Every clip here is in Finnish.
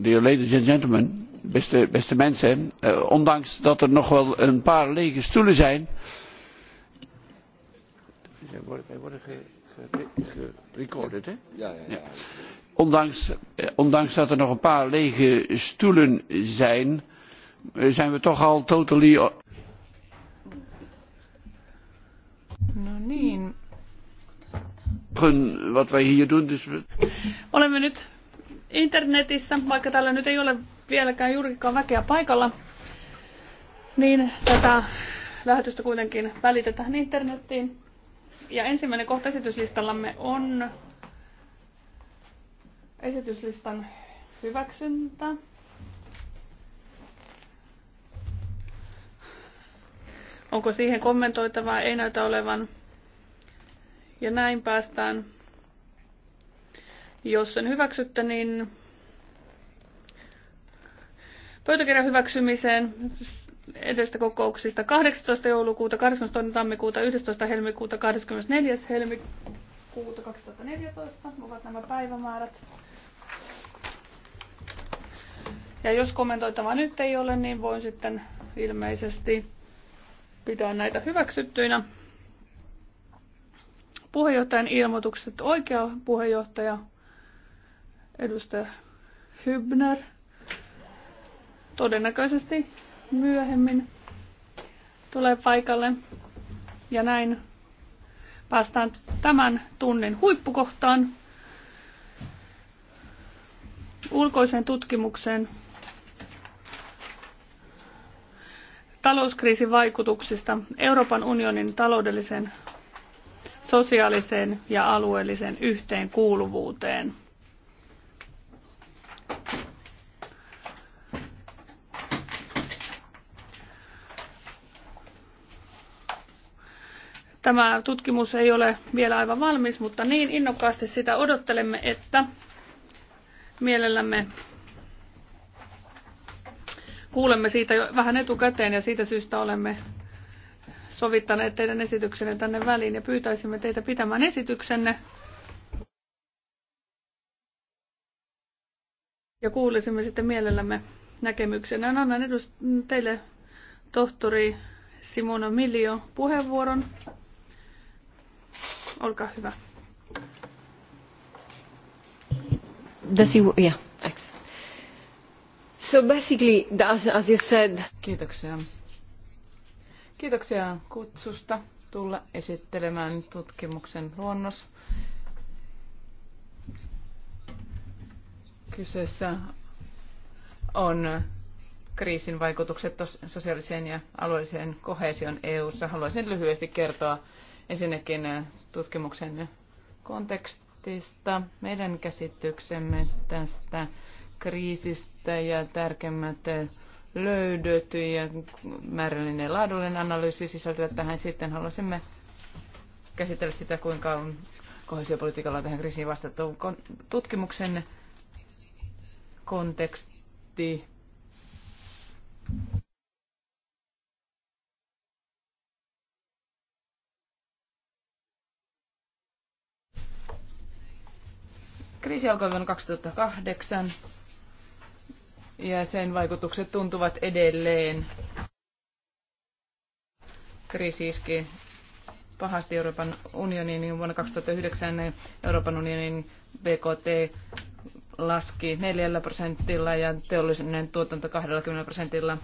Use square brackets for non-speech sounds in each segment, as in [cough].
ladies and gentlemen, beste, beste mensen, uh, ondanks dat er nog wel een paar lege stoelen zijn. Wij worden, ge ge ge hè? Ja, ja, ja. ja. Ondanks, uh, ondanks dat er nog een paar lege stoelen zijn, uh, zijn we toch al totally Olemme nyt internetissä, vaikka täällä nyt ei ole vieläkään juurikaan väkeä paikalla, niin tätä lähetystä kuitenkin välitetään internettiin. Ja ensimmäinen kohta esityslistallamme on esityslistan hyväksyntä. Onko siihen kommentoitavaa? Ei näytä olevan. Ja näin päästään, jos sen hyväksytte, niin pöytäkirjan hyväksymiseen edestä kokouksista 18. joulukuuta, 22. tammikuuta, 11. helmikuuta, 24. helmikuuta 2014 ovat nämä päivämäärät. Ja jos kommentoitavaa nyt ei ole, niin voin sitten ilmeisesti pitää näitä hyväksyttyinä puheenjohtajan ilmoitukset. Oikea puheenjohtaja, edustaja Hybner, todennäköisesti myöhemmin tulee paikalle. Ja näin päästään tämän tunnin huippukohtaan ulkoiseen tutkimukseen talouskriisin vaikutuksista Euroopan unionin taloudelliseen sosiaaliseen ja alueelliseen yhteenkuuluvuuteen. Tämä tutkimus ei ole vielä aivan valmis, mutta niin innokkaasti sitä odottelemme, että mielellämme kuulemme siitä jo vähän etukäteen ja siitä syystä olemme sovittaneet teidän esityksenne tänne väliin ja pyytäisimme teitä pitämään esityksenne. Ja kuulisimme sitten mielellämme näkemyksenä. Annan edus teille tohtori Simona Milio puheenvuoron. Olkaa hyvä. Does you, yeah, So basically, as, as you said... Kiitoksia. Kiitoksia kutsusta tulla esittelemään tutkimuksen luonnos. Kyseessä on kriisin vaikutukset sosiaaliseen ja alueelliseen kohesion EU-ssa. Haluaisin lyhyesti kertoa ensinnäkin äh, tutkimuksen kontekstista, meidän käsityksemme tästä kriisistä ja tärkeimmät äh, löydetty ja määrällinen ja laadullinen analyysi sisältyvät tähän. Sitten haluaisimme käsitellä sitä, kuinka on kohesiopolitiikalla tähän kriisiin vastattu. Tutkimuksen konteksti Kriisi alkoi vuonna 2008 ja sen vaikutukset tuntuvat edelleen. Kriisi iski pahasti Euroopan unioniin, niin vuonna 2009 Euroopan unionin BKT laski 4 prosentilla ja teollisuuden tuotanto 20 prosentilla.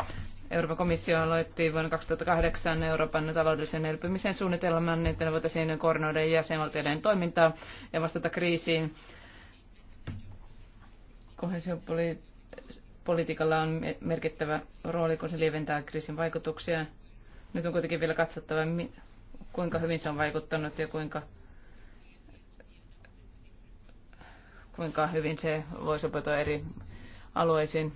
Euroopan komissio aloitti vuonna 2008 Euroopan taloudellisen elpymisen suunnitelman, että ne voitaisiin koordinoida jäsenvaltioiden toimintaa ja vastata kriisiin. Kohesiopolitiikka politiikalla on merkittävä rooli, kun se lieventää kriisin vaikutuksia. Nyt on kuitenkin vielä katsottava, kuinka hyvin se on vaikuttanut ja kuinka, kuinka hyvin se voi sopeutua eri alueisiin.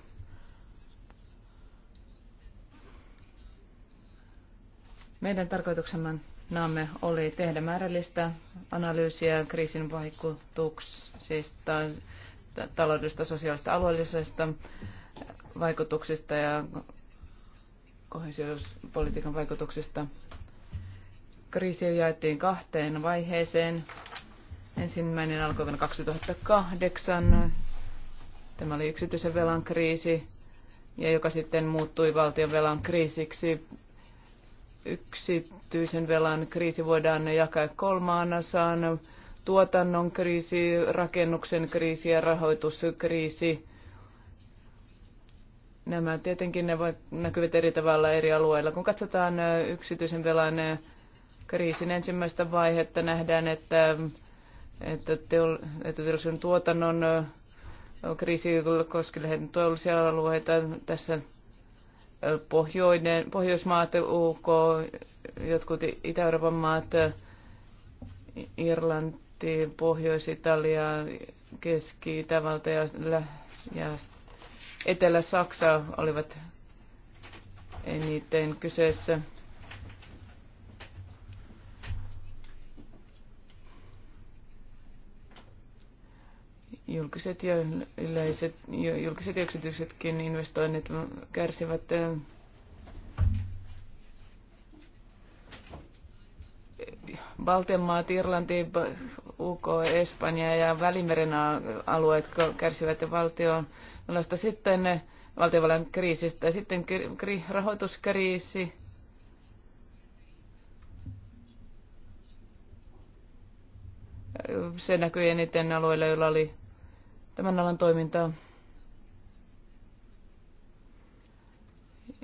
Meidän tarkoituksemme naamme oli tehdä määrällistä analyysiä kriisin vaikutuksista, taloudellista, sosiaalista, alueellisesta vaikutuksista ja kohesiopolitiikan vaikutuksista. Kriisi jaettiin kahteen vaiheeseen. Ensimmäinen alkoi vuonna 2008. Tämä oli yksityisen velan kriisi, ja joka sitten muuttui valtion velan kriisiksi. Yksityisen velan kriisi voidaan jakaa kolmaan osaan. Tuotannon kriisi, rakennuksen kriisi ja rahoituskriisi Nämä tietenkin ne voi näkyvät eri tavalla eri alueilla. Kun katsotaan yksityisen velan kriisin ensimmäistä vaihetta, nähdään, että, että, teol, että teollisuuden tuotannon kriisi koski lähinnä teollisia alueita. Tässä Pohjoinen, Pohjoismaat, UK, jotkut Itä-Euroopan maat, Irlanti, Pohjois-Italia, Keski-Itävalta ja, ja Etelä-Saksa olivat eniten kyseessä. Julkiset ja, yleiset, julkiset ja yksityisetkin investoinnit kärsivät eh, Baltianmaat, Irlanti, UK, Espanja ja Välimeren alueet kärsivät valtion sitten eh, valtiovallan kriisistä ja sitten rahoituskriisi. Se näkyi eniten alueilla, joilla oli tämän alan toimintaa.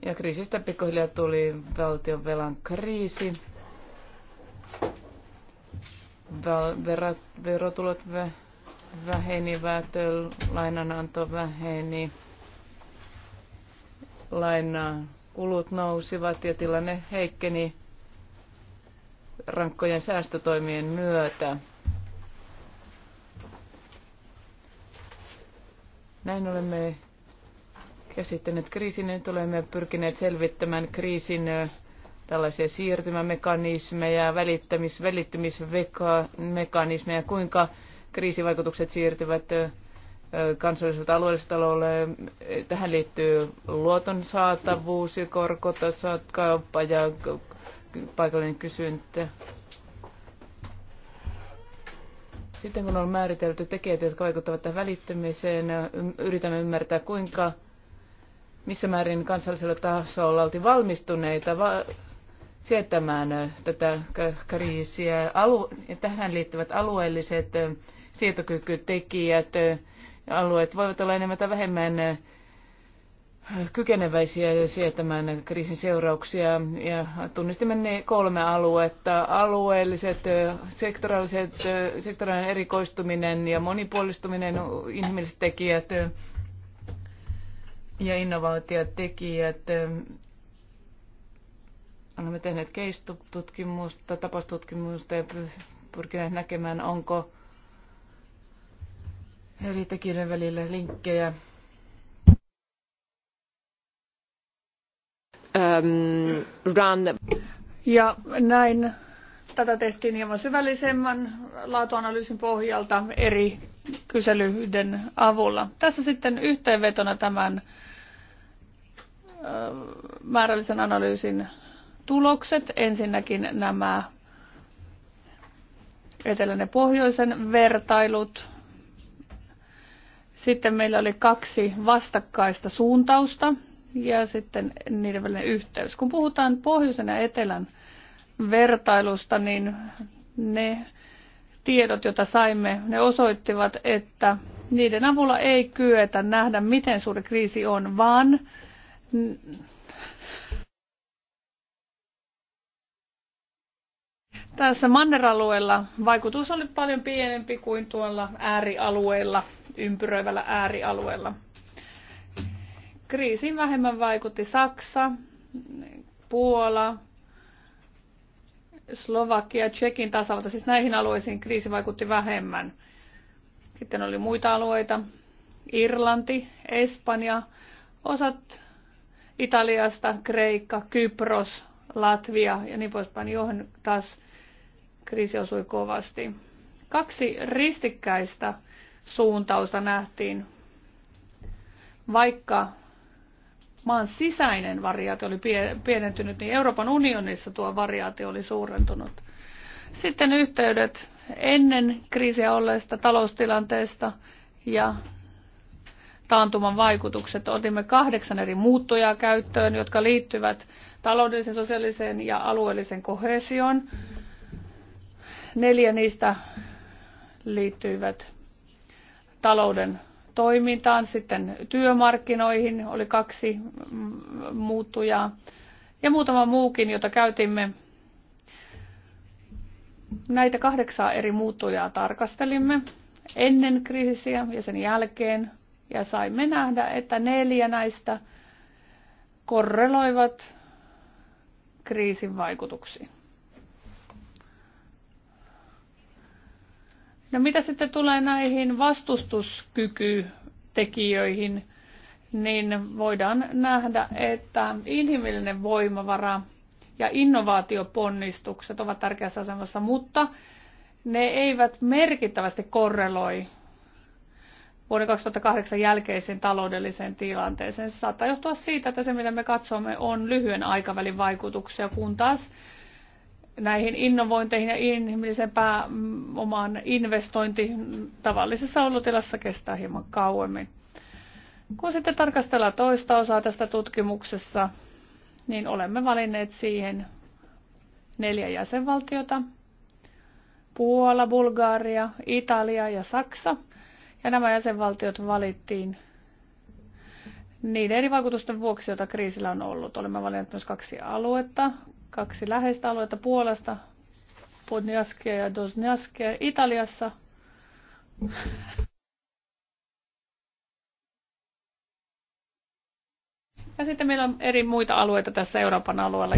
Ja kriisistä pikkuhiljaa tuli valtion velan kriisi. Val- verotulot vähenivät, lainananto väheni, lainan kulut nousivat ja tilanne heikkeni rankkojen säästötoimien myötä. Näin olemme käsittäneet kriisin ja nyt olemme pyrkineet selvittämään kriisin tällaisia siirtymämekanismeja, välittämis, välittymismekanismeja, kuinka kriisivaikutukset siirtyvät kansalliselta alueelliselta taloudelle. Tähän liittyy luoton saatavuus ja korkotasot, kauppa ja paikallinen kysyntä. Sitten kun on määritelty tekijät, jotka vaikuttavat tähän välittymiseen, yritämme ymmärtää, kuinka, missä määrin kansallisella tasolla oltiin valmistuneita va- sietämään tätä kriisiä. Alu- tähän liittyvät alueelliset sietokykytekijät, alueet voivat olla enemmän tai vähemmän kykeneväisiä sietämään kriisin seurauksia. Ja tunnistimme ne kolme aluetta. Alueelliset, sektoraaliset, sektoraalinen erikoistuminen ja monipuolistuminen, inhimilliset tekijät ja innovaatiotekijät. Olemme tehneet case-tutkimusta, tapastutkimusta ja pyrkineet näkemään, onko eri tekijöiden välillä linkkejä. Um, run. Ja näin tätä tehtiin hieman syvällisemmän laatuanalyysin pohjalta eri kyselyiden avulla. Tässä sitten yhteenvetona tämän äh, määrällisen analyysin tulokset. Ensinnäkin nämä etelän ja pohjoisen vertailut, sitten meillä oli kaksi vastakkaista suuntausta ja sitten niiden välinen yhteys. Kun puhutaan pohjoisen ja etelän vertailusta, niin ne tiedot, joita saimme, ne osoittivat, että niiden avulla ei kyetä nähdä, miten suuri kriisi on, vaan tässä manneralueella vaikutus oli paljon pienempi kuin tuolla äärialueella – ympyröivällä äärialueella. Kriisin vähemmän vaikutti Saksa, Puola, Slovakia, Tsekin tasavalta. Siis näihin alueisiin kriisi vaikutti vähemmän. Sitten oli muita alueita. Irlanti, Espanja, osat Italiasta, Kreikka, Kypros, Latvia ja niin poispäin, johon taas kriisi osui kovasti. Kaksi ristikkäistä suuntausta nähtiin, vaikka maan sisäinen variaatio oli pienentynyt, niin Euroopan unionissa tuo variaatio oli suurentunut. Sitten yhteydet ennen kriisiä olleesta taloustilanteesta ja taantuman vaikutukset. Otimme kahdeksan eri muuttujaa käyttöön, jotka liittyvät taloudelliseen, sosiaaliseen ja alueelliseen kohesioon. Neljä niistä liittyivät talouden toimintaan, sitten työmarkkinoihin oli kaksi mm, muuttujaa ja muutama muukin, jota käytimme. Näitä kahdeksaa eri muuttujaa tarkastelimme ennen kriisiä ja sen jälkeen ja saimme nähdä, että neljä näistä korreloivat kriisin vaikutuksiin. No mitä sitten tulee näihin vastustuskykytekijöihin, niin voidaan nähdä, että inhimillinen voimavara ja innovaatioponnistukset ovat tärkeässä asemassa, mutta ne eivät merkittävästi korreloi vuoden 2008 jälkeiseen taloudelliseen tilanteeseen. Se saattaa johtua siitä, että se mitä me katsomme on lyhyen aikavälin vaikutuksia, kun taas näihin innovointeihin ja inhimillisen pääomaan mm, investointiin tavallisessa olotilassa kestää hieman kauemmin. Kun sitten tarkastellaan toista osaa tästä tutkimuksessa, niin olemme valinneet siihen neljä jäsenvaltiota. Puola, Bulgaria, Italia ja Saksa. Ja nämä jäsenvaltiot valittiin niiden eri vaikutusten vuoksi, joita kriisillä on ollut. Olemme valinneet myös kaksi aluetta, kaksi läheistä aluetta Puolasta, Podniaskia ja Dosniaskia, Italiassa. Ja sitten meillä on eri muita alueita tässä Euroopan alueella.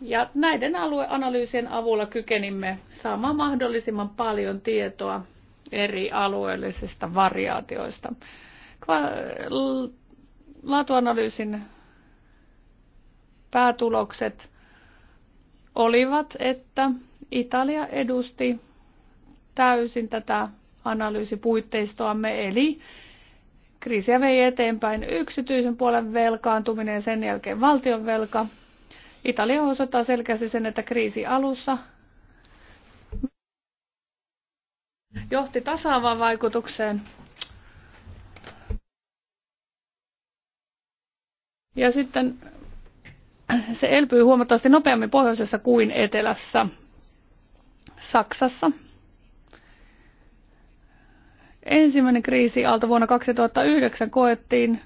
Ja näiden alueanalyysien avulla kykenimme saamaan mahdollisimman paljon tietoa eri alueellisista variaatioista laatuanalyysin päätulokset olivat, että Italia edusti täysin tätä analyysipuitteistoamme, eli kriisiä vei eteenpäin yksityisen puolen velkaantuminen ja sen jälkeen valtion velka. Italia osoittaa selkeästi sen, että kriisi alussa johti tasaavaan vaikutukseen Ja sitten se elpyy huomattavasti nopeammin pohjoisessa kuin etelässä. Saksassa ensimmäinen krisi-alta vuonna 2009 koettiin,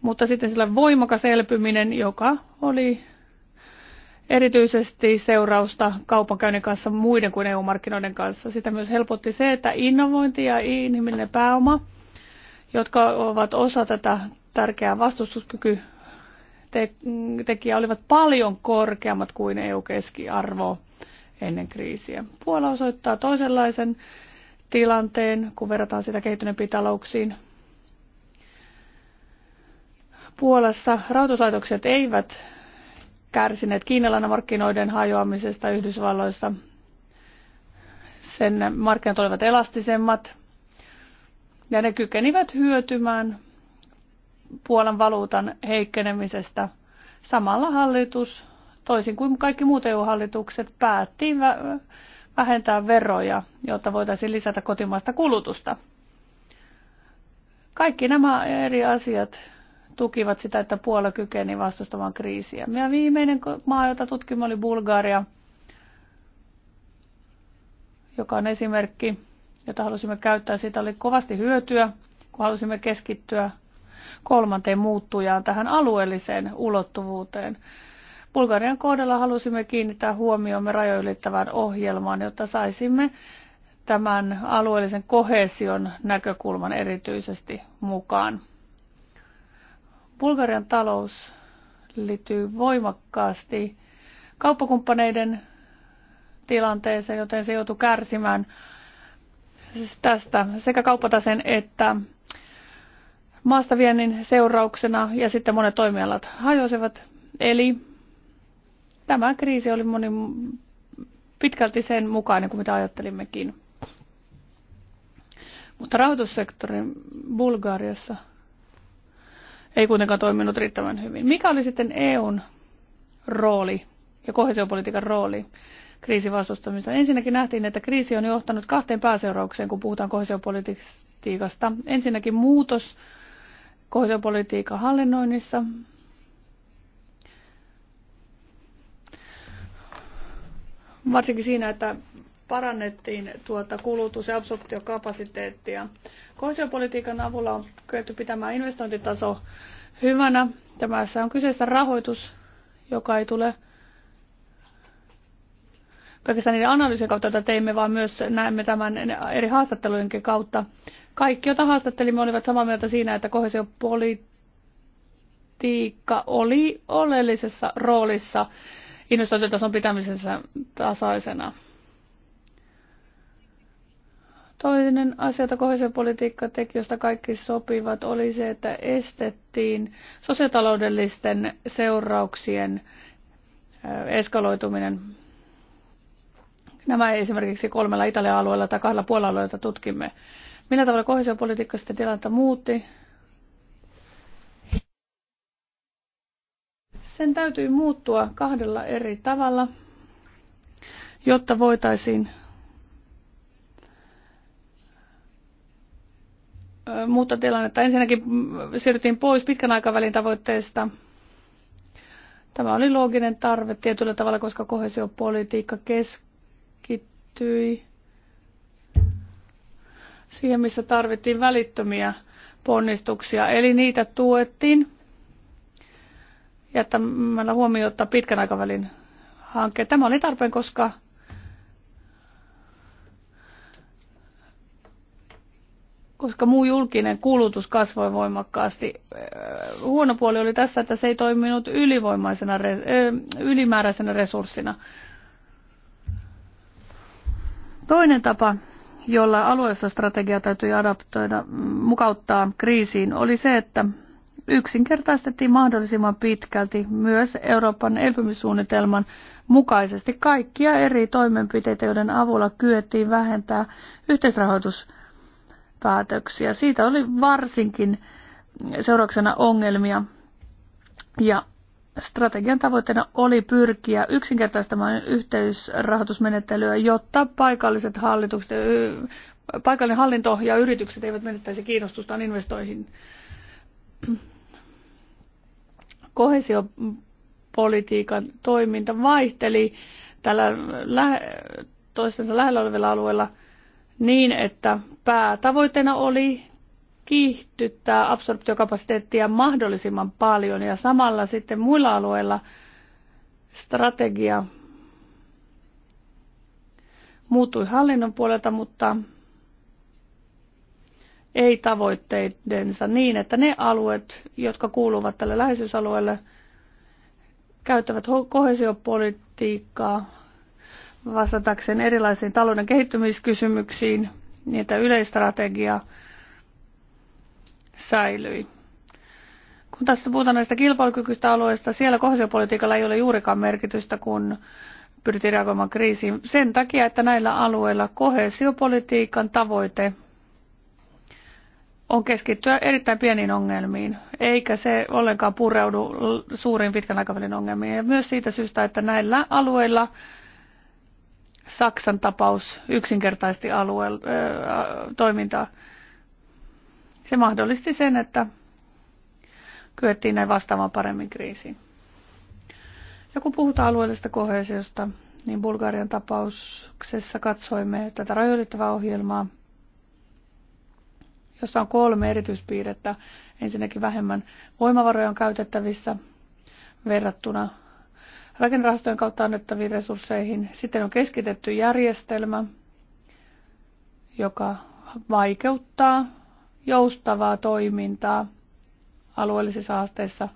mutta sitten sillä voimakas elpyminen, joka oli erityisesti seurausta kaupankäynnin kanssa muiden kuin EU-markkinoiden kanssa. Sitä myös helpotti se, että innovointi ja inhimillinen pääoma, jotka ovat osa tätä tärkeä vastustuskyky tekijä olivat paljon korkeammat kuin EU-keskiarvo ennen kriisiä. Puola osoittaa toisenlaisen tilanteen, kun verrataan sitä kehittyneempiin talouksiin. Puolassa rahoituslaitokset eivät kärsineet markkinoiden hajoamisesta yhdysvalloissa. Sen markkinat olivat elastisemmat ja ne kykenivät hyötymään Puolan valuutan heikkenemisestä. Samalla hallitus, toisin kuin kaikki muut EU-hallitukset, päätti vähentää veroja, jotta voitaisiin lisätä kotimaista kulutusta. Kaikki nämä eri asiat tukivat sitä, että Puola kykeni vastustamaan kriisiä. Ja viimeinen maa, jota tutkimme, oli Bulgaria, joka on esimerkki, jota halusimme käyttää. Siitä oli kovasti hyötyä, kun halusimme keskittyä kolmanteen muuttujaan tähän alueelliseen ulottuvuuteen. Bulgarian kohdalla halusimme kiinnittää huomiomme rajoylittävään ohjelmaan, jotta saisimme tämän alueellisen kohesion näkökulman erityisesti mukaan. Bulgarian talous liittyy voimakkaasti kauppakumppaneiden tilanteeseen, joten se joutuu kärsimään tästä sekä kauppataseen että maastaviennin seurauksena ja sitten monet toimialat hajosivat. Eli tämä kriisi oli moni pitkälti sen mukainen kuin mitä ajattelimmekin. Mutta rahoitussektorin Bulgariassa ei kuitenkaan toiminut riittävän hyvin. Mikä oli sitten EUn rooli ja kohesiopolitiikan rooli kriisin vastustamista? Ensinnäkin nähtiin, että kriisi on johtanut kahteen pääseuraukseen, kun puhutaan kohesiopolitiikasta. Ensinnäkin muutos kohesiopolitiikan hallinnoinnissa. Varsinkin siinä, että parannettiin tuota kulutus- ja absorptiokapasiteettia. Kohesiopolitiikan avulla on kyetty pitämään investointitaso hyvänä. Tämässä on kyseessä rahoitus, joka ei tule pelkästään niiden analyysien kautta, joita teimme, vaan myös näemme tämän eri haastattelujenkin kautta. Kaikki, joita haastattelimme, olivat samaa mieltä siinä, että kohesiopolitiikka oli oleellisessa roolissa investointitason pitämisessä tasaisena. Toinen asia, jota kohesiopolitiikka teki, josta kaikki sopivat, oli se, että estettiin sosiotaloudellisten seurauksien eskaloituminen. Nämä esimerkiksi kolmella Italian alueella tai kahdella puolella alueella tutkimme. Millä tavalla kohesiopolitiikka sitten tilannetta muutti? Sen täytyy muuttua kahdella eri tavalla, jotta voitaisiin muuttaa tilannetta. Ensinnäkin mm, siirryttiin pois pitkän aikavälin tavoitteesta. Tämä oli looginen tarve tietyllä tavalla, koska kohesiopolitiikka keskittyi siihen, missä tarvittiin välittömiä ponnistuksia. Eli niitä tuettiin jättämällä huomiota pitkän aikavälin hankkeen. Tämä oli tarpeen, koska koska muu julkinen kulutus kasvoi voimakkaasti. Äh, huono puoli oli tässä, että se ei toiminut ylivoimaisena, äh, ylimääräisenä resurssina. Toinen tapa jolla alueellista strategiaa täytyy adaptoida, mukauttaa kriisiin, oli se, että yksinkertaistettiin mahdollisimman pitkälti myös Euroopan elpymissuunnitelman mukaisesti kaikkia eri toimenpiteitä, joiden avulla kyettiin vähentää yhteisrahoituspäätöksiä. Siitä oli varsinkin seurauksena ongelmia ja Strategian tavoitteena oli pyrkiä yksinkertaistamaan yhteisrahoitusmenettelyä, jotta paikalliset hallitukset, paikallinen hallinto ja yritykset eivät menettäisi kiinnostustaan investoihin. Kohesiopolitiikan toiminta vaihteli tällä toistensa lähellä olevilla alueilla niin, että päätavoitteena oli kiihtyttää absorptiokapasiteettia mahdollisimman paljon ja samalla sitten muilla alueilla strategia muuttui hallinnon puolelta, mutta ei tavoitteidensa niin, että ne alueet, jotka kuuluvat tälle läheisyysalueelle, käyttävät kohesiopolitiikkaa vastatakseen erilaisiin talouden kehittymiskysymyksiin, niin että yleistrategia – säilyi. Kun tässä puhutaan näistä kilpailukykyistä alueista, siellä kohesiopolitiikalla ei ole juurikaan merkitystä, kun pyrittiin reagoimaan kriisiin. Sen takia, että näillä alueilla kohesiopolitiikan tavoite on keskittyä erittäin pieniin ongelmiin, eikä se ollenkaan pureudu suuriin pitkän aikavälin ongelmiin. Ja myös siitä syystä, että näillä alueilla Saksan tapaus yksinkertaisti alue, äh, toimintaa. Se mahdollisti sen, että kyettiin näin vastaamaan paremmin kriisiin. Ja kun puhutaan alueellisesta kohesiosta, niin Bulgarian tapauksessa katsoimme tätä rajoitettavaa ohjelmaa, jossa on kolme erityispiirrettä. Ensinnäkin vähemmän voimavaroja on käytettävissä verrattuna rakennerahastojen kautta annettaviin resursseihin. Sitten on keskitetty järjestelmä, joka vaikeuttaa joustavaa toimintaa alueellisissa haasteissa.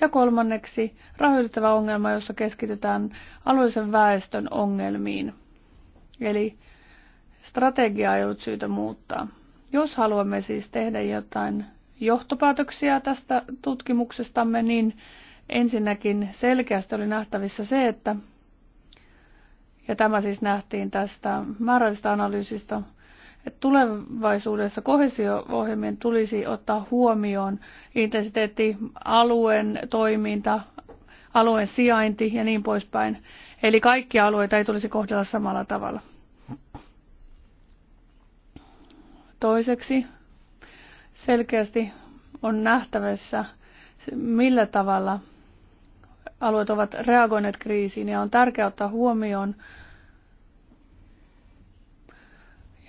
Ja kolmanneksi rahoitettava ongelma, jossa keskitytään alueellisen väestön ongelmiin. Eli strategiaa ei ollut syytä muuttaa. Jos haluamme siis tehdä jotain johtopäätöksiä tästä tutkimuksestamme, niin ensinnäkin selkeästi oli nähtävissä se, että, ja tämä siis nähtiin tästä määrällisestä analyysistä, tulevaisuudessa kohesio-ohjelmien tulisi ottaa huomioon intensiteetti, alueen toiminta, alueen sijainti ja niin poispäin. Eli kaikkia alueita ei tulisi kohdella samalla tavalla. Toiseksi selkeästi on nähtävissä, millä tavalla alueet ovat reagoineet kriisiin ja on tärkeää ottaa huomioon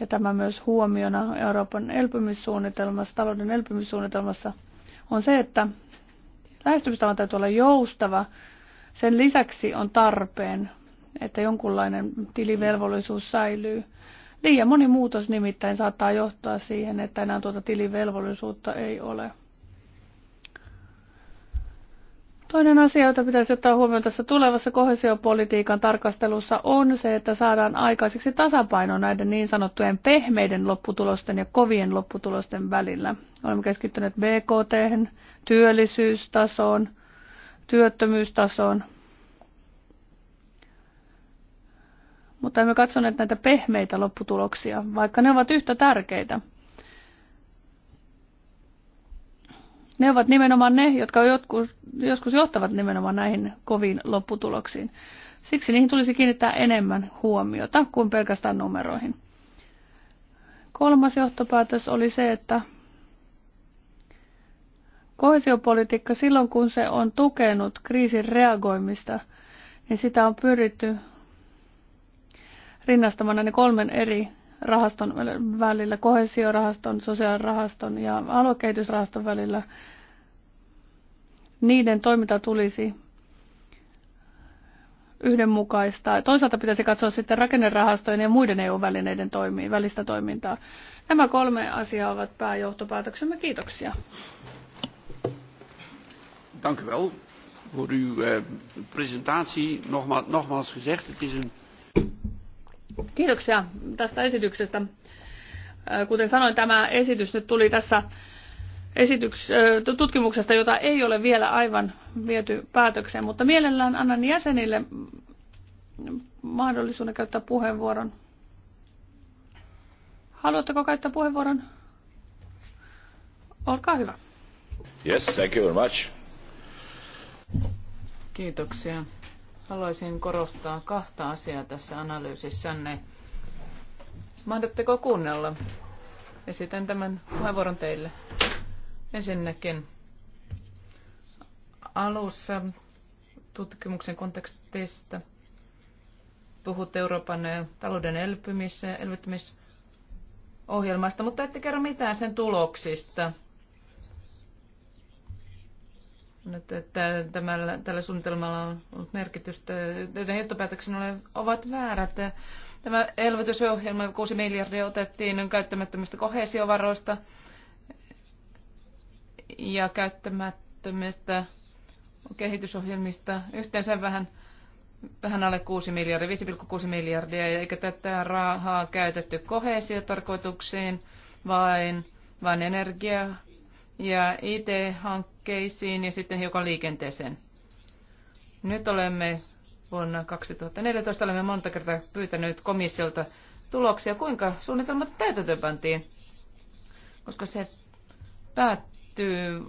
ja tämä myös huomiona Euroopan elpymissuunnitelmassa, talouden elpymissuunnitelmassa, on se, että lähestymistavan täytyy olla joustava. Sen lisäksi on tarpeen, että jonkunlainen tilivelvollisuus säilyy. Liian moni muutos nimittäin saattaa johtaa siihen, että enää tuota tilivelvollisuutta ei ole. Toinen asia, jota pitäisi ottaa huomioon tässä tulevassa kohesiopolitiikan tarkastelussa, on se, että saadaan aikaiseksi tasapaino näiden niin sanottujen pehmeiden lopputulosten ja kovien lopputulosten välillä. Olemme keskittyneet BKT, työllisyystasoon, työttömyystasoon, mutta emme katsoneet näitä pehmeitä lopputuloksia, vaikka ne ovat yhtä tärkeitä – Ne ovat nimenomaan ne, jotka jotkus, joskus johtavat nimenomaan näihin koviin lopputuloksiin. Siksi niihin tulisi kiinnittää enemmän huomiota kuin pelkästään numeroihin. Kolmas johtopäätös oli se, että koesiopolitiikka silloin, kun se on tukenut kriisin reagoimista, niin sitä on pyritty rinnastamaan näiden kolmen eri rahaston välillä, kohesiorahaston, sosiaalirahaston ja aluekehitysrahaston välillä, niiden toiminta tulisi yhdenmukaista. Toisaalta pitäisi katsoa sitten rakennerahastojen ja muiden EU-välineiden toimii, välistä toimintaa. Nämä kolme asiaa ovat pääjohtopäätöksemme. Kiitoksia. Dank u wel voor uw eh, presentatie. Nogmaals, nogmaals gezegd, het is een Kiitoksia tästä esityksestä. Äh, kuten sanoin, tämä esitys nyt tuli tässä esityks, äh, tutkimuksesta, jota ei ole vielä aivan viety päätökseen, mutta mielellään annan jäsenille mahdollisuuden käyttää puheenvuoron. Haluatteko käyttää puheenvuoron? Olkaa hyvä. Yes, thank you very much. Kiitoksia Haluaisin korostaa kahta asiaa tässä analyysissänne. Mahdatteko kuunnella? Esitän tämän puheenvuoron teille. Ensinnäkin alussa tutkimuksen kontekstista puhut Euroopan eh, talouden elpymis- ja elvyttämisohjelmasta, mutta ette kerro mitään sen tuloksista – nyt, että tämällä, tällä suunnitelmalla on ollut merkitystä. Teidän johtopäätöksen ovat väärät. Tämä elvytysohjelma, 6 miljardia otettiin käyttämättömistä kohesiovaroista ja käyttämättömistä kehitysohjelmista yhteensä vähän, vähän alle 6 miljardia, 5,6 miljardia, eikä tätä rahaa käytetty kohesiotarkoituksiin, vain, vaan energia ja IT-hankkeisiin ja sitten hiukan liikenteeseen. Nyt olemme vuonna 2014 olemme monta kertaa pyytäneet komissiolta tuloksia, kuinka suunnitelmat täytäntöönpantiin, koska se päättyy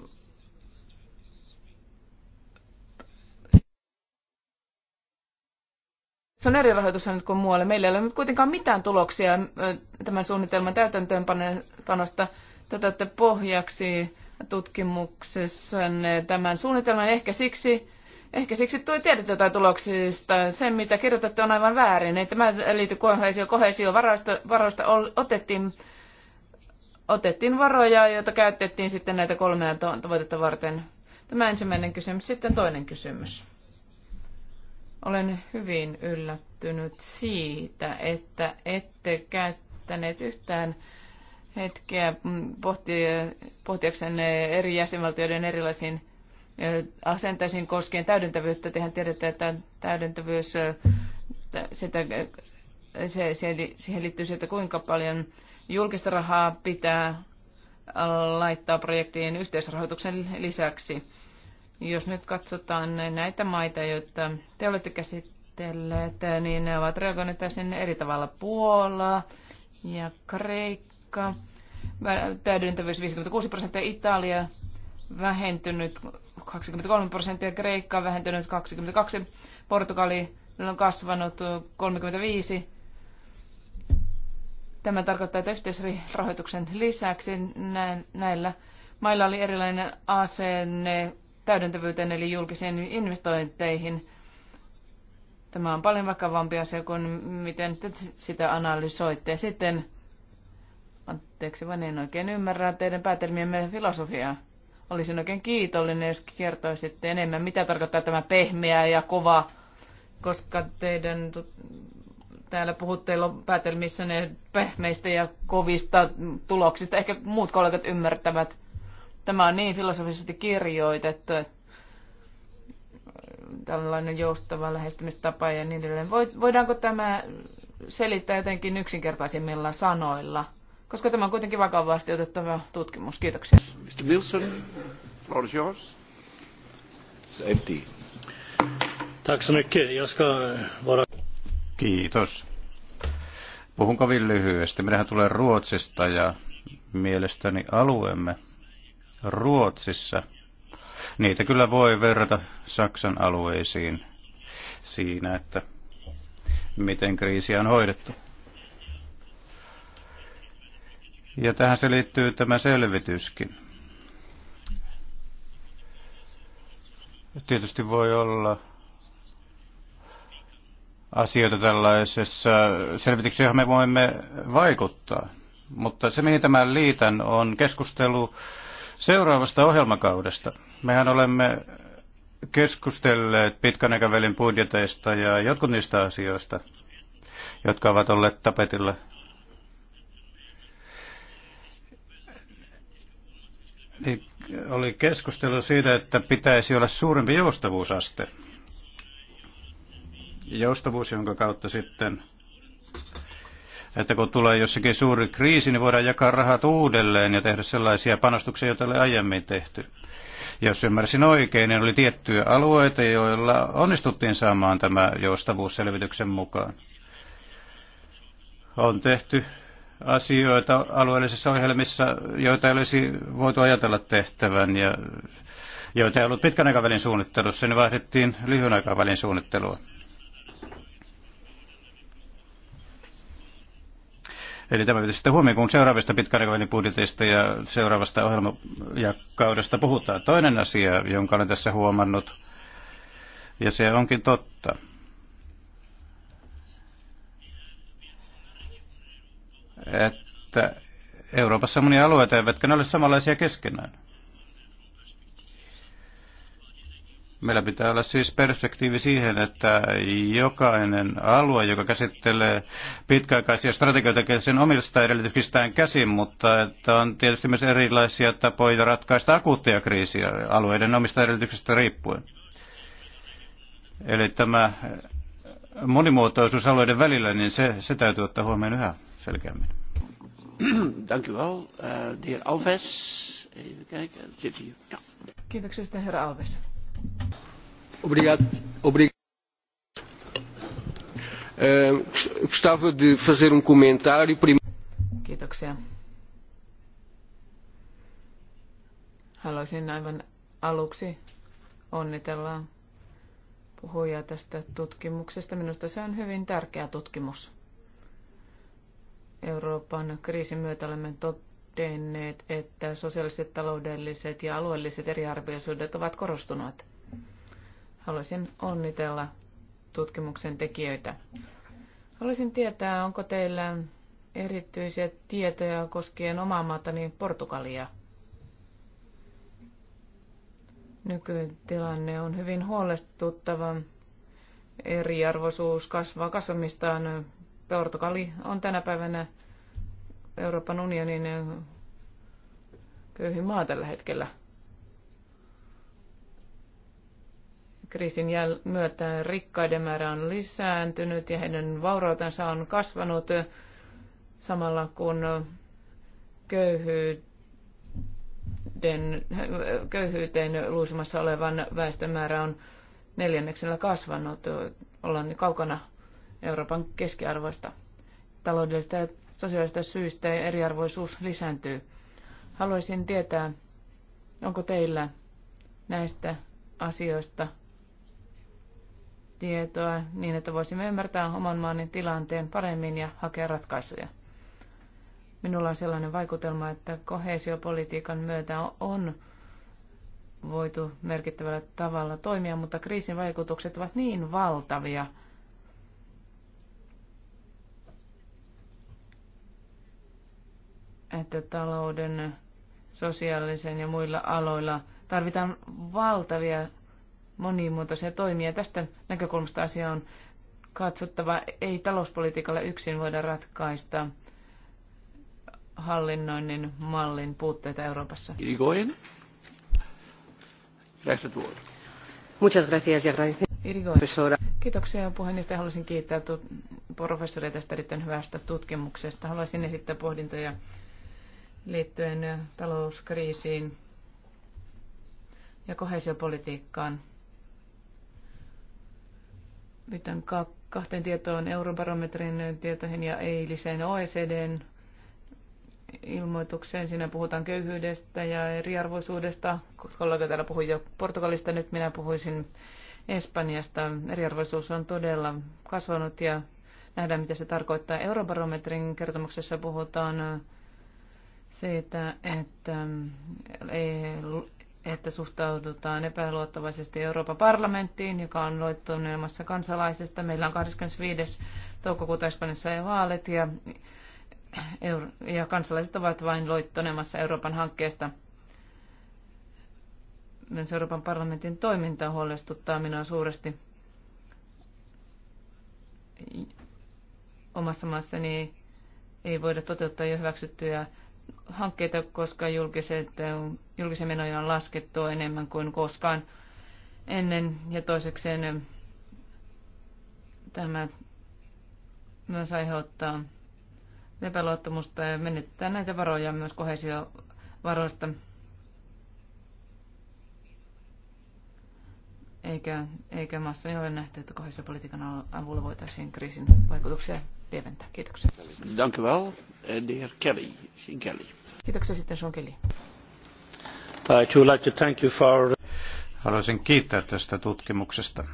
se on eri rahoitus nyt kuin muualle. Meillä ei ole kuitenkaan mitään tuloksia tämän suunnitelman täytäntöönpanosta. Tätä pohjaksi tutkimuksessanne tämän suunnitelman. Ehkä siksi, ehkä siksi tuli tiedät jotain tuloksista. Se, mitä kirjoitatte, on aivan väärin. Ei tämä liity kohesio, kohesio varoista, varoista otettiin, otettiin varoja, joita käytettiin sitten näitä kolmea tavoitetta varten. Tämä ensimmäinen kysymys. Sitten toinen kysymys. Olen hyvin yllättynyt siitä, että ette käyttäneet yhtään hetkeä mm, pohtiakseen eri jäsenvaltioiden erilaisiin asenteisiin koskien täydentävyyttä. Tehän tiedätte, että täydentävyys, sitä, se, siihen liittyy se, että kuinka paljon julkista rahaa pitää laittaa projektiin yhteisrahoituksen lisäksi. Jos nyt katsotaan näitä maita, joita te olette käsitelleet, niin ne ovat reagoineet täysin eri tavalla Puola ja Kreikka Kreikka, täydentävyys 56 prosenttia, Italia vähentynyt 23 prosenttia, Kreikka vähentynyt 22, Portugali on kasvanut 35. Tämä tarkoittaa, että yhteisrahoituksen lisäksi näillä mailla oli erilainen asenne täydentävyyteen eli julkisiin investointeihin. Tämä on paljon vakavampi asia kuin miten te sitä analysoitte. Sitten Anteeksi, vaan en oikein ymmärrä teidän päätelmiemme filosofiaa. Olisin oikein kiitollinen, jos kertoisitte enemmän, mitä tarkoittaa tämä pehmeä ja kova, koska teidän täällä puhutte päätelmissä ne pehmeistä ja kovista tuloksista. Ehkä muut kollegat ymmärtävät. Tämä on niin filosofisesti kirjoitettu, että äh, tällainen joustava lähestymistapa ja niin edelleen. Voidaanko tämä selittää jotenkin yksinkertaisimmilla sanoilla? koska tämä on kuitenkin vakavasti otettava tutkimus. Kiitoksia. Mr. Wilson, floor is yours. It's empty. Tack så mycket. Jag ska vara... Kiitos. Puhun kovin lyhyesti. Minähän tulee Ruotsista ja mielestäni alueemme Ruotsissa, niitä kyllä voi verrata Saksan alueisiin siinä, että miten kriisiä on hoidettu. Ja tähän se liittyy tämä selvityskin. Tietysti voi olla asioita tällaisessa selvityksessä, johon me voimme vaikuttaa. Mutta se, mihin tämän liitän, on keskustelu seuraavasta ohjelmakaudesta. Mehän olemme keskustelleet pitkän aikavälin budjeteista ja jotkut niistä asioista, jotka ovat olleet tapetilla niin oli keskustelu siitä, että pitäisi olla suurempi joustavuusaste. Joustavuus, jonka kautta sitten, että kun tulee jossakin suuri kriisi, niin voidaan jakaa rahat uudelleen ja tehdä sellaisia panostuksia, joita ei aiemmin tehty. Jos ymmärsin oikein, niin oli tiettyjä alueita, joilla onnistuttiin saamaan tämä joustavuusselvityksen mukaan. On tehty asioita alueellisissa ohjelmissa, joita ei olisi voitu ajatella tehtävän ja joita ei ollut pitkän aikavälin suunnittelussa, niin vaihdettiin lyhyen aikavälin suunnittelua. Eli tämä pitäisi sitten huomioon, kun seuraavista pitkän aikavälin budjeteista ja seuraavasta ohjelmakaudesta puhutaan. Toinen asia, jonka olen tässä huomannut, ja se onkin totta. että Euroopassa monia alueita, eivätkä ne ole samanlaisia keskenään. Meillä pitää olla siis perspektiivi siihen, että jokainen alue, joka käsittelee pitkäaikaisia strategioita, sen omista edellytyksistään käsin, mutta että on tietysti myös erilaisia tapoja ratkaista akuuttia kriisiä alueiden omista edellytyksistä riippuen. Eli tämä monimuotoisuus alueiden välillä, niin se, se täytyy ottaa huomioon yhä selkeämmin. [clears throat] Dank u wel, eh, de heer Alves. Even kijken, zit hier. Ja. Kiitoksia, herra Alves. Obrigado. Obrigado. Uh, gostava de fazer um comentário. Kiitoksia. Haluaisin aivan aluksi onnitella puhujaa tästä tutkimuksesta. Minusta se on hyvin tärkeä tutkimus. Euroopan kriisin myötä olemme todenneet, että sosiaaliset, taloudelliset ja alueelliset eriarvoisuudet ovat korostuneet. Haluaisin onnitella tutkimuksen tekijöitä. Haluaisin tietää, onko teillä erityisiä tietoja koskien omaa maatani Portugalia. Nykytilanne on hyvin huolestuttava. Eriarvoisuus kasvaa kasvamistaan Portugali on tänä päivänä Euroopan unionin köyhin maa tällä hetkellä. Kriisin jäl- myötä rikkaiden määrä on lisääntynyt ja heidän vaurautensa on kasvanut samalla kun köyhyyden, köyhyyteen luisumassa olevan väestön määrä on neljänneksellä kasvanut. Ollaan kaukana Euroopan keskiarvoista. Taloudellisista ja sosiaalista syistä ja eriarvoisuus lisääntyy. Haluaisin tietää, onko teillä näistä asioista tietoa niin, että voisimme ymmärtää oman maani tilanteen paremmin ja hakea ratkaisuja. Minulla on sellainen vaikutelma, että kohesiopolitiikan myötä on voitu merkittävällä tavalla toimia, mutta kriisin vaikutukset ovat niin valtavia – että talouden, sosiaalisen ja muilla aloilla tarvitaan valtavia monimuotoisia toimia. Tästä näkökulmasta asia on katsottava. Ei talouspolitiikalla yksin voida ratkaista hallinnoinnin mallin puutteita Euroopassa. Irigoyen. Muchas gracias ja profesora. Kiitoksia puheenjohtaja. Haluaisin kiittää professoria tästä erittäin hyvästä tutkimuksesta. Haluaisin esittää pohdintoja liittyen talouskriisiin ja kohesiopolitiikkaan. Viitan kahteen tietoon eurobarometrin tietoihin ja eiliseen OECDn ilmoitukseen. Siinä puhutaan köyhyydestä ja eriarvoisuudesta. Kollega täällä puhui jo Portugalista, nyt minä puhuisin Espanjasta. Eriarvoisuus on todella kasvanut ja nähdään, mitä se tarkoittaa. Eurobarometrin kertomuksessa puhutaan se, että, mm, e- että suhtaudutaan epäluottavaisesti Euroopan parlamenttiin, joka on loittuneemassa kansalaisesta. Meillä on 25. toukokuuta Espanjassa vaalit ja, ja kansalaiset ovat vain loittuneemassa Euroopan hankkeesta myös Euroopan parlamentin toiminta huolestuttaa minua suuresti. Omassa maassani ei voida toteuttaa jo hyväksyttyjä hankkeita, koska julkiset, julkisen menoja on laskettu enemmän kuin koskaan ennen. Ja toisekseen tämä myös aiheuttaa epäluottamusta ja menettää näitä varoja myös kohesiovaroista. Eikä, eikä maassa ole nähty, että kohesiopolitiikan avulla voitaisiin kriisin vaikutuksia lieventää. Kiitoksia. Dank u eh, Kelly. Sin Kelly. Kiitoksia sitten uh, Haluaisin kiittää tästä tutkimuksesta.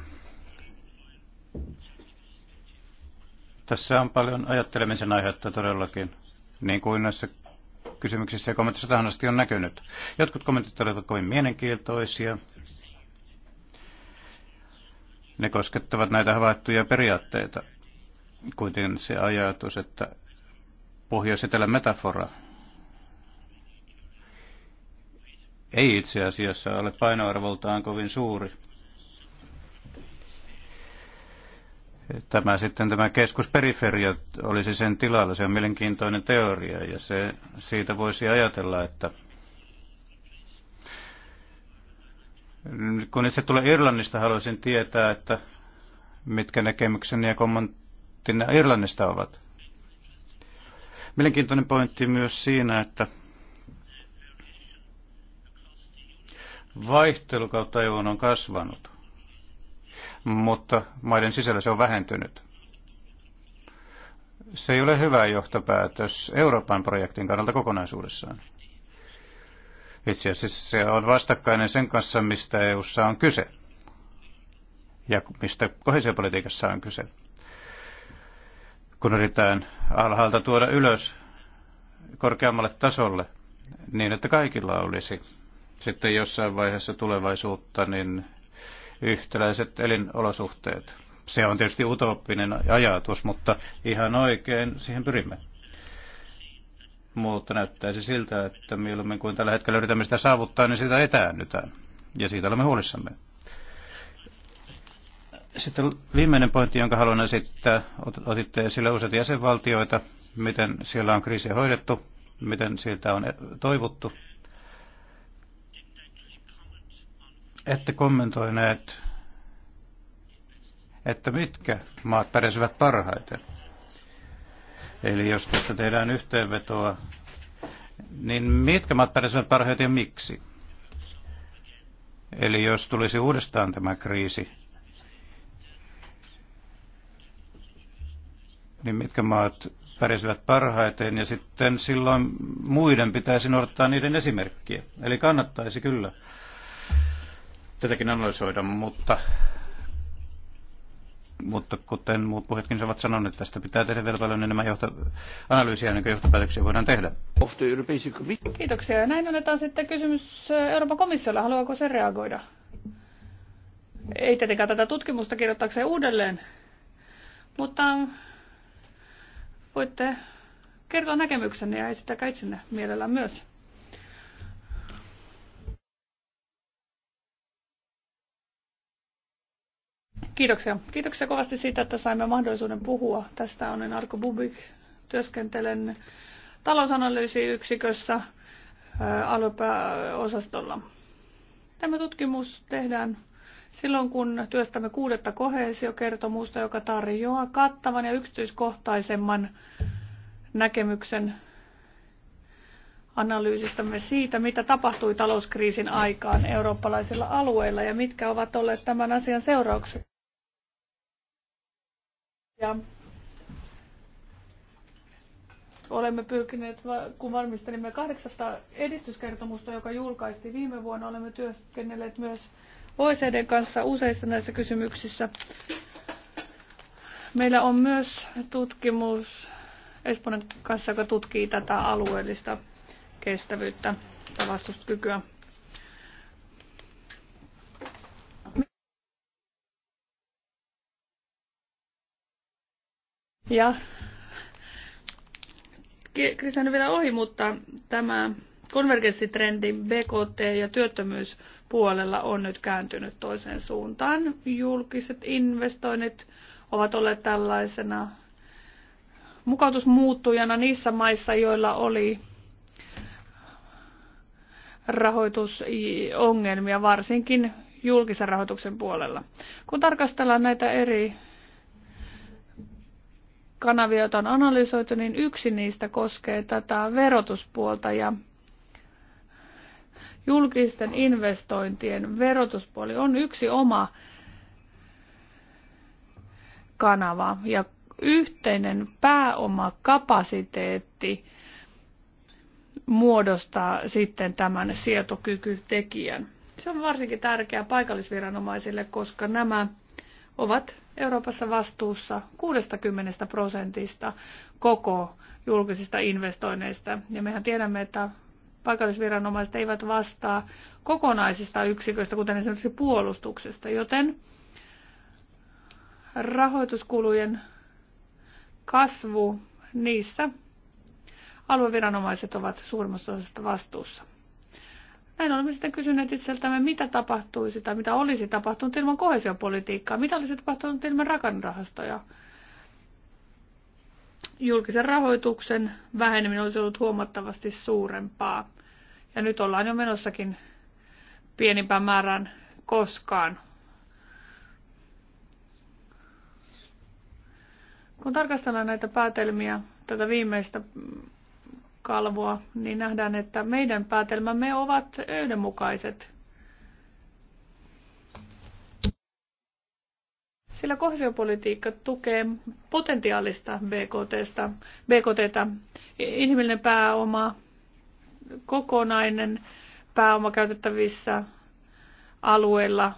Tässä on paljon ajattelemisen aihetta todellakin, niin kuin näissä kysymyksissä ja kommentissa tähän asti on näkynyt. Jotkut kommentit olivat kovin mielenkiintoisia. Ne koskettavat näitä havaittuja periaatteita, kuitenkin se ajatus, että pohjois etelä metafora ei itse asiassa ole painoarvoltaan kovin suuri. Tämä sitten tämä keskusperiferia olisi sen tilalla, se on mielenkiintoinen teoria ja se, siitä voisi ajatella, että kun itse tulee Irlannista, haluaisin tietää, että mitkä näkemykseni ja kommenttina Irlannista ovat. Mielenkiintoinen pointti myös siinä, että vaihtelu kautta EU on kasvanut, mutta maiden sisällä se on vähentynyt. Se ei ole hyvä johtopäätös Euroopan projektin kannalta kokonaisuudessaan. Itse asiassa se on vastakkainen sen kanssa, mistä EUssa on kyse ja mistä kohesiopolitiikassa on kyse. Kun yritetään alhaalta tuoda ylös korkeammalle tasolle niin, että kaikilla olisi sitten jossain vaiheessa tulevaisuutta, niin yhtäläiset elinolosuhteet. Se on tietysti utooppinen ajatus, mutta ihan oikein siihen pyrimme. Mutta näyttäisi siltä, että mieluummin kuin tällä hetkellä yritämme sitä saavuttaa, niin sitä etäännytään. Ja siitä olemme huolissamme. Sitten viimeinen pointti, jonka haluan esittää. Otitte esille useita jäsenvaltioita, miten siellä on kriisi hoidettu, miten siitä on e-, toivottu ette kommentoineet, että mitkä maat pärjäsivät parhaiten. Eli jos tästä tehdään yhteenvetoa, niin mitkä maat pärjäsivät parhaiten ja miksi? Eli jos tulisi uudestaan tämä kriisi, niin mitkä maat pärjäsivät parhaiten ja sitten silloin muiden pitäisi noudattaa niiden esimerkkiä. Eli kannattaisi kyllä tätäkin analysoida, mutta, mutta kuten muut puhetkin ovat sanoneet, niin tästä pitää tehdä vielä paljon enemmän johto, analyysiä ennen kuin johtopäätöksiä voidaan tehdä. Kiitoksia. Ja näin annetaan sitten kysymys Euroopan komissiolla. Haluaako se reagoida? Ei tietenkään tätä tutkimusta kirjoittaakseen uudelleen, mutta voitte kertoa näkemyksenne ja esittäkää itsenne mielellään myös. Kiitoksia. Kiitoksia kovasti siitä, että saimme mahdollisuuden puhua. Tästä on Arko Bubik. Työskentelen talousanalyysiyksikössä yksikössä alueosastolla. Tämä tutkimus tehdään silloin, kun työstämme kuudetta kohesiokertomusta, joka tarjoaa kattavan ja yksityiskohtaisemman näkemyksen analyysistämme siitä, mitä tapahtui talouskriisin aikaan eurooppalaisilla alueilla ja mitkä ovat olleet tämän asian seuraukset. Ja olemme pyrkineet, kun valmistelimme 800 edistyskertomusta, joka julkaistiin viime vuonna, olemme työskennelleet myös OECD kanssa useissa näissä kysymyksissä. Meillä on myös tutkimus Espanjan kanssa, joka tutkii tätä alueellista kestävyyttä ja vastustuskykyä. Ja Kristian vielä ohi, mutta tämä konvergenssitrendi BKT ja työttömyys puolella on nyt kääntynyt toiseen suuntaan. Julkiset investoinnit ovat olleet tällaisena mukautusmuuttujana niissä maissa, joilla oli rahoitusongelmia, varsinkin julkisen rahoituksen puolella. Kun tarkastellaan näitä eri kanavia, joita on analysoitu, niin yksi niistä koskee tätä verotuspuolta ja julkisten investointien verotuspuoli on yksi oma kanava ja yhteinen pääomakapasiteetti muodostaa sitten tämän sietokykytekijän. Se on varsinkin tärkeää paikallisviranomaisille, koska nämä ovat Euroopassa vastuussa 60 prosentista koko julkisista investoinneista. Ja mehän tiedämme, että paikallisviranomaiset eivät vastaa kokonaisista yksiköistä, kuten esimerkiksi puolustuksesta, joten rahoituskulujen kasvu niissä alueviranomaiset ovat suurimmassa osassa vastuussa. Näin olemme sitten kysyneet itseltämme, mitä tapahtuisi tai mitä olisi tapahtunut ilman kohesiopolitiikkaa, mitä olisi tapahtunut ilman rakenrahastoja. Julkisen rahoituksen väheneminen olisi ollut huomattavasti suurempaa. Ja nyt ollaan jo menossakin pienimpään määrään koskaan. Kun tarkastellaan näitä päätelmiä, tätä viimeistä kalvoa, niin nähdään, että meidän päätelmämme ovat yhdenmukaiset. Sillä kohesiopolitiikka tukee potentiaalista BKTstä, BKTtä, inhimillinen pääoma, kokonainen pääoma käytettävissä alueilla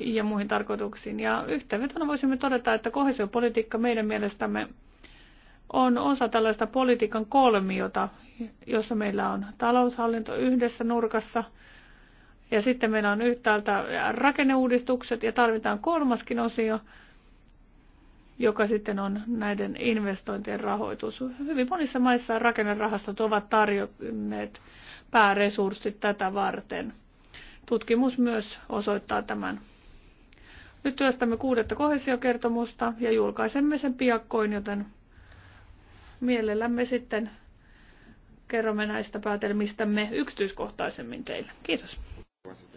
ja muihin tarkoituksiin. Ja yhteenvetona voisimme todeta, että kohesiopolitiikka meidän mielestämme on osa tällaista politiikan kolmiota, jossa meillä on taloushallinto yhdessä nurkassa, ja sitten meillä on yhtäältä rakenneuudistukset ja tarvitaan kolmaskin osio, joka sitten on näiden investointien rahoitus. Hyvin monissa maissa rakennerahastot ovat tarjonneet pääresurssit tätä varten. Tutkimus myös osoittaa tämän. Nyt työstämme kuudetta kohesiokertomusta ja julkaisemme sen piakkoin, joten mielellämme sitten kerromme näistä päätelmistämme yksityiskohtaisemmin teille. Kiitos.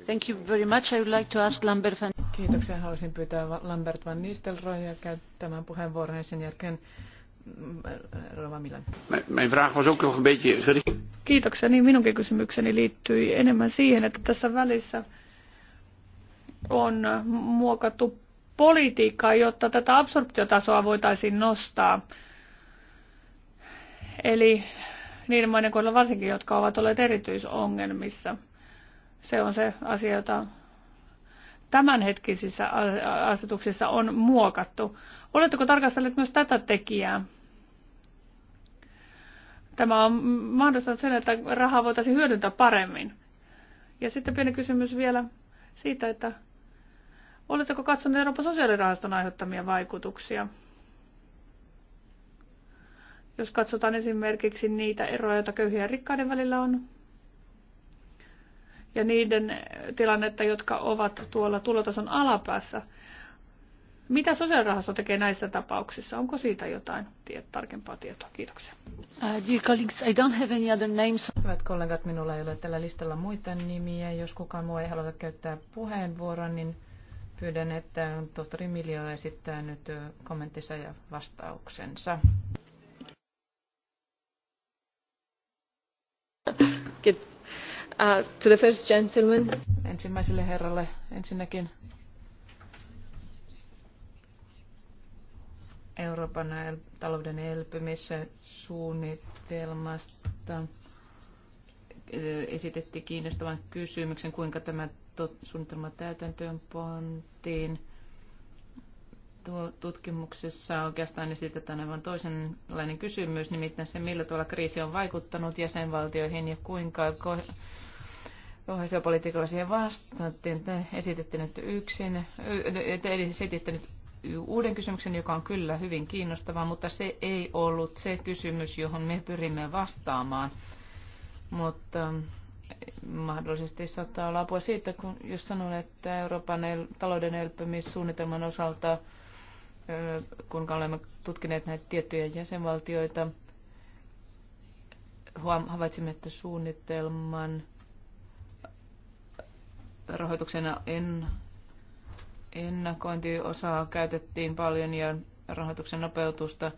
Thank you very much. I would like to ask Lambert van... Kiitoksia. Haluaisin pyytää Lambert van Nistelrooja käyttämään puheenvuoron ja sen jälkeen mm, Rova Milan. Mijn vraag was ook nog een beetje gericht. Kiitoksia. Niin minunkin kysymykseni liittyi enemmän siihen, että tässä välissä on muokattu politiikkaa, jotta tätä absorptiotasoa voitaisiin nostaa Eli niiden maiden kohdalla varsinkin, jotka ovat olleet erityisongelmissa. Se on se asia, jota tämänhetkisissä asetuksissa on muokattu. Oletteko tarkastelleet myös tätä tekijää? Tämä on mahdollistanut sen, että rahaa voitaisiin hyödyntää paremmin. Ja sitten pieni kysymys vielä siitä, että oletteko katsoneet Euroopan sosiaalirahaston aiheuttamia vaikutuksia? Jos katsotaan esimerkiksi niitä eroja, joita köyhien ja rikkaiden välillä on, ja niiden tilannetta, jotka ovat tuolla tulotason alapäässä, mitä sosiaalirahasto tekee näissä tapauksissa? Onko siitä jotain tiet, tarkempaa tietoa? Kiitoksia. Uh, dear Hyvät kollegat, minulla ei ole tällä listalla muita nimiä. Jos kukaan muu ei halua käyttää puheenvuoron, niin pyydän, että tohtori Miljo esittää nyt kommenttinsa ja vastauksensa. [laughs] Uh, Ensimmäiselle herralle ensinnäkin. Euroopan talouden elpymissuunnitelmasta esitettiin kiinnostavan kysymyksen, kuinka tämä suunnitelma täytäntöön pantiin tutkimuksessa oikeastaan esitetään niin aivan toisenlainen kysymys, nimittäin se, millä tavalla kriisi on vaikuttanut jäsenvaltioihin ja kuinka kohesiopolitiikalla siihen vastattiin. Te esititte nyt yksin, te esititte nyt uuden kysymyksen, joka on kyllä hyvin kiinnostava, mutta se ei ollut se kysymys, johon me pyrimme vastaamaan. Mutta mm, mahdollisesti saattaa olla apua siitä, kun jos sanon, että Euroopan el- talouden elpymissuunnitelman osalta kun olemme tutkineet näitä tiettyjä jäsenvaltioita, havaitsimme, että suunnitelman rahoituksena en, ennakointiosaa käytettiin paljon ja rahoituksen nopeutusta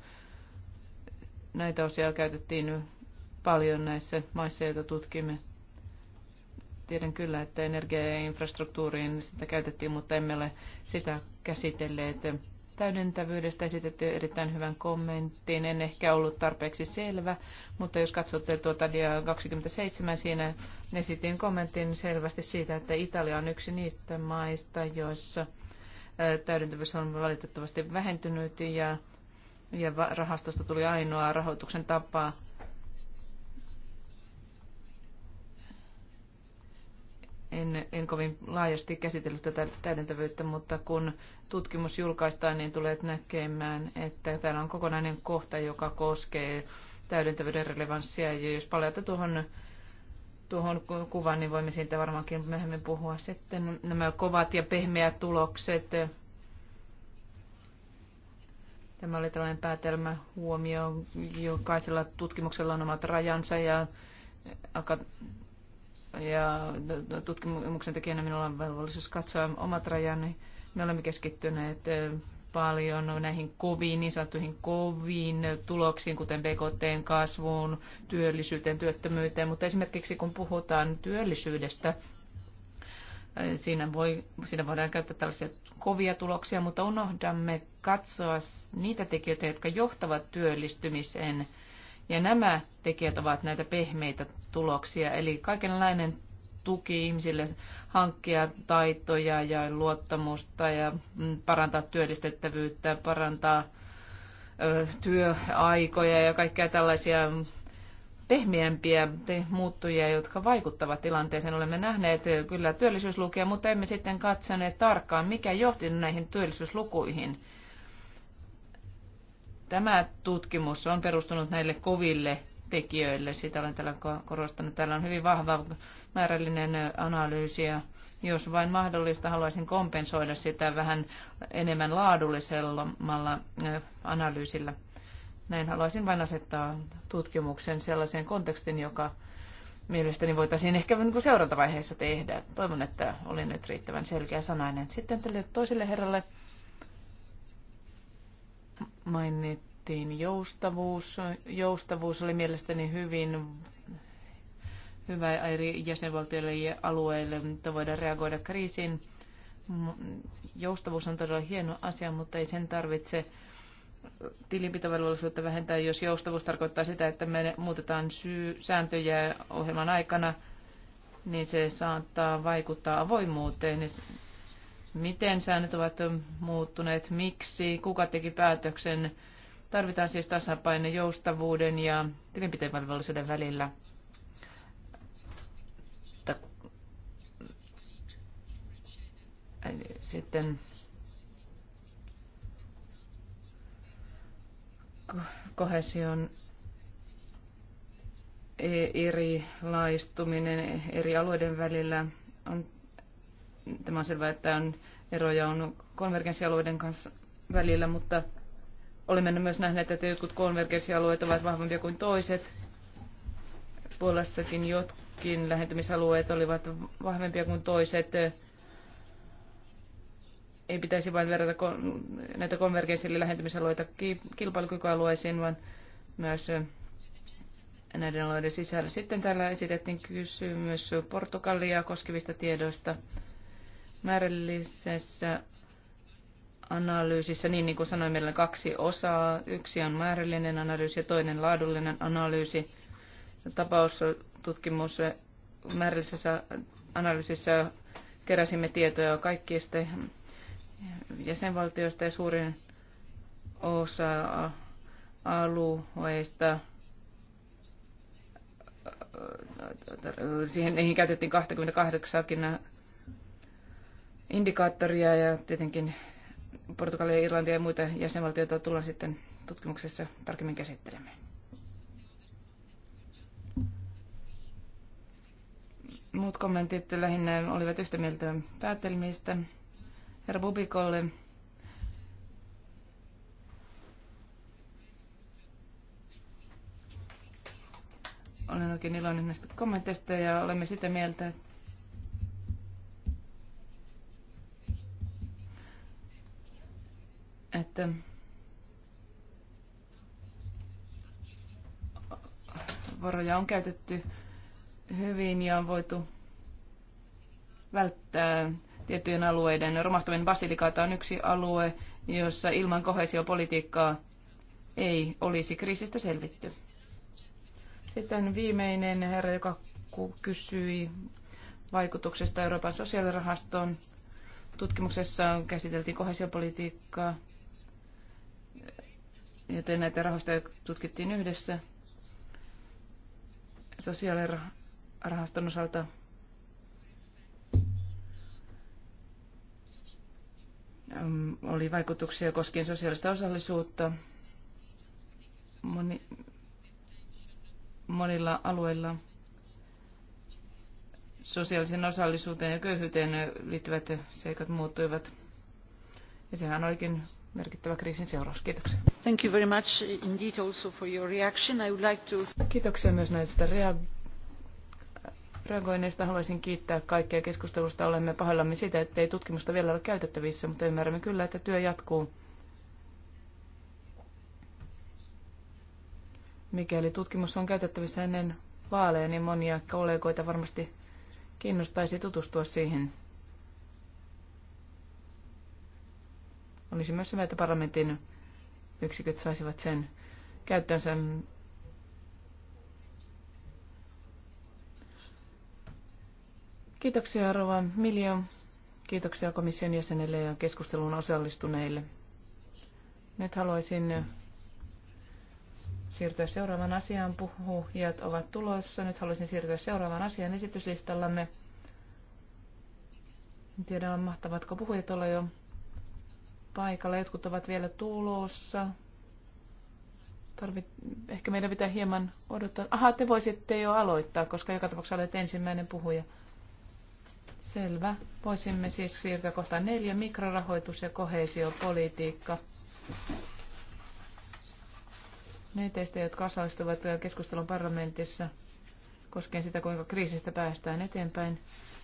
näitä osia käytettiin paljon näissä maissa, joita tutkimme. Tiedän kyllä, että energia- ja infrastruktuuriin sitä käytettiin, mutta emme ole sitä käsitelleet täydentävyydestä esitetty erittäin hyvän kommentin. En ehkä ollut tarpeeksi selvä, mutta jos katsotte tuota dia 27, siinä esitin kommentin selvästi siitä, että Italia on yksi niistä maista, joissa täydentävyys on valitettavasti vähentynyt ja, ja rahastosta tuli ainoa rahoituksen tapa, en, en kovin laajasti käsitellyt tätä täydentävyyttä, mutta kun tutkimus julkaistaan, niin tulet näkemään, että täällä on kokonainen kohta, joka koskee täydentävyyden relevanssia. Ja jos palata tuohon, tuohon kuvaan, niin voimme siitä varmaankin myöhemmin puhua sitten. Nämä kovat ja pehmeät tulokset. Tämä oli tällainen päätelmä huomio. Jokaisella tutkimuksella on omat rajansa ja ja tutkimuksen tekijänä minulla on velvollisuus katsoa omat rajani. Me olemme keskittyneet eh, paljon näihin koviin, niin sanottuihin koviin tuloksiin, kuten BKT kasvuun, työllisyyteen, työttömyyteen, mutta esimerkiksi kun puhutaan työllisyydestä, eh, siinä, voi, siinä voidaan käyttää tällaisia kovia tuloksia, mutta unohdamme katsoa niitä tekijöitä, jotka johtavat työllistymiseen – ja nämä tekijät ovat näitä pehmeitä tuloksia, eli kaikenlainen tuki ihmisille hankkia taitoja ja luottamusta ja mm, parantaa työllistettävyyttä, parantaa työaikoja ja kaikkea tällaisia mm, pehmeämpiä muuttujia, jotka vaikuttavat tilanteeseen. Olemme nähneet kyllä työllisyyslukuja, mutta emme sitten katsoneet tarkkaan, mikä johti näihin työllisyyslukuihin. Tämä tutkimus on perustunut näille koville tekijöille. Sitä olen täällä korostanut. Täällä on hyvin vahva määrällinen analyysi ja jos vain mahdollista, haluaisin kompensoida sitä vähän enemmän laadullisemmalla analyysillä. Näin haluaisin vain asettaa tutkimuksen sellaiseen kontekstin, joka mielestäni voitaisiin ehkä niin seurantavaiheessa tehdä. Toivon, että olin nyt riittävän selkeä sanainen. Sitten tälle toiselle herralle mainittiin joustavuus. Joustavuus oli mielestäni hyvin hyvä eri jäsenvaltioille ja alueille, että voidaan reagoida kriisiin. Joustavuus on todella hieno asia, mutta ei sen tarvitse tilinpitovelvollisuutta vähentää, jos joustavuus tarkoittaa sitä, että me muutetaan syy, sääntöjä ohjelman aikana, niin se saattaa vaikuttaa avoimuuteen miten säännöt ovat muuttuneet, miksi, kuka teki päätöksen. Tarvitaan siis tasapaino joustavuuden ja tilinpiteenvalvollisuuden välillä. Sitten kohesion e- erilaistuminen eri alueiden välillä on Tämä on selvää, että on eroja on konvergenssialueiden kanssa välillä, mutta olemme myös nähneet, että jotkut konvergenssialueet ovat vahvempia kuin toiset. Puolassakin jotkin lähentymisalueet olivat vahvempia kuin toiset. Ei pitäisi vain verrata näitä konvergenssi- lähentymisalueita kilpailukykyalueisiin, vaan myös näiden alueiden sisällä. Sitten täällä esitettiin kysymys Portugalia koskevista tiedoista määrällisessä analyysissä, niin, niin kuin sanoin, meillä on kaksi osaa. Yksi on määrällinen analyysi ja toinen laadullinen analyysi. Tapaustutkimus määrällisessä analyysissä keräsimme tietoja kaikkista jäsenvaltioista ja suurin osa alueista. Siihen, niihin käytettiin 28 indikaattoria ja tietenkin Portugalia, Irlantia ja muita jäsenvaltioita tullaan sitten tutkimuksessa tarkemmin käsittelemään. Muut kommentit lähinnä olivat yhtä mieltä päätelmistä. Herra Bubikolle olen oikein iloinen näistä kommenteista ja olemme sitä mieltä, että varoja on käytetty hyvin ja on voitu välttää tiettyjen alueiden. Romahtuminen basilikaata on yksi alue, jossa ilman kohesiopolitiikkaa ei olisi kriisistä selvitty. Sitten viimeinen herra, joka kysyi vaikutuksesta Euroopan sosiaalirahaston Tutkimuksessa käsiteltiin kohesiopolitiikkaa joten näitä rahastoja tutkittiin yhdessä sosiaalirahaston osalta. Oli vaikutuksia koskien sosiaalista osallisuutta moni, monilla alueilla sosiaalisen osallisuuteen ja köyhyyteen liittyvät seikat muuttuivat. Ja sehän olikin merkittävä kriisin seuraus. Kiitoksia. Thank you very much indeed also for your reaction. I would like to... Kiitoksia myös näistä rea- reagoinneista. Haluaisin kiittää kaikkia keskustelusta. Olemme pahoillamme siitä, ettei tutkimusta vielä ole käytettävissä, mutta ymmärrämme kyllä, että työ jatkuu. Mikäli tutkimus on käytettävissä ennen vaaleja, niin monia kollegoita varmasti kiinnostaisi tutustua siihen. Olisi myös hyvä, että parlamentin yksiköt saisivat sen käyttöönsä. Kiitoksia Rova Miljo. Kiitoksia komission jäsenille ja keskusteluun osallistuneille. Nyt haluaisin siirtyä seuraavaan asiaan. Puhujat ovat tulossa. Nyt haluaisin siirtyä seuraavaan asiaan esityslistallamme. En tiedä, mahtavatko puhujat olla jo paikalla. Jotkut ovat vielä tulossa. Tarvit, ehkä meidän pitää hieman odottaa. Aha, te voisitte jo aloittaa, koska joka tapauksessa olet ensimmäinen puhuja. Selvä. Voisimme siis siirtyä kohtaan neljä. Mikrorahoitus ja kohesiopolitiikka. Ne teistä, jotka osallistuvat keskustelun parlamentissa koskien sitä, kuinka kriisistä päästään eteenpäin,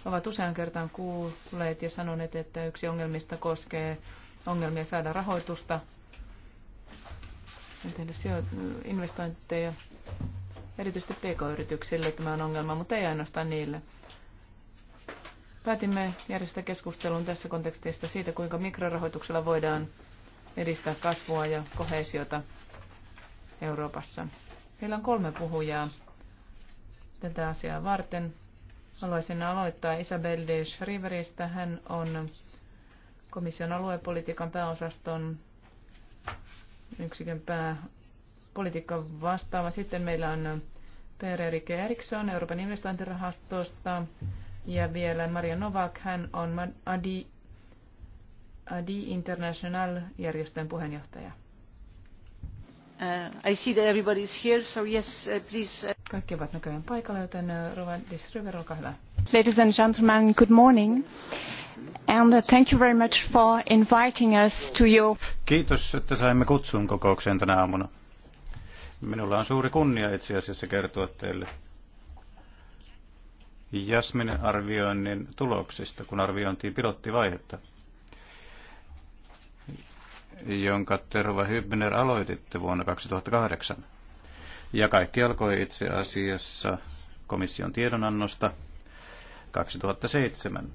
ovat usean kertaan kuulleet ja sanoneet, että yksi ongelmista koskee ongelmia saada rahoitusta ja tehdä investointeja. Erityisesti pk-yrityksille tämä on ongelma, mutta ei ainoastaan niille. Päätimme järjestää keskustelun tässä kontekstista siitä, kuinka mikrorahoituksella voidaan edistää kasvua ja kohesiota Euroopassa. Meillä on kolme puhujaa tätä asiaa varten. Haluaisin aloittaa Isabel de Schriveristä. Hän on komission aluepolitiikan pääosaston yksikön pääpolitiikan vastaava. Sitten meillä on Per Erik Eriksson Euroopan investointirahastosta ja vielä Maria Novak, hän on ADI, ADI International-järjestön puheenjohtaja. Uh, I see that everybody is here, so yes, uh, please. Uh... Kaikki ovat näköjään paikalla, joten uh, Rovan Disryver, olkaa hyvä. Ladies and gentlemen, good morning. Uh, And uh, thank you very much for inviting us to Kiitos, että saimme kutsun kokoukseen tänä aamuna. Minulla on suuri kunnia itse asiassa kertoa teille Jasmin arvioinnin tuloksista, kun arviointiin pilottivaihetta, jonka Terva Hybner aloititte vuonna 2008. Ja kaikki alkoi itse asiassa komission tiedonannosta 2007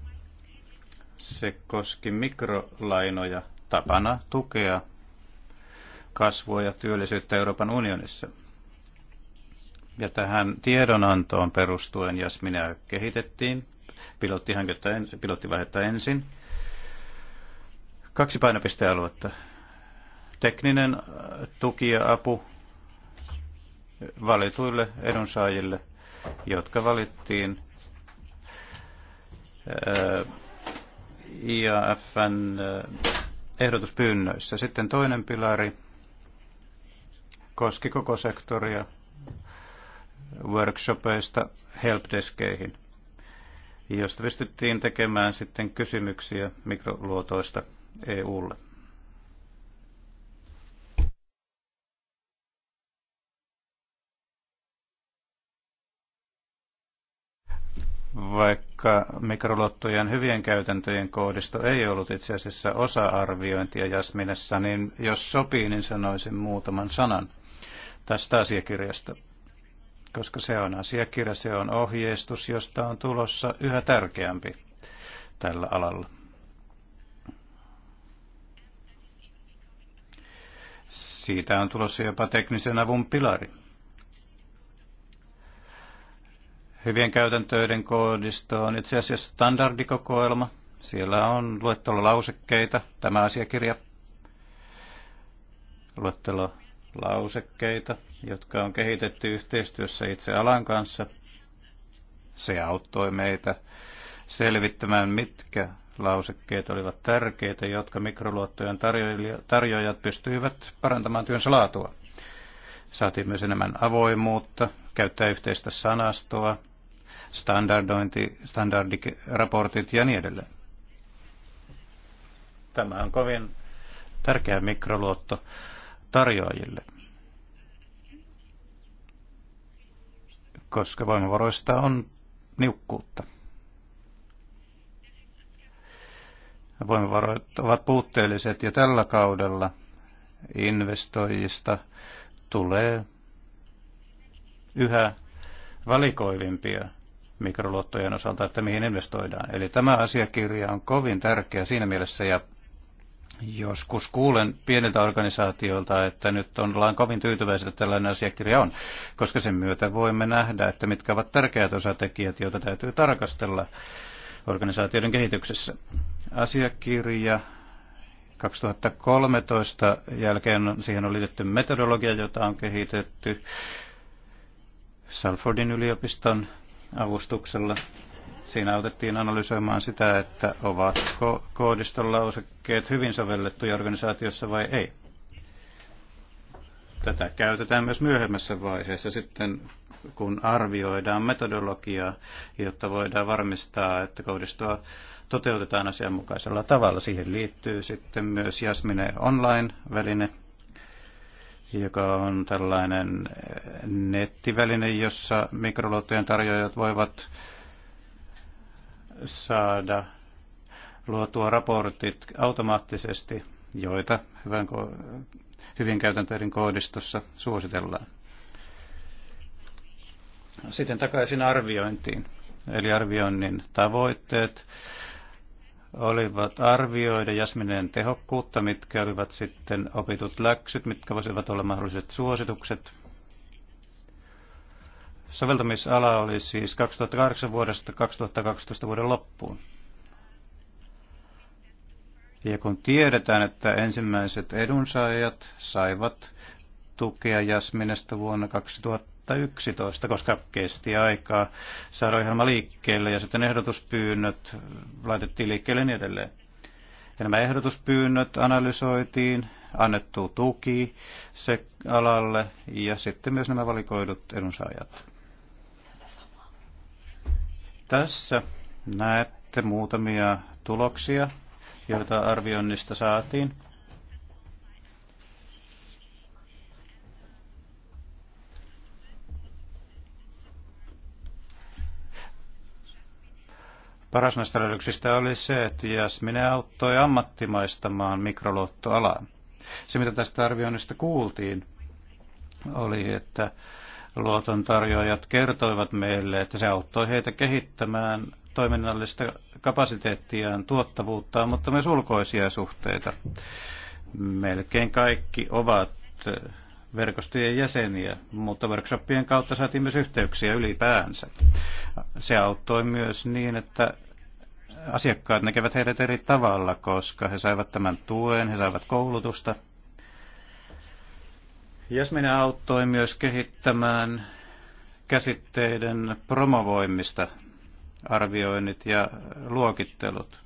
se koski mikrolainoja tapana tukea kasvua ja työllisyyttä Euroopan unionissa. Ja tähän tiedonantoon perustuen Jasminä kehitettiin pilottihanketta, pilottivaihetta ensin. Kaksi painopistealuetta. Tekninen äh, tuki ja apu valituille edunsaajille, jotka valittiin äh, IAFn ehdotuspyynnöissä. Sitten toinen pilari koski koko sektoria workshopeista helpdeskeihin, josta pystyttiin tekemään sitten kysymyksiä mikroluotoista EUlle. vaikka mikroluottojen hyvien käytäntöjen koodisto ei ollut itse asiassa osa-arviointia Jasminessa, niin jos sopii, niin sanoisin muutaman sanan tästä asiakirjasta. Koska se on asiakirja, se on ohjeistus, josta on tulossa yhä tärkeämpi tällä alalla. Siitä on tulossa jopa teknisen avun pilari. Hyvien käytäntöiden koodisto on itse asiassa standardikokoelma. Siellä on luettelo lausekkeita, tämä asiakirja. Luettelo lausekkeita, jotka on kehitetty yhteistyössä itse alan kanssa. Se auttoi meitä selvittämään, mitkä lausekkeet olivat tärkeitä, jotka mikroluottojen tarjoajat pystyivät parantamaan työnsä laatua. Saatiin myös enemmän avoimuutta, käyttää yhteistä sanastoa, standardointi, standardiraportit ja niin edelleen. Tämä on kovin tärkeä mikroluotto tarjoajille, koska voimavaroista on niukkuutta. Voimavarat ovat puutteelliset ja tällä kaudella investoijista tulee yhä valikoivimpia – mikroluottojen osalta, että mihin investoidaan. Eli tämä asiakirja on kovin tärkeä siinä mielessä ja joskus kuulen pieniltä organisaatioilta, että nyt ollaan kovin tyytyväisiä, että tällainen asiakirja on, koska sen myötä voimme nähdä, että mitkä ovat tärkeät osatekijät, joita täytyy tarkastella organisaatioiden kehityksessä. Asiakirja 2013 jälkeen siihen on liitetty metodologia, jota on kehitetty Salfordin yliopiston avustuksella. Siinä otettiin analysoimaan sitä, että ovatko koodiston lausekkeet hyvin sovellettuja organisaatiossa vai ei. Tätä käytetään myös myöhemmässä vaiheessa sitten, kun arvioidaan metodologiaa, jotta voidaan varmistaa, että koodistoa toteutetaan asianmukaisella tavalla. Siihen liittyy sitten myös Jasmine Online-väline, joka on tällainen nettiväline, jossa mikroluottojen tarjoajat voivat saada luotua raportit automaattisesti, joita hyvän, hyvin käytänteiden koodistossa suositellaan. Sitten takaisin arviointiin, eli arvioinnin tavoitteet olivat arvioida Jasmineen tehokkuutta, mitkä olivat sitten opitut läksyt, mitkä voisivat olla mahdolliset suositukset. Soveltamisala oli siis 2008 vuodesta 2012 vuoden loppuun. Ja kun tiedetään, että ensimmäiset edunsaajat saivat tukea Jasminesta vuonna 2000, 2011, koska kesti aikaa saada ohjelma liikkeelle ja sitten ehdotuspyynnöt laitettiin liikkeelle niin edelleen. Ja nämä ehdotuspyynnöt analysoitiin, annettu tuki se alalle ja sitten myös nämä valikoidut edunsaajat. Tässä näette muutamia tuloksia, joita arvioinnista saatiin. Paras näistä löydöksistä oli se, että Jasmine auttoi ammattimaistamaan mikroluottoalaa. Se, mitä tästä arvioinnista kuultiin, oli, että luotontarjoajat kertoivat meille, että se auttoi heitä kehittämään toiminnallista kapasiteettiaan, tuottavuuttaan, mutta myös ulkoisia suhteita. Melkein kaikki ovat verkostojen jäseniä, mutta workshoppien kautta saatiin myös yhteyksiä ylipäänsä. Se auttoi myös niin, että asiakkaat näkevät heidät eri tavalla, koska he saivat tämän tuen, he saivat koulutusta. Jasmine auttoi myös kehittämään käsitteiden promovoimista, arvioinnit ja luokittelut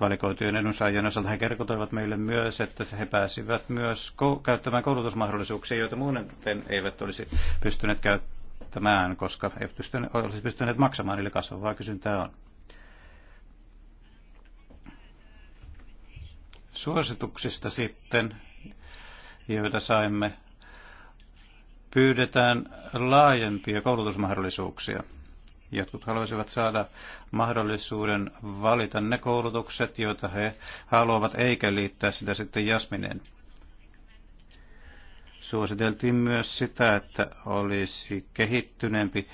valikoitujen edunsaajien osalta he kertoivat meille myös, että he pääsivät myös käyttämään koulutusmahdollisuuksia, joita muuten eivät olisi pystyneet käyttämään, koska eivät pystyneet, olisi pystyneet maksamaan, niille kasvavaa kysyntää on. Suosituksista sitten, joita saimme, pyydetään laajempia koulutusmahdollisuuksia Jotkut haluaisivat saada mahdollisuuden valita ne koulutukset, joita he haluavat, eikä liittää sitä sitten Jasmineen. Suositeltiin myös sitä, että olisi kehittyneempi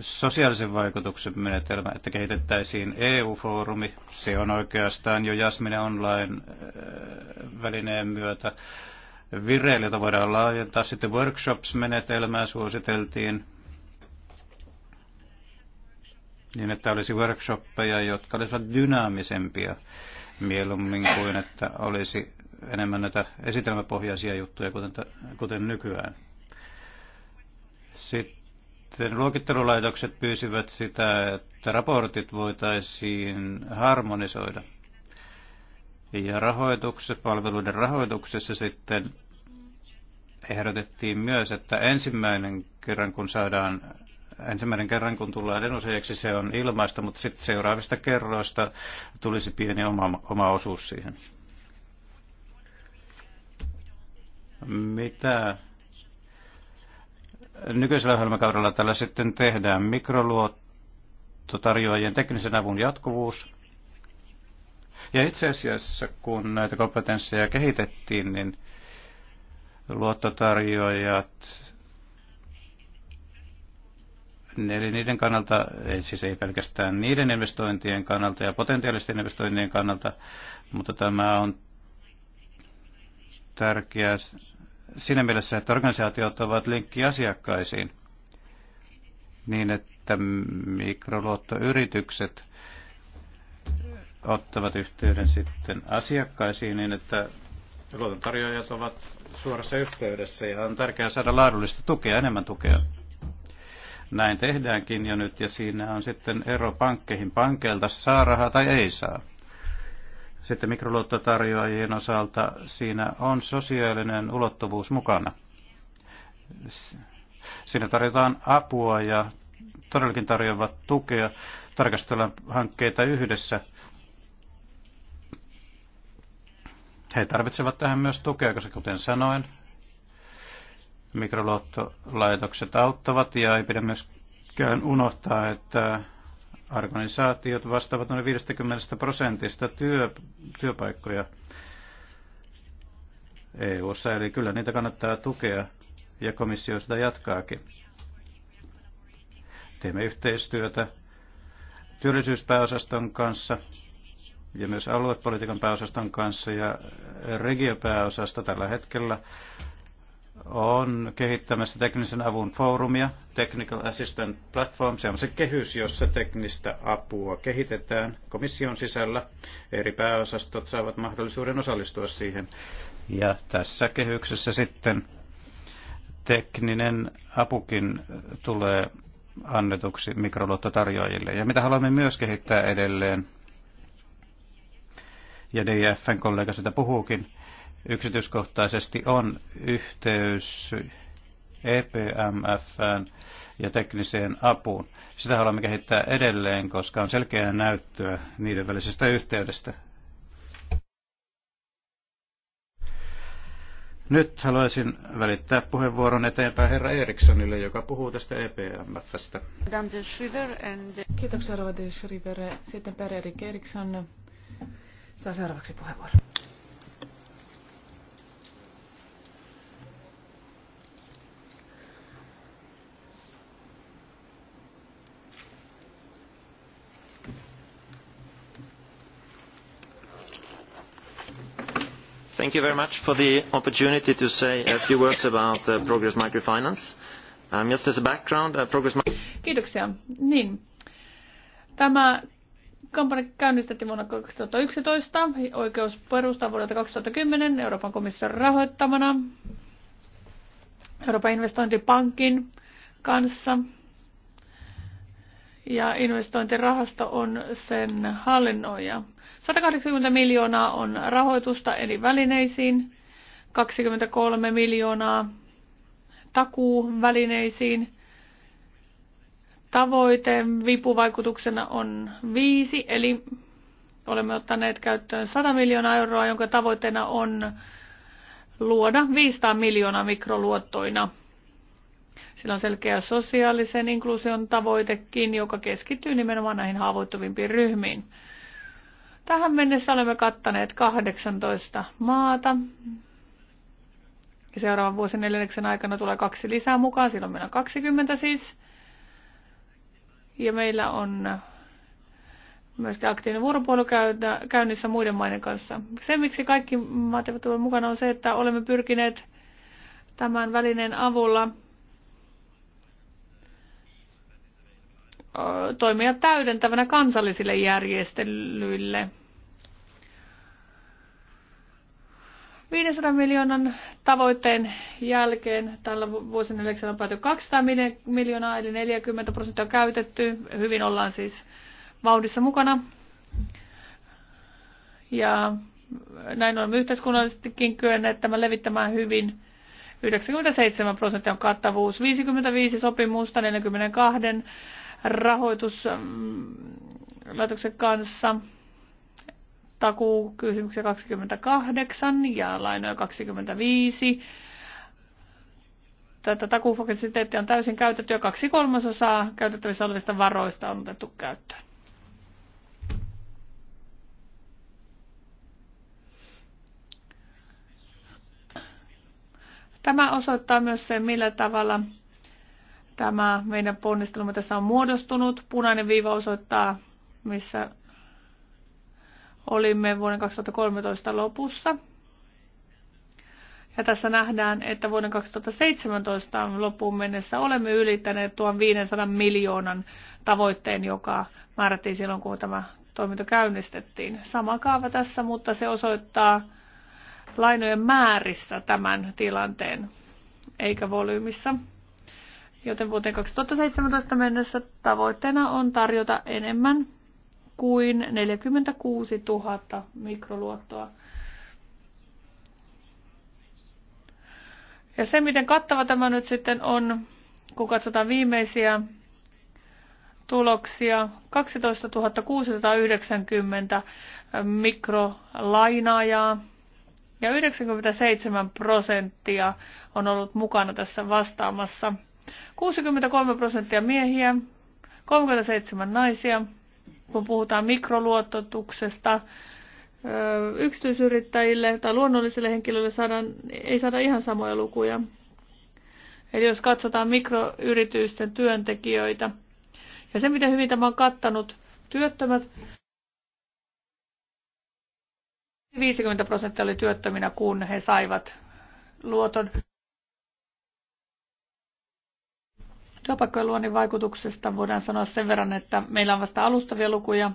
sosiaalisen vaikutuksen menetelmä, että kehitettäisiin EU-foorumi. Se on oikeastaan jo Jasmine Online-välineen myötä vireillä, jota voidaan laajentaa. Sitten workshops-menetelmää suositeltiin niin että olisi workshoppeja, jotka olisivat dynaamisempia mieluummin kuin että olisi enemmän näitä esitelmäpohjaisia juttuja, kuten, kuten nykyään. Sitten luokittelulaitokset pyysivät sitä, että raportit voitaisiin harmonisoida. Ja rahoituksessa, palveluiden rahoituksessa sitten ehdotettiin myös, että ensimmäinen kerran kun saadaan Ensimmäinen kerran, kun tullaan edunsaajaksi, se on ilmaista, mutta sitten seuraavista kerroista tulisi pieni oma, oma osuus siihen. Mitä nykyisellä ohjelmakaudella tällä sitten tehdään? Mikroluottotarjoajien teknisen avun jatkuvuus. Ja itse asiassa, kun näitä kompetensseja kehitettiin, niin luottotarjoajat Eli niiden kannalta, siis ei pelkästään niiden investointien kannalta ja potentiaalisten investointien kannalta, mutta tämä on tärkeää siinä mielessä, että organisaatiot ovat linkki asiakkaisiin niin, että mikroluottoyritykset ottavat yhteyden sitten asiakkaisiin niin, että luotontarjoajat ovat suorassa yhteydessä ja on tärkeää saada laadullista tukea, enemmän tukea. Näin tehdäänkin jo nyt ja siinä on sitten ero pankkeihin. Pankeilta saa rahaa tai ei saa. Sitten mikroluottotarjoajien osalta siinä on sosiaalinen ulottuvuus mukana. Siinä tarjotaan apua ja todellakin tarjoavat tukea. Tarkastellaan hankkeita yhdessä. He tarvitsevat tähän myös tukea, koska kuten sanoin, mikroluottolaitokset auttavat ja ei pidä myöskään unohtaa, että organisaatiot vastaavat noin 50 prosentista työ, työpaikkoja EU-ssa, eli kyllä niitä kannattaa tukea ja komissio sitä jatkaakin. Teemme yhteistyötä työllisyyspääosaston kanssa ja myös aluepolitiikan pääosaston kanssa ja regiopääosasto tällä hetkellä on kehittämässä teknisen avun foorumia, Technical Assistant Platform. Se on se kehys, jossa teknistä apua kehitetään komission sisällä. Eri pääosastot saavat mahdollisuuden osallistua siihen. Ja tässä kehyksessä sitten tekninen apukin tulee annetuksi mikroluottotarjoajille. Ja mitä haluamme myös kehittää edelleen, ja DFN kollega sitä puhuukin, yksityiskohtaisesti on yhteys EPMFään ja tekniseen apuun. Sitä haluamme kehittää edelleen, koska on selkeää näyttöä niiden välisestä yhteydestä. Nyt haluaisin välittää puheenvuoron eteenpäin herra Erikssonille, joka puhuu tästä EPMFstä. Kiitoksia, Rova de Schriver. Sitten Per Erik Eriksson saa seuraavaksi puheenvuoron. Thank you very much for the opportunity to say a few words about uh, Progress Microfinance. Um, just as a background, uh, Progress Kiitoksia. Niin. Tämä kampanja käynnistettiin vuonna 2011, oikeus perustaa vuodelta 2010 Euroopan komission rahoittamana Euroopan investointipankin kanssa. Ja investointirahasto on sen hallinnoija. 180 miljoonaa on rahoitusta eri välineisiin, 23 miljoonaa takuuvälineisiin. Tavoite vipuvaikutuksena on 5, eli olemme ottaneet käyttöön 100 miljoonaa euroa, jonka tavoitteena on luoda 500 miljoonaa mikroluottoina. Sillä on selkeä sosiaalisen inkluusion tavoitekin, joka keskittyy nimenomaan näihin haavoittuvimpiin ryhmiin. Tähän mennessä olemme kattaneet 18 maata. Seuraavan vuosi neljänneksen aikana tulee kaksi lisää mukaan, silloin meillä on 20 siis. Ja meillä on myös aktiivinen vuoropuhelu käynnissä muiden maiden kanssa. Se, miksi kaikki maat eivät ole mukana, on se, että olemme pyrkineet tämän välineen avulla toimia täydentävänä kansallisille järjestelyille. 500 miljoonan tavoitteen jälkeen tällä vuosineljäksellä on pääty 200 miljoonaa, eli 40 prosenttia on käytetty. Hyvin ollaan siis vauhdissa mukana. Ja näin olemme yhteiskunnallisestikin kyenneet tämän levittämään hyvin. 97 prosenttia on kattavuus, 55 sopimusta 42 rahoituslaitoksen mm, kanssa. kysymyksiä 28 ja lainoja 25. Tätä takuufakasiteettia on täysin käytetty ja kaksi kolmasosaa käytettävissä olevista varoista on otettu käyttöön. Tämä osoittaa myös sen, millä tavalla tämä meidän ponnistelumme tässä on muodostunut. Punainen viiva osoittaa, missä olimme vuoden 2013 lopussa. Ja tässä nähdään, että vuoden 2017 loppuun mennessä olemme ylittäneet tuon 500 miljoonan tavoitteen, joka määrättiin silloin, kun tämä toiminto käynnistettiin. Sama kaava tässä, mutta se osoittaa lainojen määrissä tämän tilanteen, eikä volyymissa joten vuoteen 2017 mennessä tavoitteena on tarjota enemmän kuin 46 000 mikroluottoa. Ja se, miten kattava tämä nyt sitten on, kun katsotaan viimeisiä tuloksia, 12 690 mikrolainaajaa ja 97 prosenttia on ollut mukana tässä vastaamassa – 63 prosenttia miehiä, 37 naisia, kun puhutaan mikroluototuksesta, yksityisyrittäjille tai luonnollisille henkilöille saadaan, ei saada ihan samoja lukuja. Eli jos katsotaan mikroyritysten työntekijöitä ja se, miten hyvin tämä on kattanut työttömät, 50 prosenttia oli työttöminä, kun he saivat luoton. Työpaikkojen luonnin vaikutuksesta voidaan sanoa sen verran, että meillä on vasta alustavia lukuja,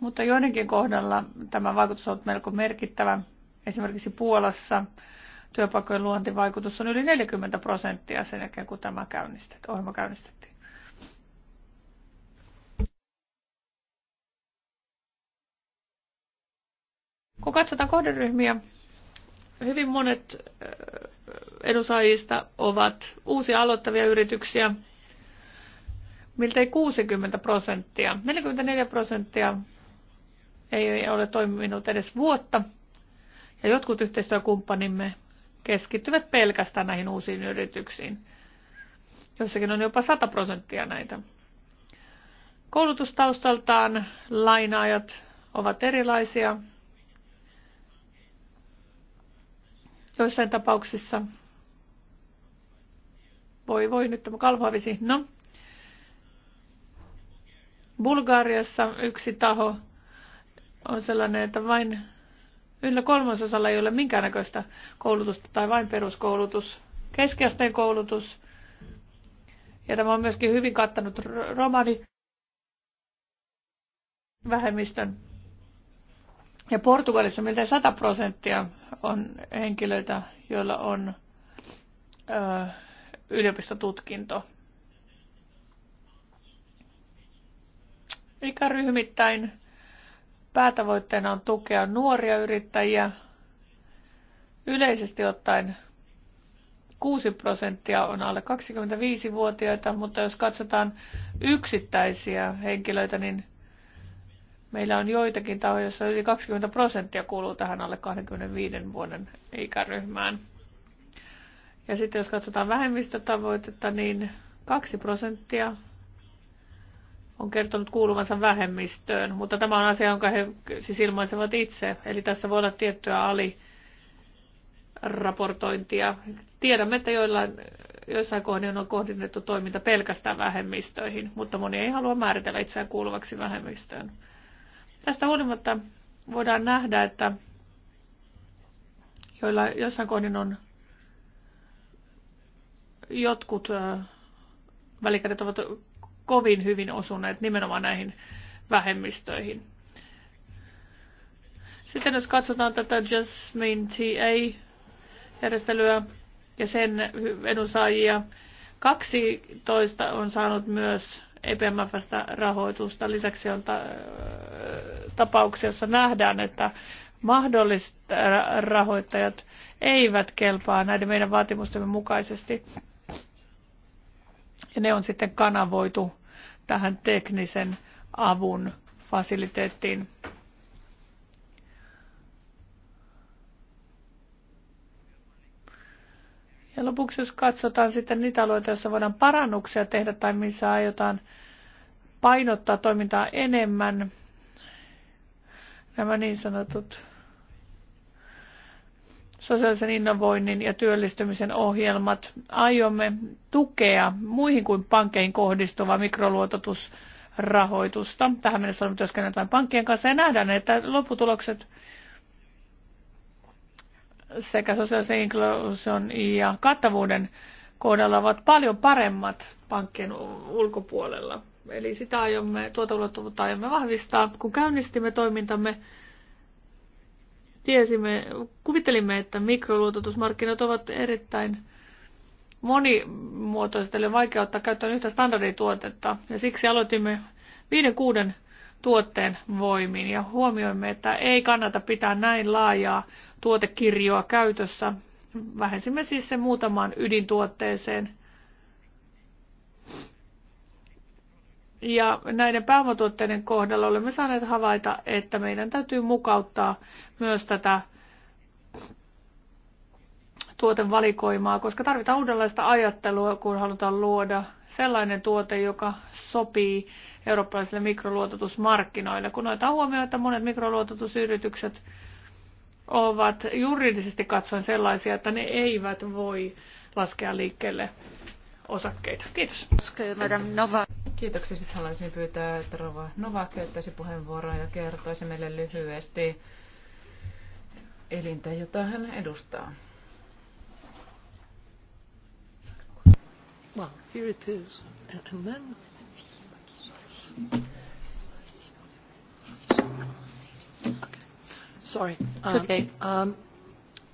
mutta joidenkin kohdalla tämä vaikutus on melko merkittävä. Esimerkiksi Puolassa työpaikkojen luontivaikutus on yli 40 prosenttia sen jälkeen, kun tämä käynnistettiin, ohjelma käynnistettiin. Kun katsotaan kohderyhmiä, hyvin monet edunsaajista ovat uusia aloittavia yrityksiä, miltei 60 prosenttia. 44 prosenttia ei ole toiminut edes vuotta, ja jotkut yhteistyökumppanimme keskittyvät pelkästään näihin uusiin yrityksiin. Jossakin on jopa 100 prosenttia näitä. Koulutustaustaltaan lainaajat ovat erilaisia, joissain tapauksissa. Voi voi, nyt tämä kalvoavisi. No. Bulgaariassa yksi taho on sellainen, että vain yllä kolmasosalla ei ole minkäännäköistä koulutusta tai vain peruskoulutus, keskiasteen koulutus. Ja tämä on myöskin hyvin kattanut romani vähemmistön. Ja Portugalissa miltei 100 prosenttia on henkilöitä, joilla on ö, yliopistotutkinto. Ikäryhmittäin päätavoitteena on tukea nuoria yrittäjiä. Yleisesti ottaen 6 prosenttia on alle 25-vuotiaita, mutta jos katsotaan yksittäisiä henkilöitä, niin Meillä on joitakin tahoja, joissa yli 20 prosenttia kuuluu tähän alle 25 vuoden ikäryhmään. Ja sitten jos katsotaan vähemmistötavoitetta, niin 2 prosenttia on kertonut kuuluvansa vähemmistöön, mutta tämä on asia, jonka he siis ilmaisevat itse. Eli tässä voi olla tiettyä aliraportointia. Tiedämme, että joillain, joissain kohdin on kohdennettu toiminta pelkästään vähemmistöihin, mutta moni ei halua määritellä itseään kuuluvaksi vähemmistöön. Tästä huolimatta voidaan nähdä, että joilla jossain kohdin on jotkut välikädet ovat kovin hyvin osuneet nimenomaan näihin vähemmistöihin. Sitten jos katsotaan tätä Jasmine TA-järjestelyä ja sen edunsaajia, 12 on saanut myös EPMFstä rahoitusta. Lisäksi on ta- äh, tapauksia, joissa nähdään, että mahdolliset äh, rahoittajat eivät kelpaa näiden meidän vaatimustemme mukaisesti. Ja ne on sitten kanavoitu tähän teknisen avun fasiliteettiin. Ja lopuksi, jos katsotaan sitten niitä alueita, joissa voidaan parannuksia tehdä tai missä aiotaan painottaa toimintaa enemmän, nämä niin sanotut sosiaalisen innovoinnin ja työllistymisen ohjelmat. Aiomme tukea muihin kuin pankkeihin kohdistuvaa mikroluototusrahoitusta. Tähän mennessä olemme työskennelleet vain pankkien kanssa ja nähdään, että lopputulokset sekä sosiaalisen inkluusion ja kattavuuden kohdalla ovat paljon paremmat pankkien ulkopuolella. Eli sitä aiomme, tuota ulottuvuutta aiomme vahvistaa. Kun käynnistimme toimintamme, tiesimme, kuvittelimme, että mikroluototusmarkkinat ovat erittäin monimuotoiset, eli ottaa käyttöön yhtä standardituotetta. Ja siksi aloitimme viiden kuuden tuotteen voimiin ja huomioimme, että ei kannata pitää näin laajaa tuotekirjoa käytössä. Vähensimme siis sen muutamaan ydintuotteeseen. Ja näiden pääomatuotteiden kohdalla olemme saaneet havaita, että meidän täytyy mukauttaa myös tätä tuotevalikoimaa, koska tarvitaan uudenlaista ajattelua, kun halutaan luoda sellainen tuote, joka sopii eurooppalaisille mikroluototusmarkkinoille, kun noita huomioon, että monet mikroluototusyritykset ovat juridisesti katsoen sellaisia, että ne eivät voi laskea liikkeelle osakkeita. Kiitos. Kiitoksia. Sitten haluaisin pyytää, että Rova Nova käyttäisi puheenvuoron ja kertoisi meille lyhyesti elintä, jota hän edustaa. Well, here it is. And then... Sorry. It's um, okay. Um,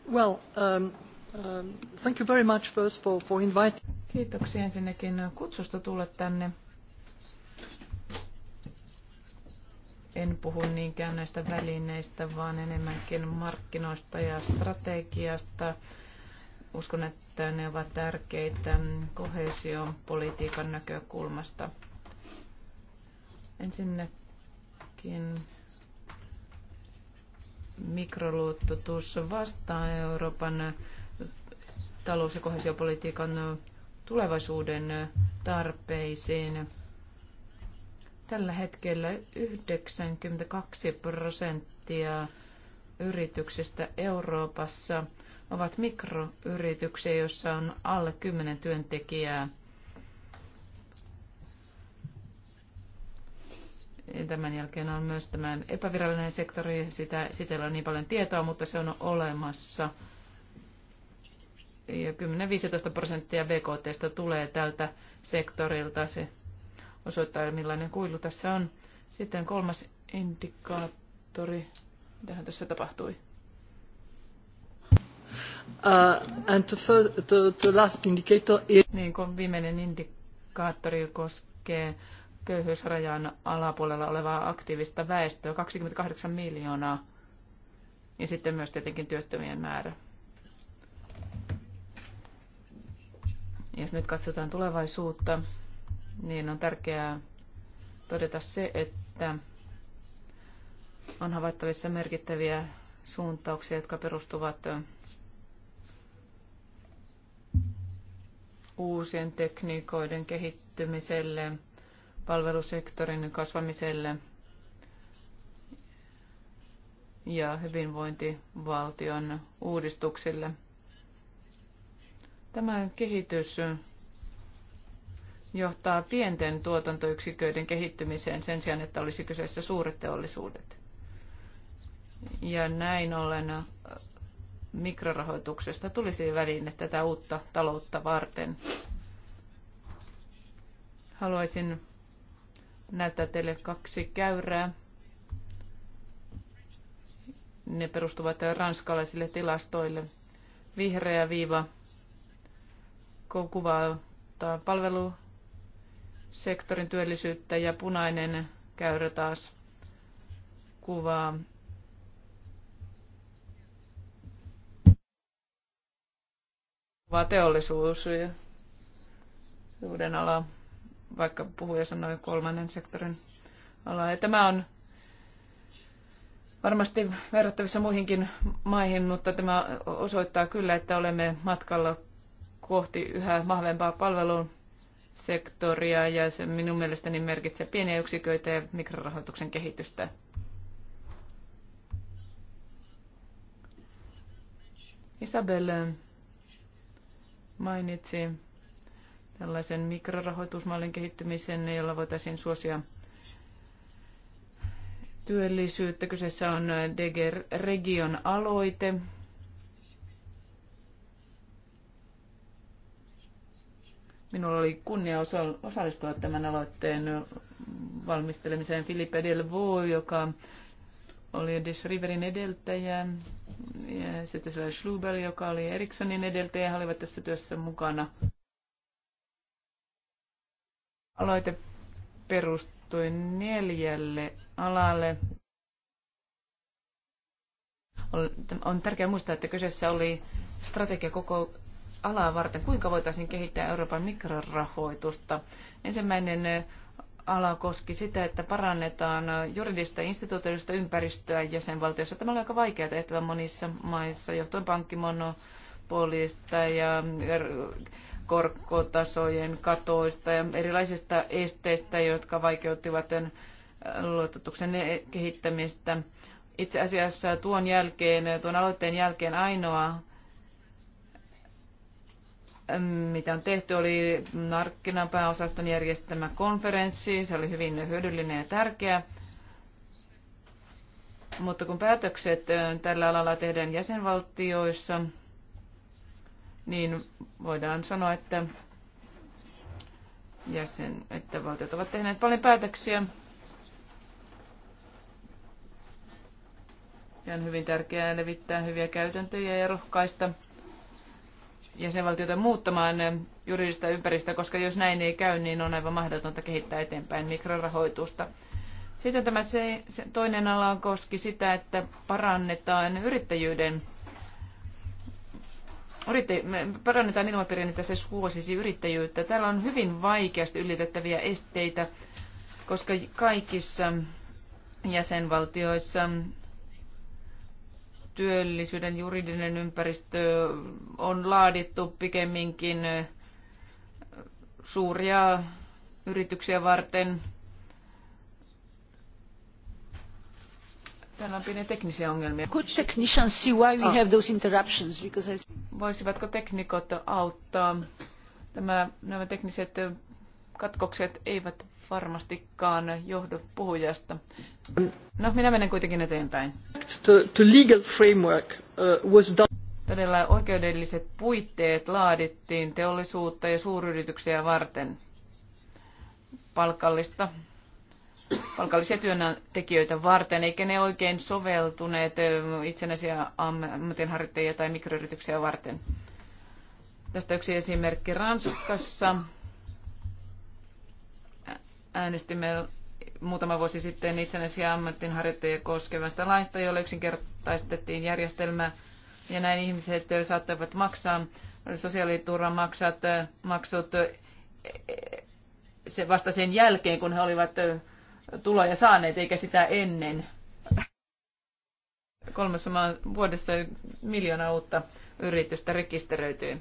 well, um, um, thank you very much first for, for inviting. Kiitoksia ensinnäkin kutsusta tulla tänne. En puhu niinkään näistä välineistä, vaan enemmänkin markkinoista ja strategiasta. Uskon, että ne ovat tärkeitä kohesiopolitiikan näkökulmasta. Ensinnäkin mikroluottotus vastaa Euroopan talous- ja kohesiopolitiikan tulevaisuuden tarpeisiin. Tällä hetkellä 92 prosenttia yrityksistä Euroopassa ovat mikroyrityksiä, joissa on alle 10 työntekijää. Tämän jälkeen on myös tämä epävirallinen sektori, sitä, sitä ei ole niin paljon tietoa, mutta se on olemassa. Ja 10-15 prosenttia BKTstä tulee tältä sektorilta. Se osoittaa, millainen kuilu tässä on. Sitten kolmas indikaattori. Mitähän tässä tapahtui? Uh, and to first, to, to last indicator is... Niin kuin viimeinen indikaattori koskee köyhyysrajan alapuolella olevaa aktiivista väestöä, 28 miljoonaa, ja sitten myös tietenkin työttömien määrä. Jos nyt katsotaan tulevaisuutta, niin on tärkeää todeta se, että on havaittavissa merkittäviä suuntauksia, jotka perustuvat uusien tekniikoiden kehittymiselle – palvelusektorin kasvamiselle ja hyvinvointivaltion uudistuksille. Tämä kehitys johtaa pienten tuotantoyksiköiden kehittymiseen sen sijaan, että olisi kyseessä suuret teollisuudet. Ja näin ollen mikrorahoituksesta tulisi väline tätä uutta taloutta varten. Haluaisin näyttää teille kaksi käyrää. Ne perustuvat ranskalaisille tilastoille. Vihreä viiva kuvaa palvelusektorin työllisyyttä ja punainen käyrä taas kuvaa kuvaa teollisuus ja uuden alaa vaikka puhuja sanoi kolmannen sektorin ala. Ja tämä on varmasti verrattavissa muihinkin maihin, mutta tämä osoittaa kyllä, että olemme matkalla kohti yhä vahvempaa palvelun sektoria ja se minun mielestäni merkitsee pieniä yksiköitä ja mikrorahoituksen kehitystä. Isabelle mainitsi tällaisen mikrorahoitusmallin kehittymisen, jolla voitaisiin suosia työllisyyttä. Kyseessä on Deger Region aloite. Minulla oli kunnia osallistua tämän aloitteen valmistelemiseen Filipe Delvaux, joka oli Des Riverin edeltäjä, ja sitten se oli Schlubel, joka oli Ericssonin edeltäjä, he olivat tässä työssä mukana. Aloite perustui neljälle alalle. On tärkeää muistaa, että kyseessä oli strategia koko alaa varten, kuinka voitaisiin kehittää Euroopan mikrorahoitusta. Ensimmäinen ala koski sitä, että parannetaan juridista ja instituutioista ympäristöä jäsenvaltiossa. Tämä oli aika vaikea tehtävä monissa maissa johtuen pankkimonopolista ja korkotasojen katoista ja erilaisista esteistä, jotka vaikeuttivat äh, luototuksen kehittämistä. Itse asiassa tuon jälkeen, tuon aloitteen jälkeen ainoa ähm, mitä on tehty, oli markkinapääosaston järjestämä konferenssi. Se oli hyvin hyödyllinen ja tärkeä. Mutta kun päätökset äh, tällä alalla tehdään jäsenvaltioissa, niin voidaan sanoa, että, jäsen, että valtiot ovat tehneet paljon päätöksiä. Ja on hyvin tärkeää levittää hyviä käytäntöjä ja rohkaista jäsenvaltioita muuttamaan juridista ympäristöä, koska jos näin ei käy, niin on aivan mahdotonta kehittää eteenpäin mikrorahoitusta. Sitten tämä se, se toinen ala koski sitä, että parannetaan yrittäjyyden yrittäj- parannetaan ilmapiirin, että se suosisi yrittäjyyttä. Täällä on hyvin vaikeasti ylitettäviä esteitä, koska kaikissa jäsenvaltioissa työllisyyden juridinen ympäristö on laadittu pikemminkin suuria yrityksiä varten Täällä on pieniä teknisiä ongelmia. Could technicians see why we ah. have those interruptions? Because I... Voisivatko teknikot auttaa? Tämä, nämä tekniset katkokset eivät varmastikaan johdu puhujasta. No, minä menen kuitenkin eteenpäin. The, the legal framework uh, was done todella oikeudelliset puitteet laadittiin teollisuutta ja suuryrityksiä varten palkallista palkallisia työntekijöitä varten, eikä ne oikein soveltuneet itsenäisiä ammatinharjoittajia tai mikroyrityksiä varten. Tästä yksi esimerkki Ranskassa. Äänestimme muutama vuosi sitten itsenäisiä ammatinharjoittajia koskevasta laista, jolla yksinkertaistettiin järjestelmä ja näin ihmiset saattavat maksaa sosiaaliturvan maksat, maksut e- e- se vasta sen jälkeen, kun he olivat tuloja saaneet, eikä sitä ennen. Kolmessa vuodessa miljoona uutta yritystä rekisteröityy.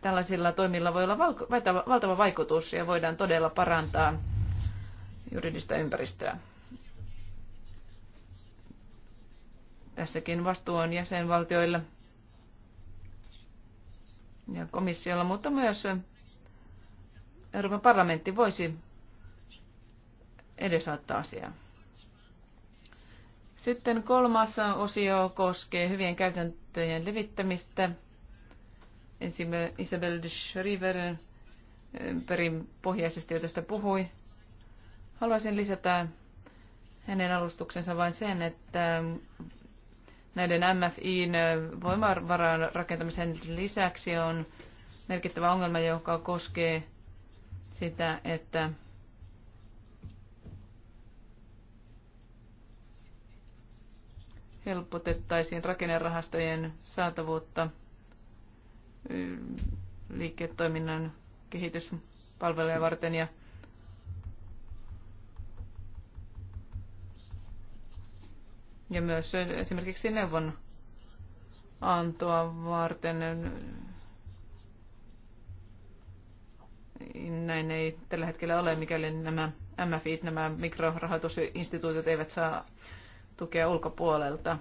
Tällaisilla toimilla voi olla valtava vaikutus ja voidaan todella parantaa juridista ympäristöä. Tässäkin vastuu on jäsenvaltioilla ja komissiolla, mutta myös Euroopan parlamentti voisi edesauttaa asiaa. Sitten kolmas osio koskee hyvien käytäntöjen levittämistä. Ensimmäinen Isabel de eh, perin pohjaisesti jo tästä puhui. Haluaisin lisätä hänen alustuksensa vain sen, että näiden MFIn eh, voimavaran rakentamisen lisäksi on merkittävä ongelma, joka koskee sitä, että helpotettaisiin rakennerahastojen saatavuutta liiketoiminnan kehityspalveluja varten ja ja myös esimerkiksi neuvon antoa varten. Näin ei tällä hetkellä ole, mikäli nämä MFIt, nämä mikrorahoitusinstituutiot eivät saa tukea ulkopuolelta.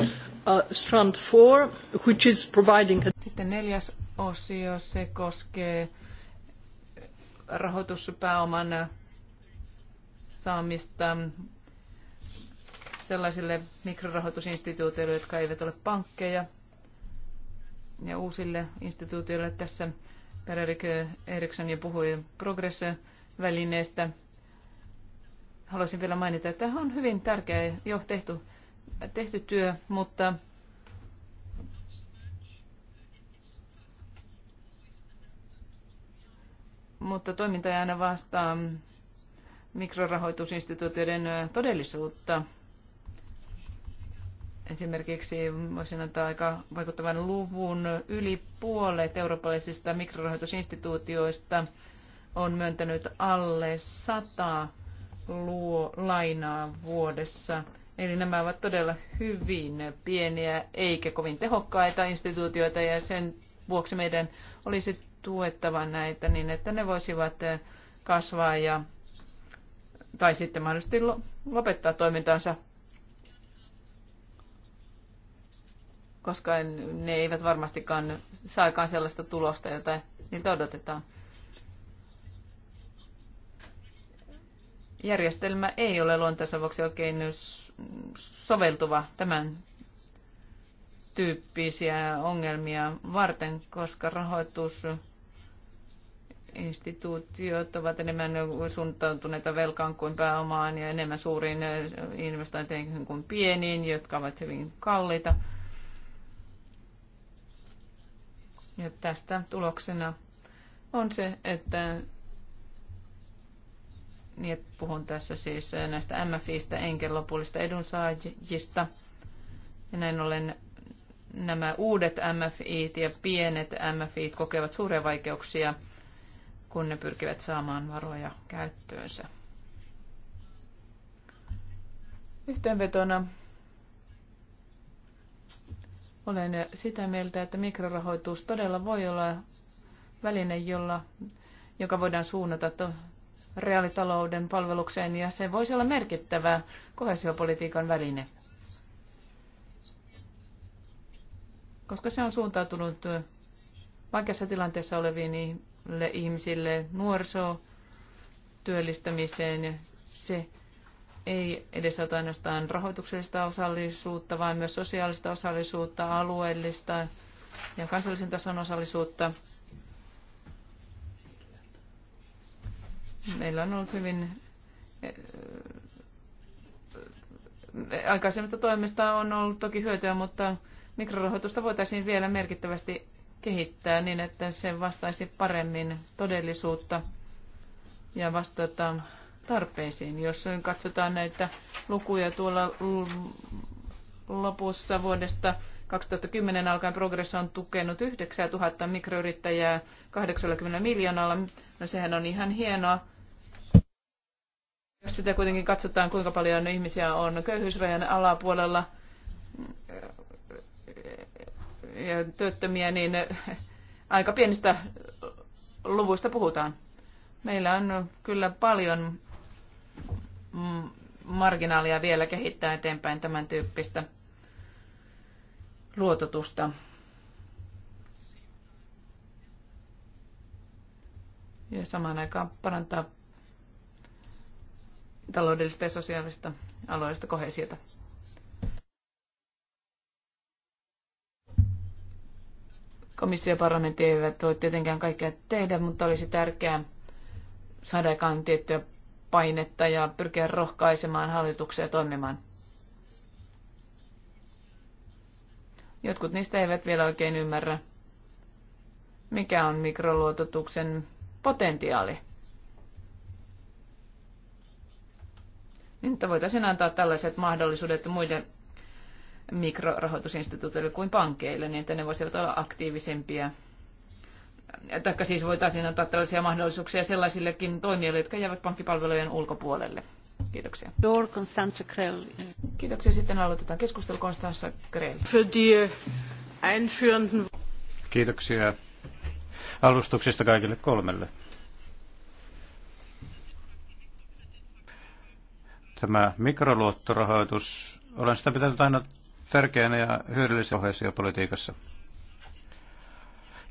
Uh, strand 4, which is providing... Sitten neljäs osio, se koskee rahoituspääoman saamista sellaisille mikrorahoitusinstituutioille, jotka eivät ole pankkeja ja uusille instituutioille. Tässä Per Erik Eriksson ja puhui Progressen välineestä. Haluaisin vielä mainita, että on hyvin tärkeä jo tehty, tehty työ, mutta mutta toiminta ei aina vastaa mikrorahoitusinstituutioiden todellisuutta. Esimerkiksi voisin antaa aika vaikuttavan luvun yli puolet eurooppalaisista mikrorahoitusinstituutioista – on myöntänyt alle 100 luo, lainaa vuodessa. Eli nämä ovat todella hyvin pieniä eikä kovin tehokkaita instituutioita ja sen vuoksi meidän olisi tuettava näitä niin, että ne voisivat kasvaa ja, tai sitten mahdollisesti lopettaa toimintansa, koska ne eivät varmastikaan saakaan sellaista tulosta, jota niiltä odotetaan. järjestelmä ei ole luonteensa vuoksi oikein soveltuva tämän tyyppisiä ongelmia varten, koska rahoitusinstituutiot ovat enemmän suuntautuneita velkaan kuin pääomaan ja enemmän suuriin investointeihin kuin pieniin, jotka ovat hyvin kalliita. Ja tästä tuloksena on se, että niin puhun tässä siis eh, näistä MFistä enkä lopullista edunsaajista. Ja näin ollen nämä uudet MFIt ja pienet MFIt kokevat suuria vaikeuksia, kun ne pyrkivät saamaan varoja käyttöönsä. Yhteenvetona olen sitä mieltä, että mikrorahoitus todella voi olla väline, jolla, joka voidaan suunnata to, reaalitalouden palvelukseen ja se voisi olla merkittävä kohesiopolitiikan väline. Koska se on suuntautunut vaikeassa tilanteessa oleviin ihmisille nuoriso työllistämiseen. Se ei edesauta ainoastaan rahoituksellista osallisuutta, vaan myös sosiaalista osallisuutta, alueellista ja kansallisen tason osallisuutta. Meillä on ollut hyvin eh, eh, aikaisemmista toimista on ollut toki hyötyä, mutta mikrorahoitusta voitaisiin vielä merkittävästi kehittää niin, että se vastaisi paremmin todellisuutta ja vastata tarpeisiin. Jos katsotaan näitä lukuja tuolla lopussa vuodesta 2010 alkaen Progress on tukenut 9000 mikroyrittäjää 80 miljoonalla. No sehän on ihan hienoa. Jos sitä kuitenkin katsotaan, kuinka paljon ihmisiä on köyhyysrajan alapuolella ja työttömiä, niin aika pienistä luvuista puhutaan. Meillä on kyllä paljon marginaalia vielä kehittää eteenpäin tämän tyyppistä luototusta. Ja samaan aikaan parantaa taloudellista ja sosiaalista alueellista kohesiota. Komissio ja parlamentti eivät voi tietenkään kaikkea tehdä, mutta olisi tärkeää saada aikaan tiettyä painetta ja pyrkiä rohkaisemaan hallituksia toimimaan Jotkut niistä eivät vielä oikein ymmärrä, mikä on mikroluototuksen potentiaali. Niin, että voitaisiin antaa tällaiset mahdollisuudet muille mikrorahoitusinstituutioille kuin pankeille, niin että ne voisivat olla aktiivisempia. Taikka siis voitaisiin antaa tällaisia mahdollisuuksia sellaisillekin toimijoille, jotka jäävät pankkipalvelujen ulkopuolelle. Kiitoksia. Dor Constanze Krell. Kiitoksia. Sitten aloitetaan keskustelu Constanze Krell. Für die einführenden... Kiitoksia alustuksista kaikille kolmelle. Tämä mikroluottorahoitus, olen sitä pitänyt aina tärkeänä ja hyödyllisenä politiikassa.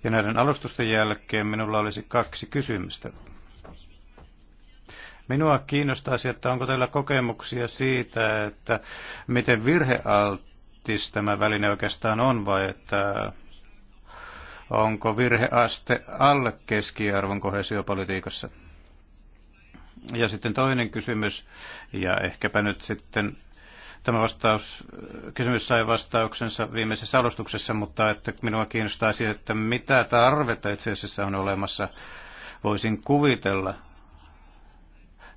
Ja näiden alustusten jälkeen minulla olisi kaksi kysymystä. Minua kiinnostaisi, että onko teillä kokemuksia siitä, että miten virhealtis tämä väline oikeastaan on vai että onko virheaste alle keskiarvon kohesiopolitiikassa? Ja sitten toinen kysymys, ja ehkäpä nyt sitten tämä vastaus, kysymys sai vastauksensa viimeisessä alustuksessa, mutta että minua kiinnostaisi, että mitä tarvetta itse asiassa on olemassa. Voisin kuvitella,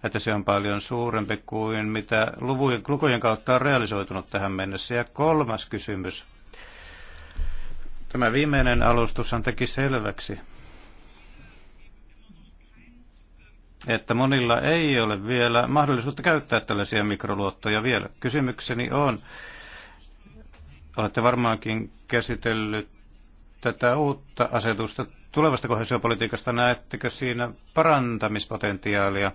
että se on paljon suurempi kuin mitä luvujen, lukujen kautta on realisoitunut tähän mennessä. Ja kolmas kysymys. Tämä viimeinen alustushan teki selväksi, että monilla ei ole vielä mahdollisuutta käyttää tällaisia mikroluottoja vielä. Kysymykseni on, olette varmaankin käsitellyt tätä uutta asetusta tulevasta kohesiopolitiikasta, näettekö siinä parantamispotentiaalia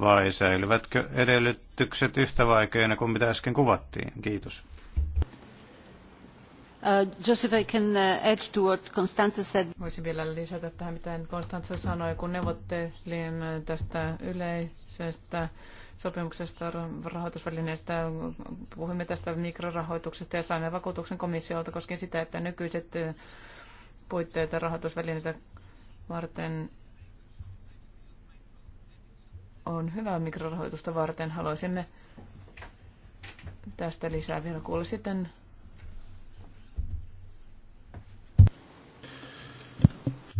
vai säilyvätkö edellytykset yhtä vaikeina kuin mitä äsken kuvattiin? Kiitos. Uh, Joseph, I can uh, add to what said. Voisin vielä lisätä tähän, mitä Konstantsa sanoi, kun neuvottelimme tästä yleisestä sopimuksesta rahoitusvälineestä. Puhuimme tästä mikrorahoituksesta ja saimme vakuutuksen komissiolta koskien sitä, että nykyiset puitteet ja rahoitusvälineitä varten on hyvää mikrorahoitusta varten. Haluaisimme tästä lisää vielä kuulla sitten.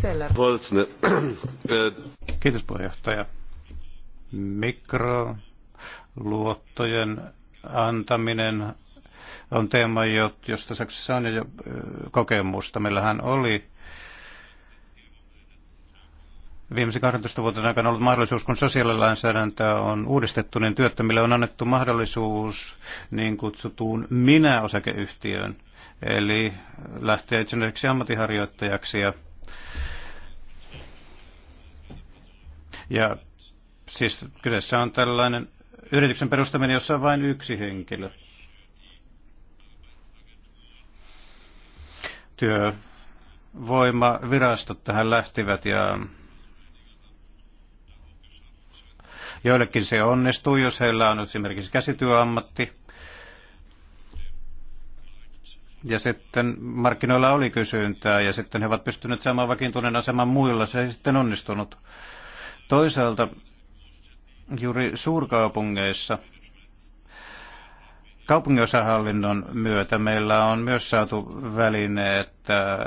Zeller. Kiitos puheenjohtaja. Mikroluottojen antaminen on teema, josta Saksassa on jo kokemusta. Meillähän oli viimeisen 12 vuoden aikana ollut mahdollisuus, kun sosiaalilainsäädäntöä on uudistettu, niin työttömille on annettu mahdollisuus niin kutsutuun minä-osakeyhtiöön, eli lähtee esimerkiksi ammattiharjoittajaksi ja, ja siis kyseessä on tällainen yrityksen perustaminen, jossa on vain yksi henkilö. Työvoimavirastot tähän lähtivät ja Joillekin se onnistuu, jos heillä on esimerkiksi käsityöammatti. Ja sitten markkinoilla oli kysyntää ja sitten he ovat pystyneet saamaan vakiintuneen aseman muilla. Se ei sitten onnistunut. Toisaalta juuri suurkaupungeissa kaupunginosahallinnon myötä meillä on myös saatu väline, että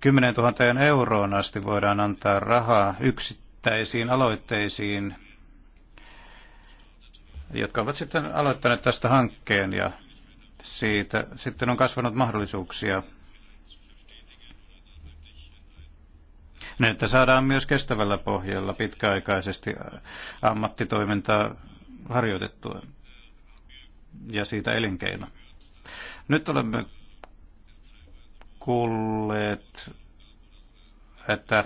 10 000 euroon asti voidaan antaa rahaa yksittäisiin aloitteisiin, jotka ovat sitten aloittaneet tästä hankkeen ja siitä sitten on kasvanut mahdollisuuksia. Niin, että saadaan myös kestävällä pohjalla pitkäaikaisesti ammattitoimintaa harjoitettua ja siitä elinkeino. Nyt olemme kuulleet, että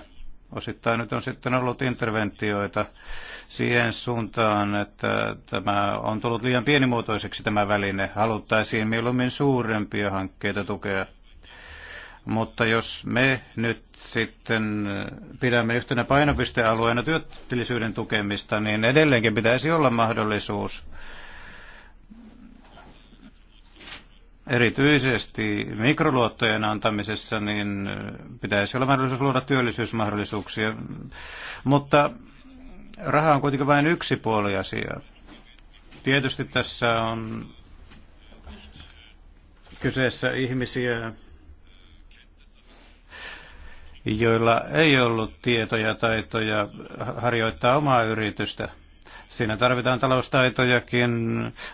osittain nyt on sitten ollut interventioita siihen suuntaan, että tämä on tullut liian pienimuotoiseksi tämä väline. Haluttaisiin mieluummin suurempia hankkeita tukea. Mutta jos me nyt sitten pidämme yhtenä painopistealueena työttömyyden tukemista, niin edelleenkin pitäisi olla mahdollisuus erityisesti mikroluottojen antamisessa niin pitäisi olla mahdollisuus luoda työllisyysmahdollisuuksia. Mutta Raha on kuitenkin vain yksi puoli asia. Tietysti tässä on kyseessä ihmisiä, joilla ei ollut tietoja, taitoja harjoittaa omaa yritystä. Siinä tarvitaan taloustaitojakin,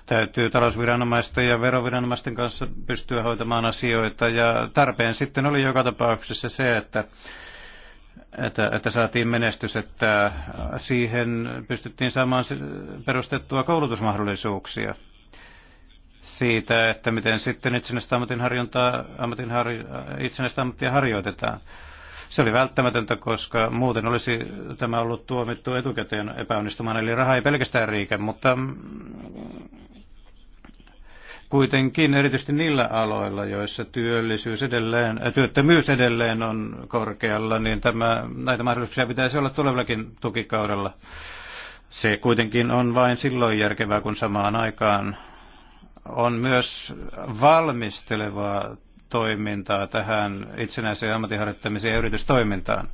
täytyy talousviranomaisten ja veroviranomaisten kanssa pystyä hoitamaan asioita ja tarpeen sitten oli joka tapauksessa se, että että, että saatiin menestys, että siihen pystyttiin saamaan perustettua koulutusmahdollisuuksia siitä, että miten sitten itsenäistä ammatinharjontaa, ammatinharjo, itsenäistä ammattia harjoitetaan. Se oli välttämätöntä, koska muuten olisi tämä ollut tuomittu etukäteen epäonnistumaan, eli raha ei pelkästään riikä, mutta kuitenkin erityisesti niillä aloilla, joissa työllisyys edelleen, äh, työttömyys edelleen on korkealla, niin tämä, näitä mahdollisuuksia pitäisi olla tulevallakin tukikaudella. Se kuitenkin on vain silloin järkevää, kun samaan aikaan on myös valmistelevaa toimintaa tähän itsenäiseen ammattiharjoittamiseen ja yritystoimintaan.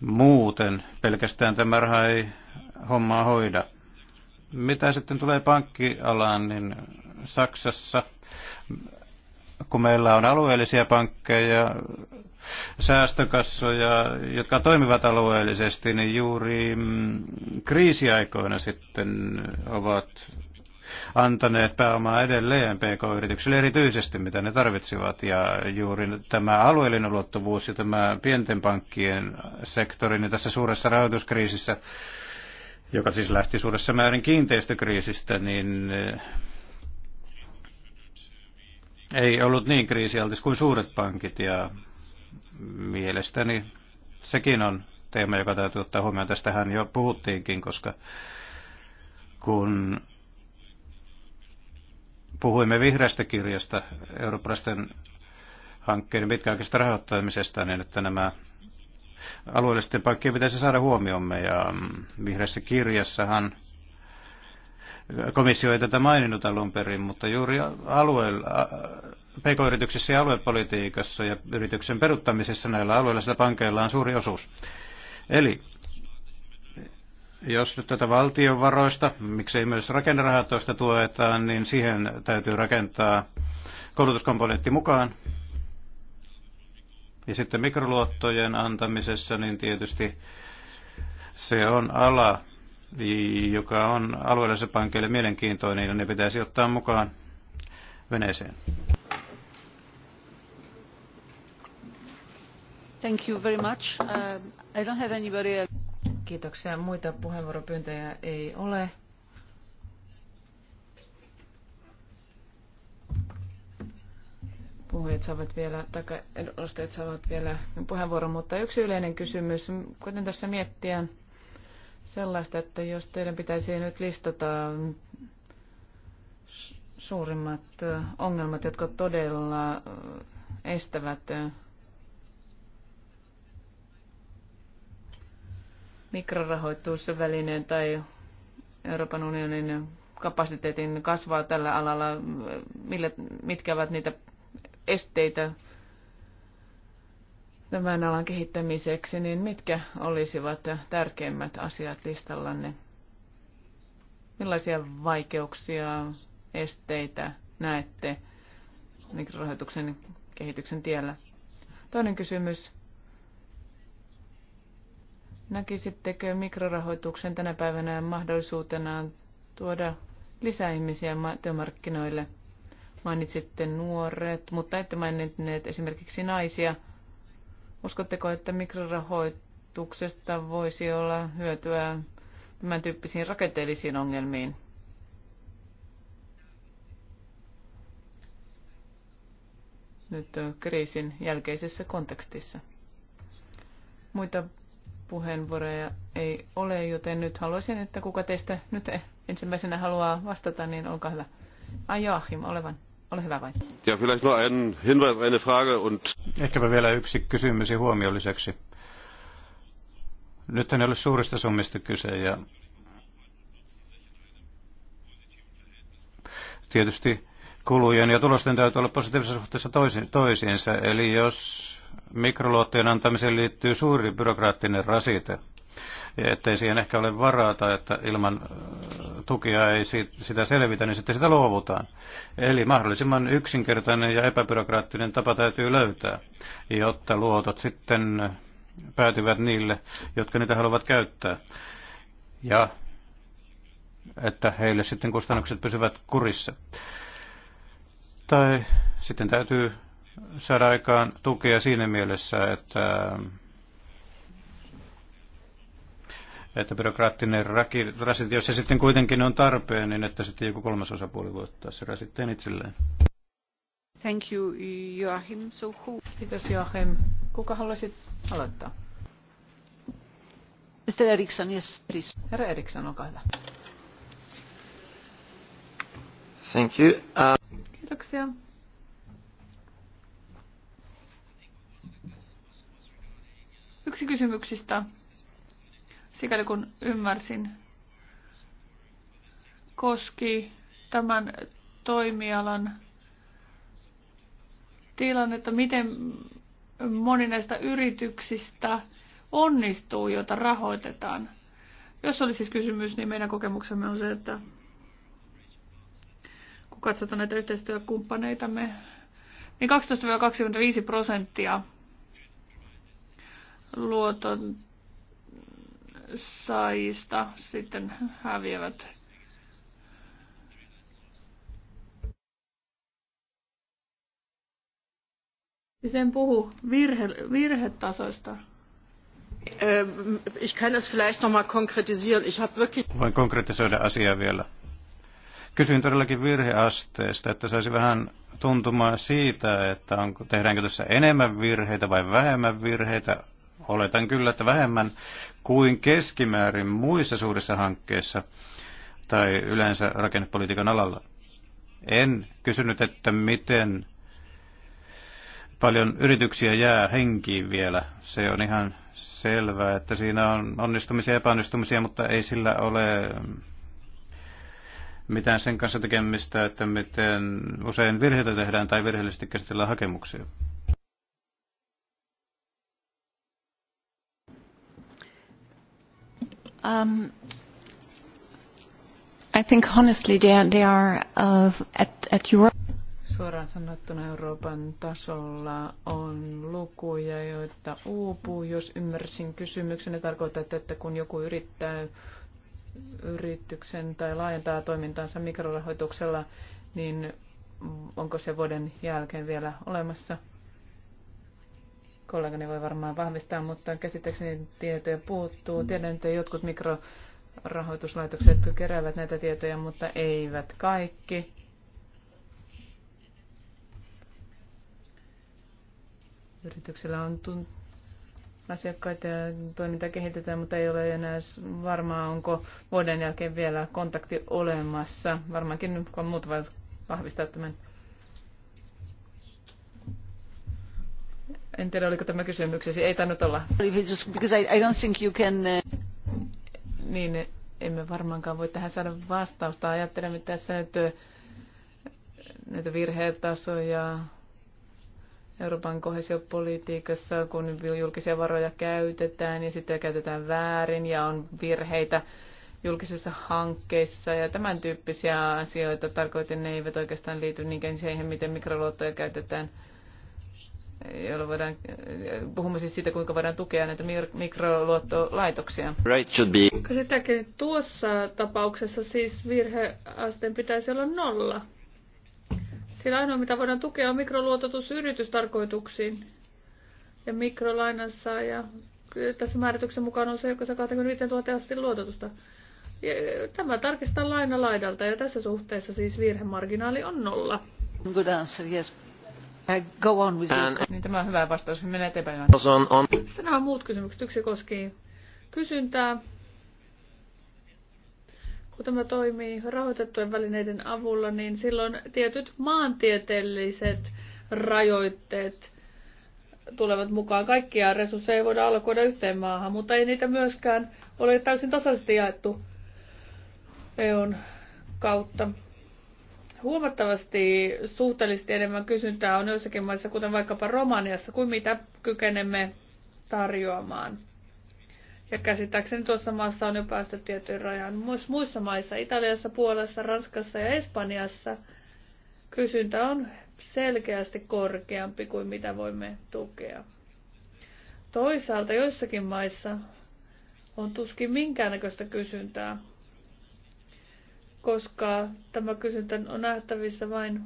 Muuten pelkästään tämä raha ei hommaa hoida. Mitä sitten tulee pankkialaan, niin Saksassa, kun meillä on alueellisia pankkeja, säästökassoja, jotka toimivat alueellisesti, niin juuri mm, kriisiaikoina sitten ovat antaneet pääomaa edelleen PK-yrityksille erityisesti, mitä ne tarvitsevat. Ja juuri tämä alueellinen luottavuus, ja tämä pienten pankkien sektori niin tässä suuressa rahoituskriisissä joka siis lähti suuressa määrin kiinteistökriisistä, niin eh, ei ollut niin kriisialtis kuin suuret pankit ja mielestäni sekin on teema, joka täytyy ottaa huomioon. Tästähän jo puhuttiinkin, koska kun puhuimme vihreästä kirjasta eurooppalaisten hankkeiden pitkäaikaisesta rahoittamisesta, niin että nämä alueellisten pankkien pitäisi saada huomiomme. Ja mm, vihreässä kirjassahan komissio ei tätä maininnut alun perin, mutta juuri alueella, pk-yrityksissä ja aluepolitiikassa ja yrityksen peruttamisessa näillä alueellisilla pankeilla on suuri osuus. Eli jos nyt tätä valtion varoista, miksei myös rakennerahatoista tuetaan, niin siihen täytyy rakentaa koulutuskomponentti mukaan. Ja sitten mikroluottojen antamisessa, niin tietysti se on ala, joka on alueellisille pankeille mielenkiintoinen, ja ne pitäisi ottaa mukaan veneeseen. Thank you very much. Uh, I don't have anybody else. Kiitoksia. Muita puheenvuoropyyntöjä ei ole. puhujat saavat vielä, tai edustajat saavat vielä puheenvuoron, mutta yksi yleinen kysymys, kuten tässä miettiä sellaista, että jos teidän pitäisi nyt listata suurimmat ongelmat, jotka todella estävät mikrorahoitusvälineen tai Euroopan unionin kapasiteetin kasvaa tällä alalla, mitkä ovat niitä esteitä tämän alan kehittämiseksi, niin mitkä olisivat tärkeimmät asiat listallanne? Millaisia vaikeuksia, esteitä näette mikrorahoituksen kehityksen tiellä? Toinen kysymys. Näkisittekö mikrorahoituksen tänä päivänä mahdollisuutena tuoda lisää ihmisiä työmarkkinoille? Mainitsitte nuoret, mutta ette mainitneet esimerkiksi naisia. Uskotteko, että mikrorahoituksesta voisi olla hyötyä tämän tyyppisiin rakenteellisiin ongelmiin? nyt kriisin jälkeisessä kontekstissa. Muita puheenvuoroja ei ole, joten nyt haluaisin, että kuka teistä nyt ensimmäisenä haluaa vastata, niin olkaa hyvä. Ai Joachim, olevan. Ole hyvä Ja Frage und... Ehkäpä vielä yksi kysymys ja huomio lisäksi. Nyt ei ole suurista summista kyse ja tietysti kulujen ja tulosten täytyy olla positiivisessa suhteessa toisiinsa. Eli jos mikroluottojen antamiseen liittyy suuri byrokraattinen rasite, ettei siihen ehkä ole varaa tai että ilman äh, tukia ei sitä selvitä, niin sitten sitä luovutaan. Eli mahdollisimman yksinkertainen ja epäbyrokraattinen tapa täytyy löytää, jotta luotot sitten päätyvät niille, jotka niitä haluavat käyttää. Ja että heille sitten kustannukset pysyvät kurissa. Tai sitten täytyy saada aikaan tukea siinä mielessä, että että byrokraattinen rasite, jos se sitten kuitenkin on tarpeen, niin että sitten joku kolmas osapuoli voi ottaa se rasitteen itselleen. Thank you, Joachim. So who... Kiitos Joachim. Kuka haluaisit aloittaa? Mr. Eriksson, yes, please. Herra Eriksson, olkaa hyvä. Thank you. Uh... Kiitoksia. Yksi kysymyksistä sikäli kun ymmärsin, koski tämän toimialan tilannetta, miten moni näistä yrityksistä onnistuu, jota rahoitetaan. Jos oli siis kysymys, niin meidän kokemuksemme on se, että kun katsotaan näitä yhteistyökumppaneitamme, niin 12-25 prosenttia luoton saajista sitten häviävät. Sen puhu virhe, virhetasoista. Ähm, ich kann es vielleicht noch mal konkretisieren. Ich habe wirklich... Voin konkretisoida asiaa vielä. Kysyin todellakin virheasteesta, että saisi vähän tuntumaa siitä, että onko, tehdäänkö tässä enemmän virheitä vai vähemmän virheitä, Oletan kyllä, että vähemmän kuin keskimäärin muissa suurissa hankkeissa tai yleensä rakennepolitiikan alalla. En kysynyt, että miten paljon yrityksiä jää henkiin vielä. Se on ihan selvää, että siinä on onnistumisia ja epäonnistumisia, mutta ei sillä ole mitään sen kanssa tekemistä, että miten usein virheitä tehdään tai virheellisesti käsitellään hakemuksia. Um, I think honestly they are, they are uh, at, at your... Suoraan sanottuna Euroopan tasolla on lukuja, joita uupuu. Jos ymmärsin kysymyksen, niin tarkoitatte, että kun joku yrittää yrityksen tai laajentaa toimintaansa mikrorahoituksella, niin onko se vuoden jälkeen vielä olemassa kollegani voi varmaan vahvistaa, mutta käsittääkseni tietoja puuttuu. Tiedän, että jotkut mikrorahoituslaitokset keräävät näitä tietoja, mutta eivät kaikki. Yrityksellä on tun- asiakkaita ja toimintaa kehitetään, mutta ei ole enää varmaa, onko vuoden jälkeen vielä kontakti olemassa. Varmaankin muut voivat vahvistaa tämän En tiedä, oliko tämä kysymyksesi. Ei tainnut olla. Because I, don't think you can... Uh, niin, emme varmaankaan voi tähän saada vastausta. Ajattelemme tässä nyt näitä virheetasoja Euroopan kohesiopolitiikassa, kun julkisia varoja käytetään ja sitten käytetään väärin ja on virheitä julkisissa hankkeissa ja tämän tyyppisiä asioita. Tarkoitin, ne eivät oikeastaan liity niinkään siihen, miten mikroluottoja käytetään – jolla voidaan, puhumme siis siitä, kuinka voidaan tukea näitä mikroluottolaitoksia. Right should be. Sitäkin tuossa tapauksessa siis virheasteen pitäisi olla nolla. Sillä ainoa, mitä voidaan tukea, on mikroluototus yritystarkoituksiin. Ja mikrolainassa ja tässä määrityksen mukaan on se, joka saa 25 000 asti luototusta. Ja tämä tarkistaa laina laidalta ja tässä suhteessa siis virhemarginaali on nolla. Good answer, yes. Uh, go on with you. Niin, tämä on hyvä vastaus. Mennään eteenpäin. On, on. Sitten muut kysymykset. Yksi koskee kysyntää. Kun tämä toimii rahoitettujen välineiden avulla, niin silloin tietyt maantieteelliset rajoitteet tulevat mukaan. Kaikkia resursseja ei voida alkoida yhteen maahan, mutta ei niitä myöskään ole täysin tasaisesti jaettu EUn kautta huomattavasti suhteellisesti enemmän kysyntää on joissakin maissa, kuten vaikkapa Romaniassa, kuin mitä kykenemme tarjoamaan. Ja käsittääkseni tuossa maassa on jo päästy tietyn rajan. Myös muissa maissa, Italiassa, Puolassa, Ranskassa ja Espanjassa, kysyntä on selkeästi korkeampi kuin mitä voimme tukea. Toisaalta joissakin maissa on tuskin minkäännäköistä kysyntää, koska tämä kysyntä on nähtävissä vain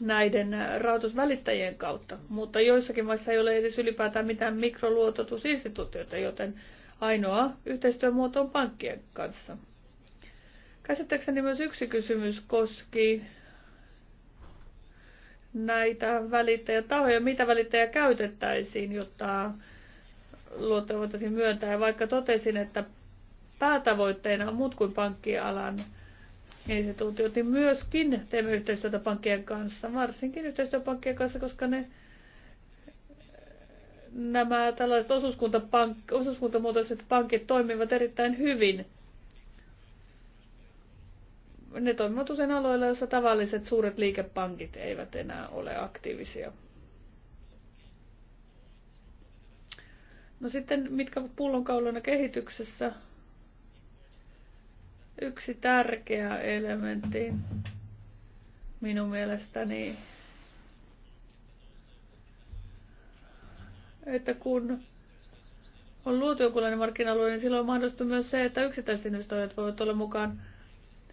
näiden äh, rahoitusvälittäjien kautta, mutta joissakin maissa ei ole edes ylipäätään mitään mikroluototusinstituutioita, joten ainoa yhteistyömuoto on pankkien kanssa. Käsittääkseni myös yksi kysymys koski näitä välittäjätahoja, mitä välittäjä käytettäisiin, jotta luottoja voitaisiin myöntää. Ja vaikka totesin, että päätavoitteena on muut kuin pankkialan instituutiot, niin myöskin teemme yhteistyötä pankkien kanssa, varsinkin yhteistyöpankkien kanssa, koska ne nämä tällaiset osuuskuntapank, osuuskuntamuotoiset pankit toimivat erittäin hyvin. Ne toimivat usein aloilla, joissa tavalliset suuret liikepankit eivät enää ole aktiivisia. No sitten, mitkä ovat pullonkauloina kehityksessä? Yksi tärkeä elementti minun mielestäni, että kun on luotu jonkunlainen markkina niin silloin on mahdollista myös se, että yksittäiset investoijat voivat olla mukaan.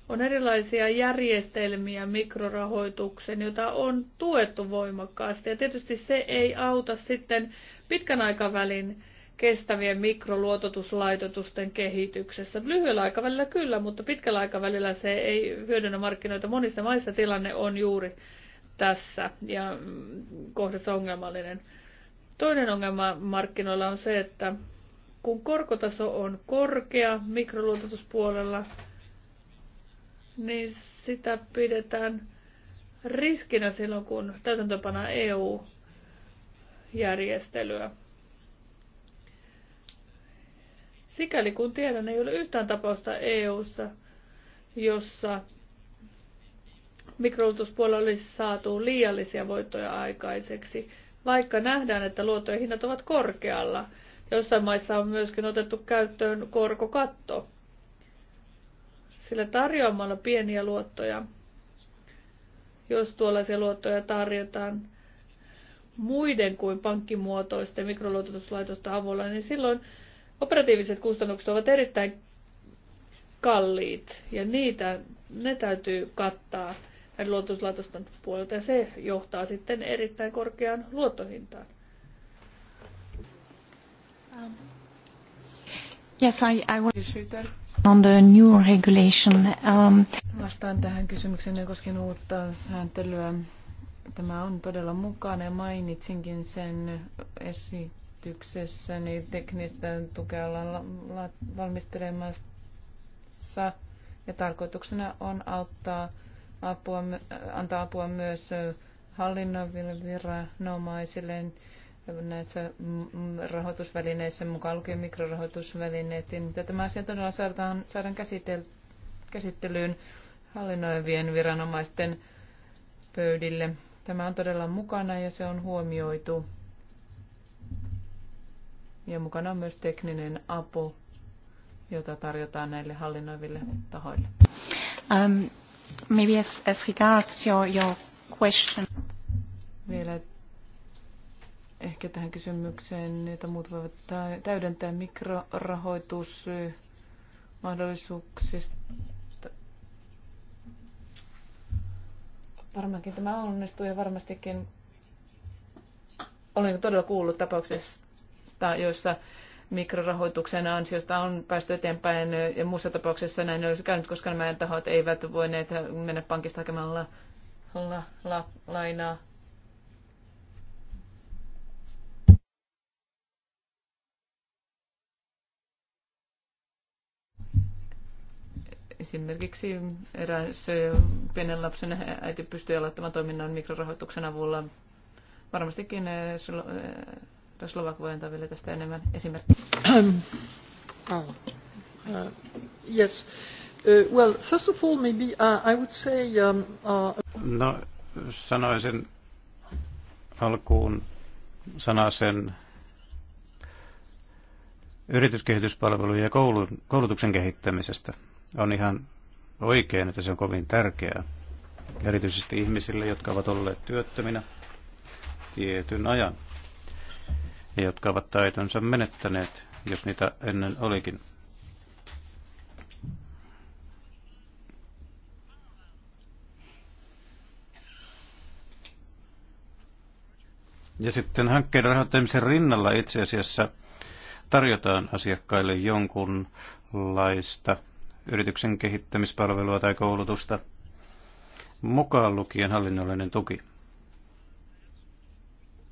On erilaisia järjestelmiä mikrorahoituksen, jota on tuettu voimakkaasti. Ja tietysti se ei auta sitten pitkän aikavälin kestävien mikroluototuslaitotusten kehityksessä. Lyhyellä aikavälillä kyllä, mutta pitkällä aikavälillä se ei hyödynnä markkinoita. Monissa maissa tilanne on juuri tässä ja mm, kohdassa ongelmallinen. Toinen ongelma markkinoilla on se, että kun korkotaso on korkea mikroluototuspuolella, niin sitä pidetään riskinä silloin, kun täytäntöpana EU-järjestelyä. Sikäli kun tiedän, ei ole yhtään tapausta EU:ssa, jossa mikroulutuspuolella olisi saatu liiallisia voittoja aikaiseksi, vaikka nähdään, että luottojen hinnat ovat korkealla. Jossain maissa on myöskin otettu käyttöön korkokatto, sillä tarjoamalla pieniä luottoja, jos tuollaisia luottoja tarjotaan muiden kuin pankkimuotoisten mikroluototuslaitosten avulla, niin silloin Operatiiviset kustannukset ovat erittäin kalliit ja niitä, ne täytyy kattaa näiden luottolaitosten puolelta ja se johtaa sitten erittäin korkeaan luottohintaan. Um, yes, I, I want on the new regulation. Um. Vastaan tähän kysymykseen koskien uutta sääntelyä. Tämä on todella mukana ja mainitsinkin sen esi- esityksessä niin teknistä tukea ollaan valmistelemassa ja tarkoituksena on auttaa apua, äh, antaa apua myös äh, hallinnoville viranomaisille näissä rahoitusvälineissä, mukaan lukien mikrorahoitusvälineet, niin tämä asia todella saadaan, saadaan käsitel, käsittelyyn hallinnoivien viranomaisten pöydille. Tämä on todella mukana ja se on huomioitu ja mukana on myös tekninen apu, jota tarjotaan näille hallinnoiville tahoille. Um, maybe as, as regards your, your question. Vielä ehkä tähän kysymykseen, jota muut voivat täydentää mikrorahoitusmahdollisuuksista. Varmaankin tämä onnistuu ja varmastikin olen todella kuullut tapauksesta maista, joissa mikrorahoituksen ansiosta on päästy eteenpäin ja muussa tapauksessa näin olisi käynyt, koska nämä tahot eivät voineet mennä pankista hakemaan la, la, la, lainaa. Esimerkiksi eräs pienen lapsen äiti pystyi aloittamaan toiminnan mikrorahoituksen avulla. Varmastikin eh, eh, Slovak voi antaa vielä tästä enemmän esimerkkiä. oh. uh, yes. Uh, well, first of all, maybe uh, I would say... Um, uh... No, sanoisin alkuun sen yrityskehityspalvelujen ja koulutuksen kehittämisestä. On ihan oikein, että se on kovin tärkeää, erityisesti ihmisille, jotka ovat olleet työttöminä tietyn ajan ja jotka ovat taitonsa menettäneet, jos niitä ennen olikin. Ja sitten hankkeiden rahoittamisen rinnalla itse asiassa tarjotaan asiakkaille jonkunlaista yrityksen kehittämispalvelua tai koulutusta, mukaan lukien hallinnollinen tuki.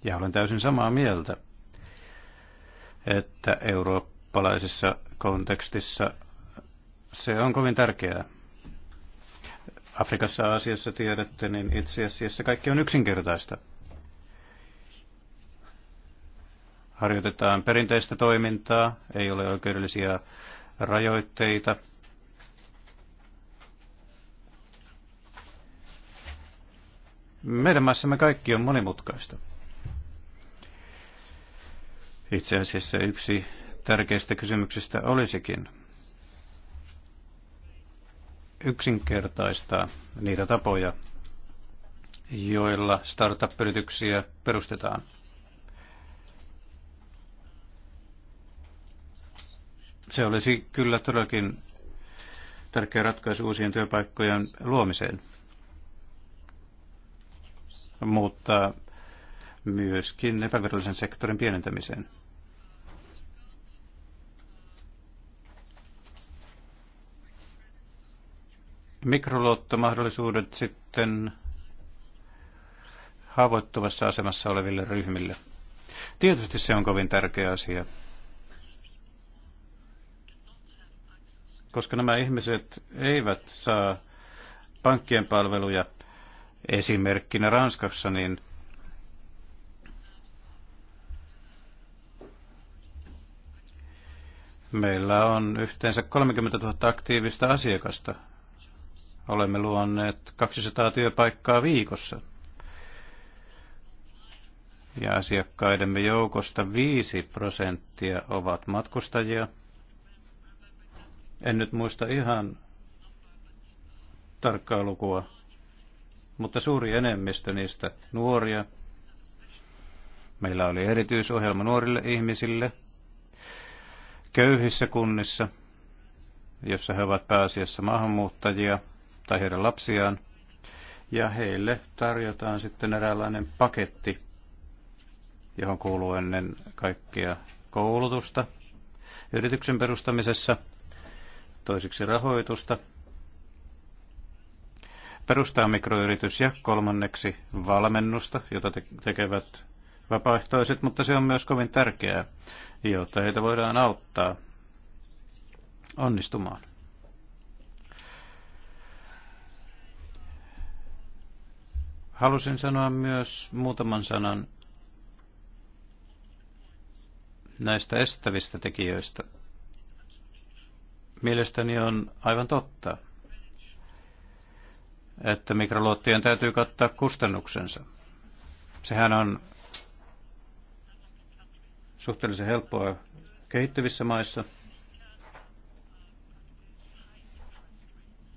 Ja olen täysin samaa mieltä että eurooppalaisessa kontekstissa se on kovin tärkeää. Afrikassa asiassa tiedätte, niin itse asiassa kaikki on yksinkertaista. Harjoitetaan perinteistä toimintaa, ei ole oikeudellisia rajoitteita. Meidän maassamme kaikki on monimutkaista. Itse asiassa yksi tärkeistä kysymyksistä olisikin yksinkertaistaa niitä tapoja, joilla startup-yrityksiä perustetaan. Se olisi kyllä todellakin tärkeä ratkaisu uusien työpaikkojen luomiseen, mutta myöskin epävirallisen sektorin pienentämiseen. mikroluottomahdollisuudet sitten haavoittuvassa asemassa oleville ryhmille. Tietysti se on kovin tärkeä asia, koska nämä ihmiset eivät saa pankkien palveluja esimerkkinä Ranskassa, niin meillä on yhteensä 30 000 aktiivista asiakasta Olemme luonneet 200 työpaikkaa viikossa. Ja asiakkaidemme joukosta 5 prosenttia ovat matkustajia. En nyt muista ihan tarkkaa lukua, mutta suuri enemmistö niistä nuoria. Meillä oli erityisohjelma nuorille ihmisille köyhissä kunnissa, jossa he ovat pääasiassa maahanmuuttajia, tai heidän lapsiaan. Ja heille tarjotaan sitten eräänlainen paketti, johon kuuluu ennen kaikkea koulutusta yrityksen perustamisessa, toiseksi rahoitusta, perustaa mikroyritys ja kolmanneksi valmennusta, jota te- tekevät vapaaehtoiset, mutta se on myös kovin tärkeää, jotta heitä voidaan auttaa onnistumaan. Halusin sanoa myös muutaman sanan näistä estävistä tekijöistä. Mielestäni on aivan totta, että mikroluottien täytyy kattaa kustannuksensa. Sehän on suhteellisen helppoa kehittyvissä maissa,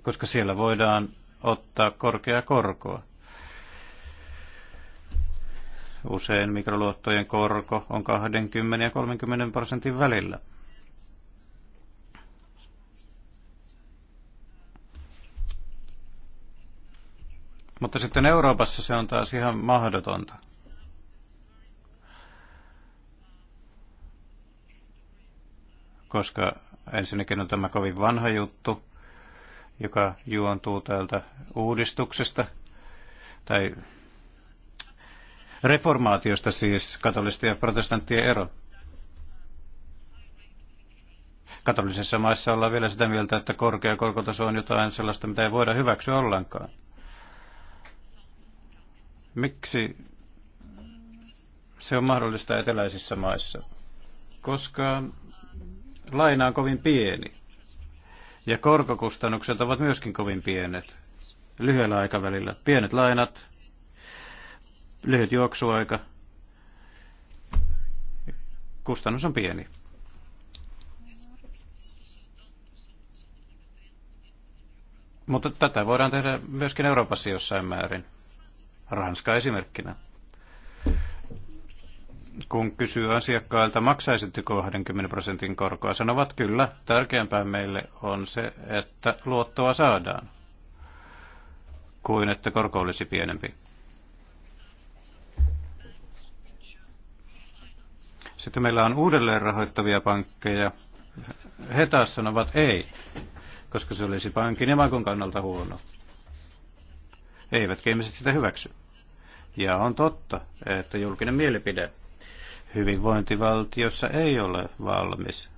koska siellä voidaan ottaa korkeaa korkoa. Usein mikroluottojen korko on 20 ja 30 prosentin välillä. Mutta sitten Euroopassa se on taas ihan mahdotonta. Koska ensinnäkin on tämä kovin vanha juttu, joka juontuu täältä uudistuksesta, tai reformaatiosta siis katolisten ja protestanttien ero. Katolisissa maissa ollaan vielä sitä mieltä, että korkea korkotaso on jotain sellaista, mitä ei voida hyväksyä ollenkaan. Miksi se on mahdollista eteläisissä maissa? Koska laina on kovin pieni ja korkokustannukset ovat myöskin kovin pienet lyhyellä aikavälillä. Pienet lainat, lyhyt juoksuaika, kustannus on pieni. Mutta tätä voidaan tehdä myöskin Euroopassa jossain määrin. Ranska esimerkkinä. Kun kysyy asiakkailta, maksaisitteko 20 prosentin korkoa, sanovat kyllä. Tärkeämpää meille on se, että luottoa saadaan, kuin että korko olisi pienempi. Sitten meillä on uudelleen rahoittavia pankkeja. He taas sanovat ei, koska se olisi pankin ja makun kannalta huono. Eivätkä ihmiset sitä hyväksy. Ja on totta, että julkinen mielipide hyvinvointivaltiossa ei ole valmis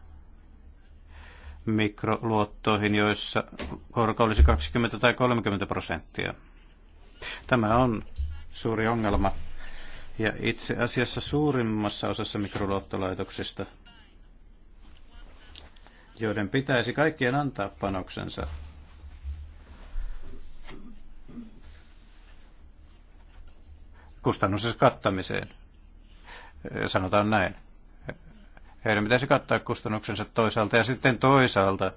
mikroluottoihin, joissa korko olisi 20 tai 30 prosenttia. Tämä on suuri ongelma ja itse asiassa suurimmassa osassa mikroluottolaitoksista, joiden pitäisi kaikkien antaa panoksensa kustannuksessa kattamiseen. Sanotaan näin. Heidän pitäisi kattaa kustannuksensa toisaalta ja sitten toisaalta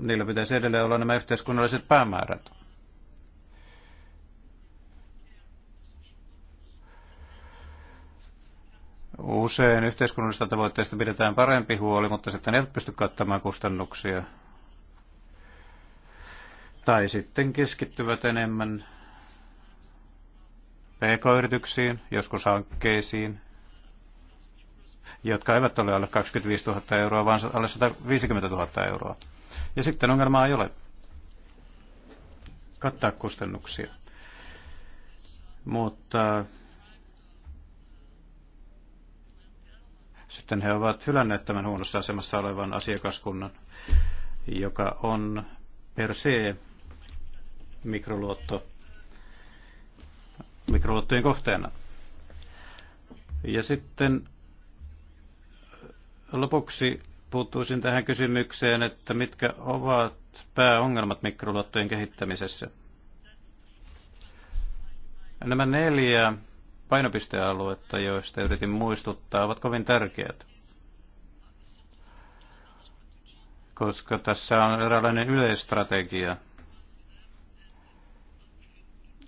niillä pitäisi edelleen olla nämä yhteiskunnalliset päämäärät. Usein yhteiskunnallisista tavoitteista pidetään parempi huoli, mutta sitten ei pysty kattamaan kustannuksia. Tai sitten keskittyvät enemmän pk-yrityksiin, joskus hankkeisiin, jotka eivät ole alle 25 000 euroa, vaan alle 150 000 euroa. Ja sitten ongelmaa ei ole kattaa kustannuksia. Mutta Sitten he ovat hylänneet tämän huonossa asemassa olevan asiakaskunnan, joka on per se mikroluotto, mikroluottojen kohteena. Ja sitten lopuksi puuttuisin tähän kysymykseen, että mitkä ovat pääongelmat mikroluottojen kehittämisessä. Nämä neljä painopistealuetta, joista yritin muistuttaa, ovat kovin tärkeät. Koska tässä on eräänlainen yleistrategia.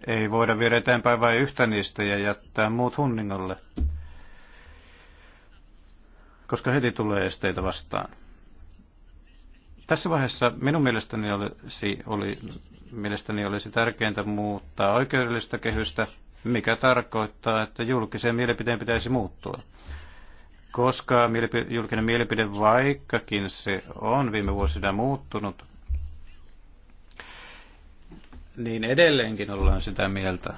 Ei voida viedä eteenpäin vain yhtä niistä ja jättää muut hunningolle, koska heti tulee esteitä vastaan. Tässä vaiheessa minun mielestäni olisi, oli, mielestäni olisi tärkeintä muuttaa oikeudellista kehystä mikä tarkoittaa, että julkisen mielipiteen pitäisi muuttua. Koska julkinen mielipide, vaikkakin se on viime vuosina muuttunut, niin edelleenkin ollaan sitä mieltä,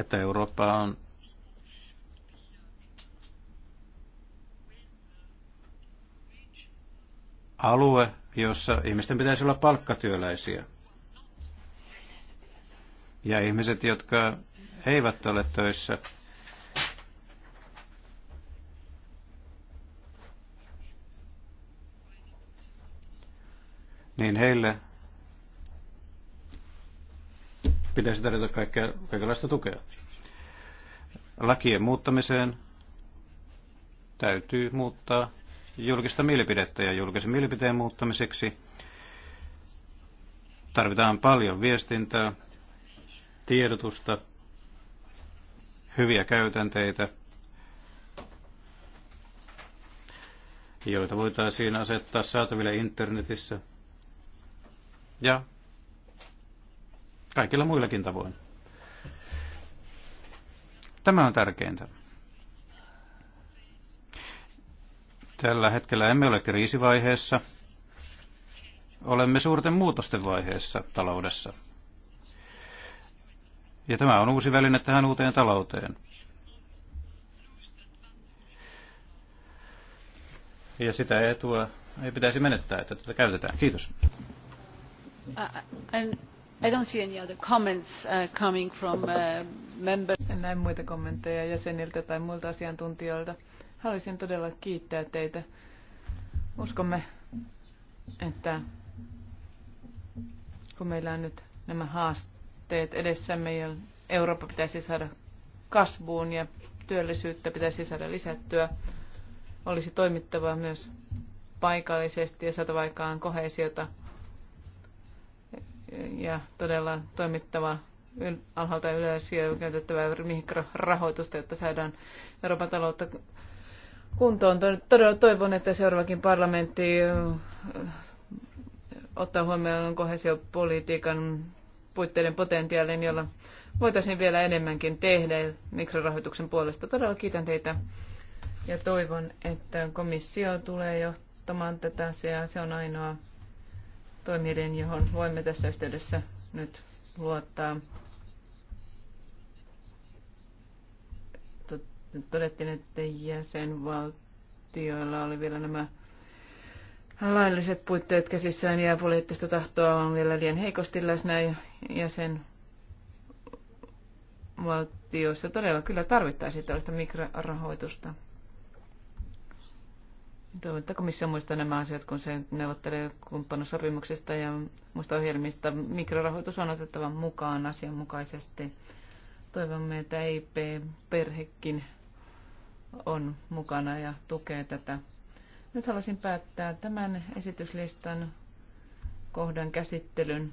että Eurooppa on alue, jossa ihmisten pitäisi olla palkkatyöläisiä. Ja ihmiset, jotka eivät ole töissä, niin heille pitäisi tarjota kaikkea, kaikenlaista tukea. Lakien muuttamiseen täytyy muuttaa julkista mielipidettä ja julkisen mielipiteen muuttamiseksi tarvitaan paljon viestintää, tiedotusta, hyviä käytänteitä, joita voitaisiin asettaa saataville internetissä ja kaikilla muillakin tavoin. Tämä on tärkeintä. Tällä hetkellä emme ole kriisivaiheessa. Olemme suurten muutosten vaiheessa taloudessa. Ja tämä on uusi väline tähän uuteen talouteen. Ja sitä etua ei pitäisi menettää, että tätä käytetään. Kiitos. Uh, I don't see any other comments uh, coming from uh, members. En näe muita kommentteja jäseniltä tai muilta asiantuntijoilta. Haluaisin todella kiittää teitä. Uskomme, että kun meillä on nyt nämä haasteet, haasteet edessämme ja Eurooppa pitäisi saada kasvuun ja työllisyyttä pitäisi saada lisättyä. Olisi toimittava myös paikallisesti ja saatava aikaan kohesiota ja todella toimittava alhaalta ylös ja käytettävä mikrorahoitusta, jotta saadaan Euroopan taloutta kuntoon. Todella toivon, että seuraavakin parlamentti ottaa huomioon kohesiopolitiikan puitteiden potentiaalin, jolla voitaisiin vielä enemmänkin tehdä mikrorahoituksen puolesta. Todella kiitän teitä ja toivon, että komissio tulee johtamaan tätä asiaa. Se on ainoa toimielin, johon voimme tässä yhteydessä nyt luottaa. Todettiin, että jäsenvaltioilla oli vielä nämä lailliset puitteet käsissään ja poliittista tahtoa on vielä liian heikosti läsnä ja sen valtioissa todella kyllä tarvittaisiin tällaista mikrorahoitusta. Toivon, että komissio muistaa nämä asiat, kun se neuvottelee kumppanusopimuksesta ja muista ohjelmista. Mikrorahoitus on otettava mukaan asianmukaisesti. Toivomme, että e IP-perhekin on mukana ja tukee tätä nyt haluaisin päättää tämän esityslistan kohdan käsittelyn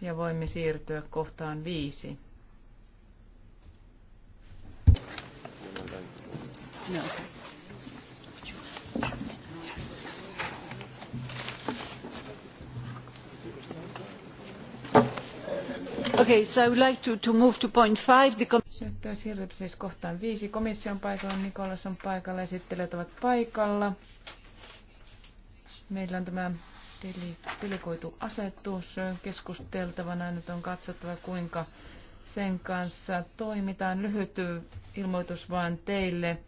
ja voimme siirtyä kohtaan viisi. No. Okay, so I siis kohtaan viisi. Komissio on paikalla, Nikolas on paikalla, esittelijät ovat paikalla. Meillä on tämä delegoitu asetus keskusteltavana. Nyt on katsottava, kuinka sen kanssa toimitaan. Lyhyt ilmoitus vain teille.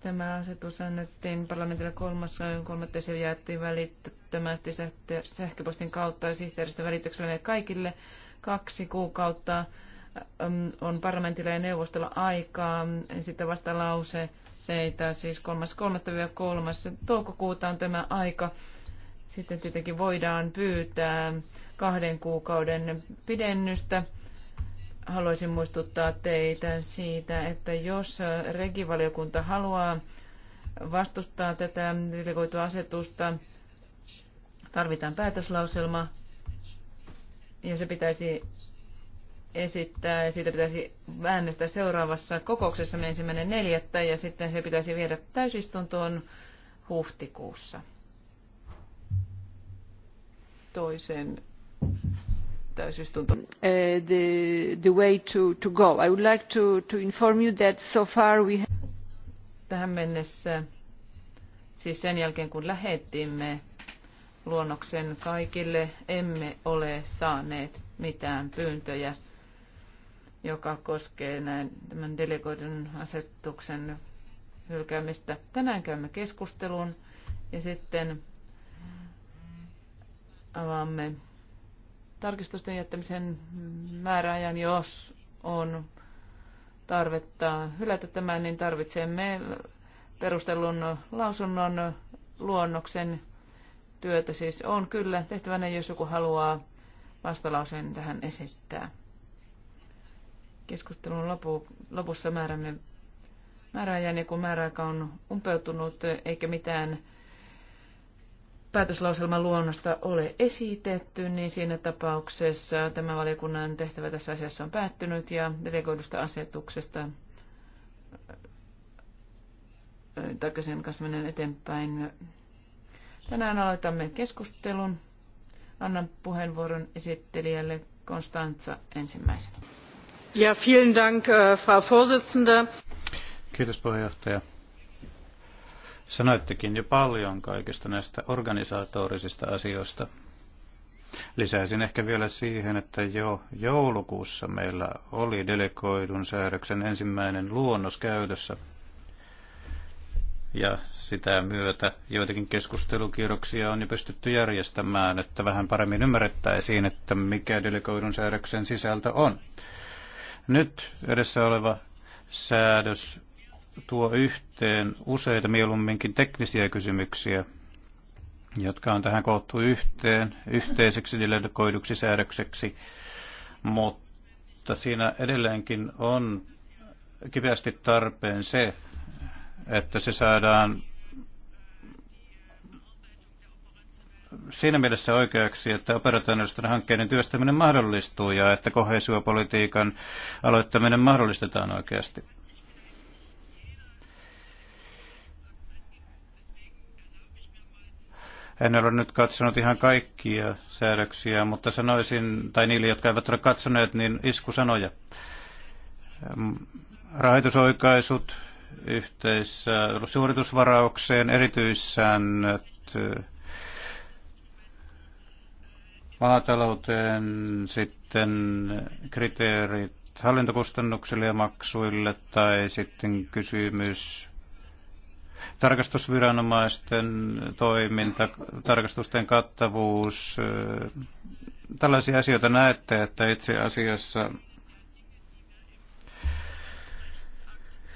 Tämä asetus annettiin parlamentille kolmas kolmatta se jaettiin välittömästi sähköpostin kautta ja sihteeristön välityksellä ne kaikille. Kaksi kuukautta on parlamentilla ja neuvostolla aikaa sitten vasta lause seitä, siis 3.3. toukokuuta on tämä aika. Sitten tietenkin voidaan pyytää kahden kuukauden pidennystä haluaisin muistuttaa teitä siitä, että jos regivaliokunta haluaa vastustaa tätä delegoitua asetusta, tarvitaan päätöslauselma ja se pitäisi esittää ja siitä pitäisi äänestää seuraavassa kokouksessa ensimmäinen neljättä ja sitten se pitäisi viedä täysistuntoon huhtikuussa. Toisen täysistunto. Eh, the, the way to, to go. I would like to, to inform you that so far we Tähän mennessä, siis sen jälkeen kun lähetimme luonnoksen kaikille, emme ole saaneet mitään pyyntöjä, joka koskee näin, tämän delegoidun asetuksen hylkäämistä. Tänään käymme keskustelun ja sitten avaamme tarkistusten jättämisen määräajan, jos on tarvetta hylätä tämä, niin tarvitsemme perustellun lausunnon luonnoksen työtä. Siis on kyllä tehtävänä, jos joku haluaa vastalauseen tähän esittää. Keskustelun lopu, lopussa määrämme määräajan ja kun määräaika on umpeutunut eikä mitään päätöslauselman luonnosta ole esitetty, niin siinä tapauksessa tämä valiokunnan tehtävä tässä asiassa on päättynyt ja delegoidusta asetuksesta äh, takaisin kanssa menen eteenpäin. Tänään aloitamme keskustelun. Annan puheenvuoron esittelijälle Konstantsa ensimmäisenä. Ja, vielen Dank, äh, Frau Vorsitzende. Kiitos puheenjohtaja. Sanoittekin jo paljon kaikista näistä organisaatorisista asioista. Lisäisin ehkä vielä siihen, että jo joulukuussa meillä oli delegoidun säädöksen ensimmäinen luonnos käytössä. Ja sitä myötä joitakin keskustelukierroksia on jo pystytty järjestämään, että vähän paremmin ymmärrettäisiin, että mikä delegoidun säädöksen sisältö on. Nyt edessä oleva säädös tuo yhteen useita mieluumminkin teknisiä kysymyksiä, jotka on tähän koottu yhteen yhteiseksi delegoiduksi säädökseksi, mutta siinä edelleenkin on kipeästi tarpeen se, että se saadaan siinä mielessä oikeaksi, että operationaalisten hankkeiden työstäminen mahdollistuu ja että kohesiopolitiikan aloittaminen mahdollistetaan oikeasti. En ole nyt katsonut ihan kaikkia säädöksiä, mutta sanoisin, tai niille, jotka eivät ole katsoneet, niin iskusanoja. Rahoitusoikaisut yhteissä suoritusvaraukseen, erityissäännöt maatalouteen, sitten kriteerit hallintokustannuksille ja maksuille tai sitten kysymys tarkastusviranomaisten toiminta, tarkastusten kattavuus, tällaisia asioita näette, että itse asiassa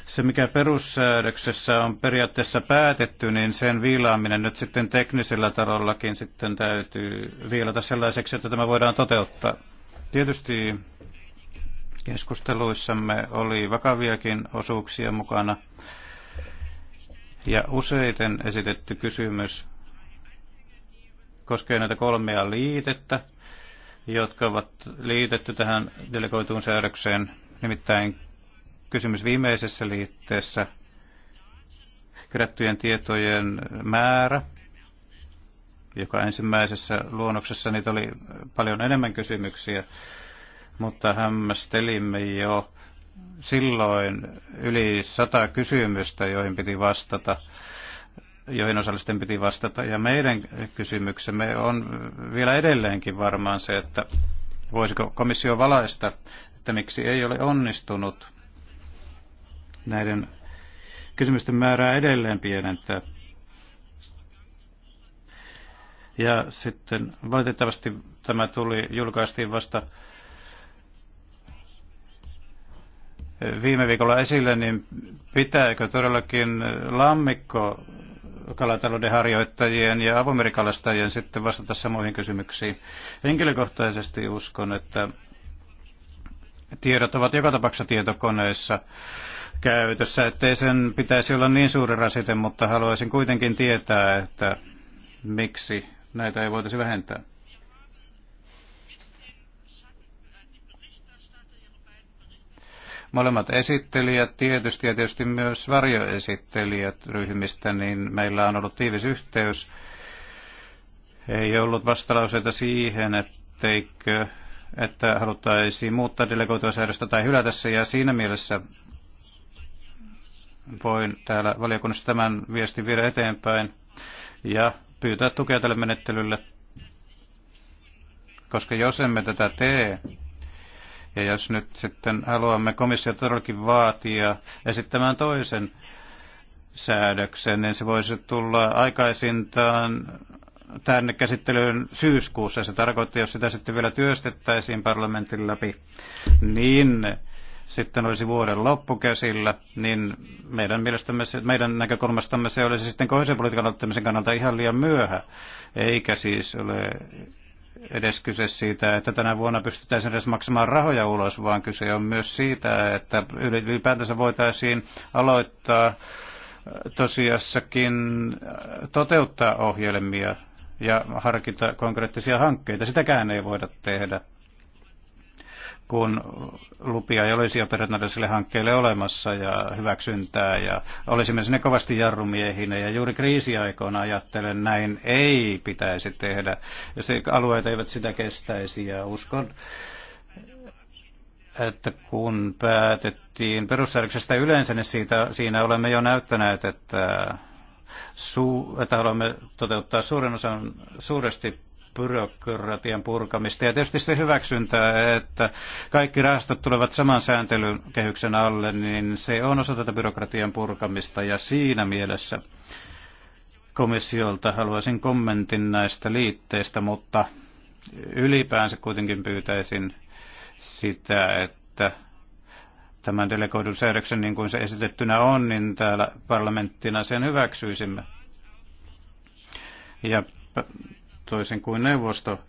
se, mikä perussäädöksessä on periaatteessa päätetty, niin sen viilaaminen nyt sitten teknisellä tarollakin sitten täytyy viilata sellaiseksi, että tämä voidaan toteuttaa. Tietysti keskusteluissamme oli vakaviakin osuuksia mukana ja useiten esitetty kysymys koskee näitä kolmea liitettä, jotka ovat liitetty tähän delegoituun säädökseen. Nimittäin kysymys viimeisessä liitteessä kerättyjen tietojen määrä, joka ensimmäisessä luonnoksessa niitä oli paljon enemmän kysymyksiä, mutta hämmästelimme jo silloin yli sata kysymystä, joihin piti vastata joihin osallisten piti vastata. Ja meidän kysymyksemme on vielä edelleenkin varmaan se, että voisiko komissio valaista, että miksi ei ole onnistunut näiden kysymysten määrää edelleen pienentää. Ja sitten valitettavasti tämä tuli, julkaistiin vasta viime viikolla esille, niin pitääkö todellakin lammikko kalatalouden harjoittajien ja avomerikalastajien sitten vastata samoihin kysymyksiin. Henkilökohtaisesti uskon, että tiedot ovat joka tapauksessa tietokoneissa käytössä, ettei sen pitäisi olla niin suuri rasite, mutta haluaisin kuitenkin tietää, että miksi näitä ei voitaisi vähentää. molemmat esittelijät tietysti ja tietysti myös varjoesittelijät ryhmistä, niin meillä on ollut tiivis yhteys. Ei ollut vastalauseita siihen, etteikö, että haluttaisiin muuttaa delegoitua säädöstä tai hylätä se, ja siinä mielessä voin täällä valiokunnassa tämän viestin viedä eteenpäin ja pyytää tukea tälle menettelylle, koska jos emme tätä tee, ja jos nyt sitten haluamme komissiota todellakin vaatia esittämään toisen säädöksen, niin se voisi tulla aikaisintaan tänne käsittelyyn syyskuussa. Se tarkoitti, jos sitä sitten vielä työstettäisiin parlamentin läpi, niin sitten olisi vuoden loppukäsillä, niin meidän, mielestämme, meidän näkökulmastamme se olisi sitten koisen politiikan ottamisen kannalta ihan liian myöhä, eikä siis ole edes kyse siitä, että tänä vuonna pystyttäisiin edes maksamaan rahoja ulos, vaan kyse on myös siitä, että ylipäätänsä voitaisiin aloittaa äh, tosiassakin äh, toteuttaa ohjelmia ja harkita konkreettisia hankkeita. Sitäkään ei voida tehdä kun lupia ei olisi operationaalisille hankkeelle olemassa ja hyväksyntää. Ja olisimme sinne kovasti jarrumiehinä ja juuri kriisiaikoina ajattelen näin ei pitäisi tehdä. Ja se, alueet eivät sitä kestäisi ja uskon, että kun päätettiin perussäädöksestä yleensä, niin siitä, siinä olemme jo näyttäneet, että, su, että haluamme toteuttaa suuren osan suuresti byrokratian purkamista. Ja tietysti se hyväksyntää, että kaikki rahastot tulevat saman sääntelyn kehyksen alle, niin se on osa tätä byrokratian purkamista. Ja siinä mielessä komissiolta haluaisin kommentin näistä liitteistä, mutta ylipäänsä kuitenkin pyytäisin sitä, että tämän delegoidun säädöksen niin kuin se esitettynä on, niin täällä parlamenttina sen hyväksyisimme. Ja toisin kuin neuvosto,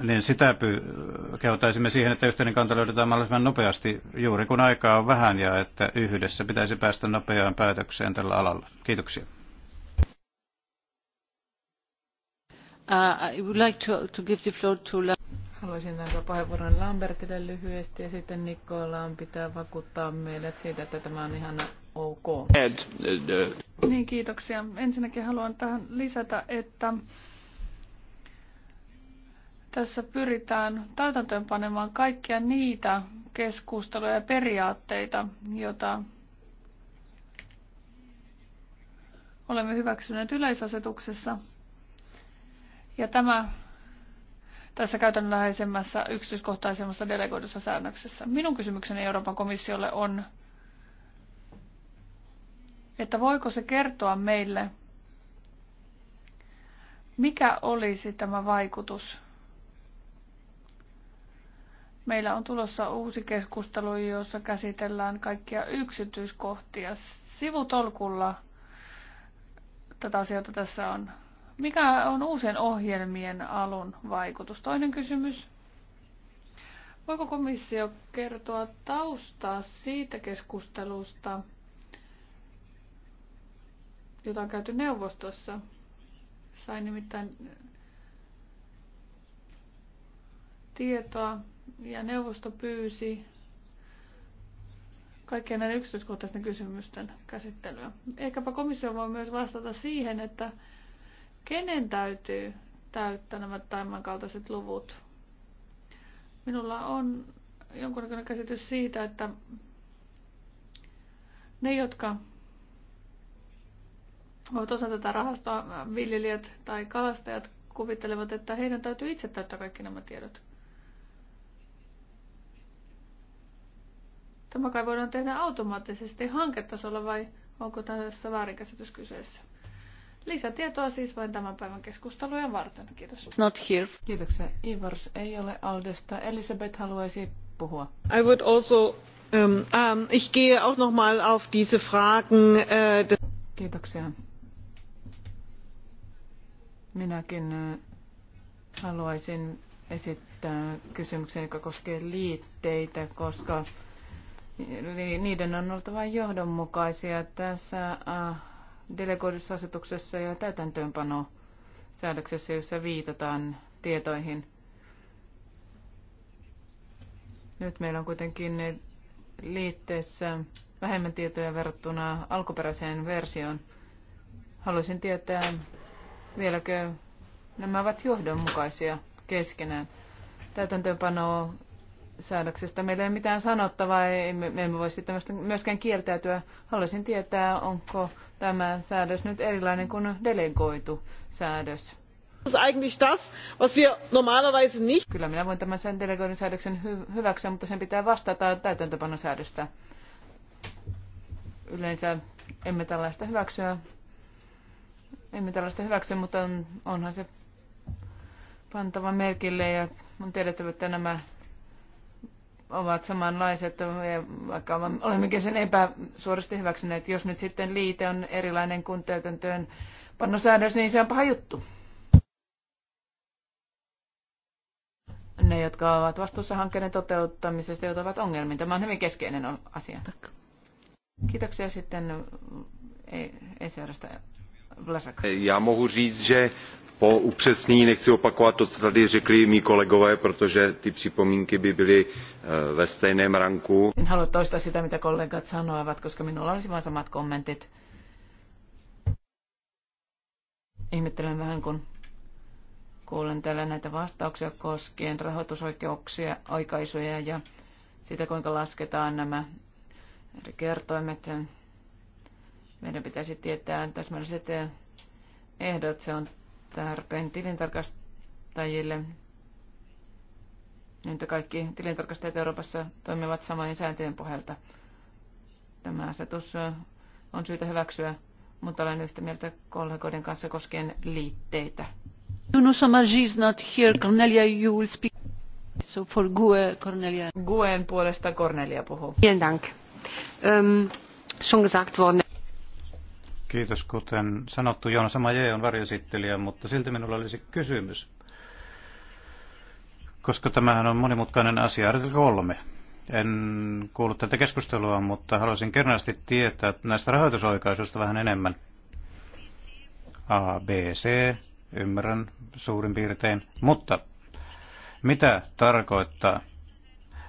niin sitä py- käytäisimme siihen, että yhteinen kanta löydetään mahdollisimman nopeasti juuri kun aikaa on vähän ja että yhdessä pitäisi päästä nopeaan päätökseen tällä alalla. Kiitoksia. Uh, I would like to, to give the floor to... Haluaisin antaa puheenvuoron Lambertille lyhyesti ja sitten Nikolaan pitää vakuuttaa meidät siitä, että tämä on ihan ok. Ed. Niin, kiitoksia. Ensinnäkin haluan tähän lisätä, että tässä pyritään täytäntöönpanemaan kaikkia niitä keskusteluja ja periaatteita, joita olemme hyväksyneet yleisasetuksessa. Ja tämä tässä käytännönläheisemmässä yksityiskohtaisemmassa delegoidussa säännöksessä. Minun kysymykseni Euroopan komissiolle on, että voiko se kertoa meille, mikä olisi tämä vaikutus? Meillä on tulossa uusi keskustelu, jossa käsitellään kaikkia yksityiskohtia. Sivutolkulla tätä asiaa tässä on mikä on uusien ohjelmien alun vaikutus? Toinen kysymys. Voiko komissio kertoa taustaa siitä keskustelusta, jota on käyty neuvostossa? Sain nimittäin tietoa ja neuvosto pyysi kaikkien näiden yksityiskohtaisten kysymysten käsittelyä. Ehkäpä komissio voi myös vastata siihen, että Kenen täytyy täyttää nämä tämänkaltaiset luvut? Minulla on jonkunnäköinen käsitys siitä, että ne, jotka ovat osa tätä rahastoa, viljelijät tai kalastajat, kuvittelevat, että heidän täytyy itse täyttää kaikki nämä tiedot. Tämä kai voidaan tehdä automaattisesti hanketasolla vai onko tässä väärinkäsitys kyseessä? Lisätietoa siis vain tämän päivän keskustelujen varten. Kiitos. It's not here. Kiitoksia. Ivars ei ole Aldesta. Elisabeth haluaisi puhua. I would also, um, um, ich gehe auch noch mal auf diese Fragen. Uh, äh, de... Kiitoksia. Minäkin äh, haluaisin esittää kysymyksen, joka koskee liitteitä, koska niiden on oltava johdonmukaisia. Tässä äh, delegoidussa asetuksessa ja täytäntöönpano säädöksessä, jossa viitataan tietoihin. Nyt meillä on kuitenkin liitteessä vähemmän tietoja verrattuna alkuperäiseen versioon. Haluaisin tietää, vieläkö nämä ovat johdonmukaisia keskenään. Täytäntöönpano säädöksestä. Meillä ei ole mitään sanottavaa, ei, me, me emme voi sitten myöskään kieltäytyä. Haluaisin tietää, onko tämä säädös nyt erilainen kuin delegoitu säädös? Kyllä minä voin tämän sen delegoidun säädöksen hy- hyväksyä, mutta sen pitää vastata säädöstä. Yleensä emme tällaista hyväksyä, emme tällaista hyväksy, mutta on, onhan se pantava merkille ja on tiedettävä, että nämä ovat samanlaiset, vaikka olemmekin sen epäsuorasti hyväksyneet. Jos nyt sitten liite on erilainen kuin täytäntöön pannosäädös, niin se on paha juttu. Ne, jotka ovat vastuussa hankkeiden toteuttamisesta, joutuvat ongelmiin. Tämä on hyvin keskeinen asia. Kiitoksia sitten ECRstä e- e- Vlasak. Ja mohu říct, že po upřesnění nechci opakovat to co tady řekli mí kolegové protože ty připomínky by byly eh, ve stejném ranku. kollegat koska minulla samat kommentit. ihmettelen vähän kun kuulen täällä näitä vastauksia koskien rahoitusoikeuksia, oikaisuja ja sitä kuinka lasketaan nämä eri kertoimet. Meidän pitäisi tietää täsmälliset eh, ehdot. Se on tarpeen tilintarkastajille. Nyt kaikki tilintarkastajat Euroopassa toimivat samojen sääntöjen pohjalta. Tämä asetus on syytä hyväksyä, mutta olen yhtä mieltä kollegoiden kanssa koskien liitteitä. not here. Cornelia, you will speak. So for Gue, Cornelia. Guen puolesta Cornelia puhuu. Vielen Dank. Ähm, schon gesagt worden. Kiitos. Kuten sanottu, Joona J on varjoesittelijä, mutta silti minulla olisi kysymys. Koska tämähän on monimutkainen asia, artikla kolme. En kuullut tätä keskustelua, mutta haluaisin kernaasti tietää näistä rahoitusoikaisuista vähän enemmän. A, B, C, ymmärrän suurin piirtein, mutta mitä tarkoittaa,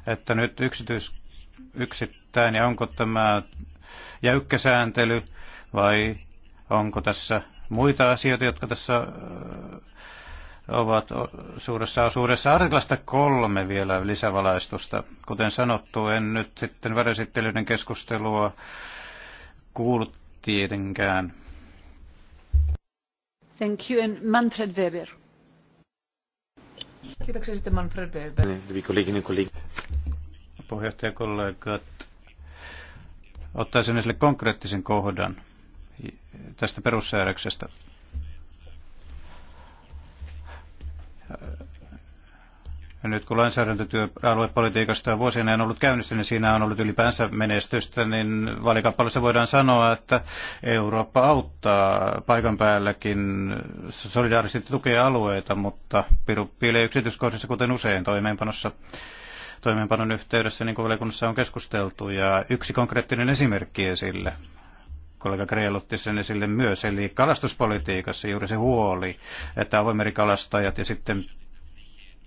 että nyt yksityis, yksittäin ja onko tämä jäykkäsääntely, sääntely vai onko tässä muita asioita, jotka tässä ovat suuressa osuudessa artiklasta kolme vielä lisävalaistusta. Kuten sanottu, en nyt sitten väräsittelyiden keskustelua kuullut tietenkään. Thank you and Manfred Weber. Kiitoksia sitten Manfred Weber. Niin, Puheenjohtajakollegat, ottaisin esille konkreettisen kohdan tästä perussäädöksestä. Ja nyt kun lainsäädäntötyö aluepolitiikasta on vuosien ajan ollut käynnissä, niin siinä on ollut ylipäänsä menestystä, niin valikappaleessa voidaan sanoa, että Eurooppa auttaa paikan päälläkin solidaarisesti tukee alueita, mutta piru piilee yksityiskohdissa, kuten usein toimeenpanossa toimeenpanon yhteydessä, niin kuin valikunnassa on keskusteltu, ja yksi konkreettinen esimerkki esille kollega Kreel otti sen esille myös, eli kalastuspolitiikassa juuri se huoli, että avoimerikalastajat ja sitten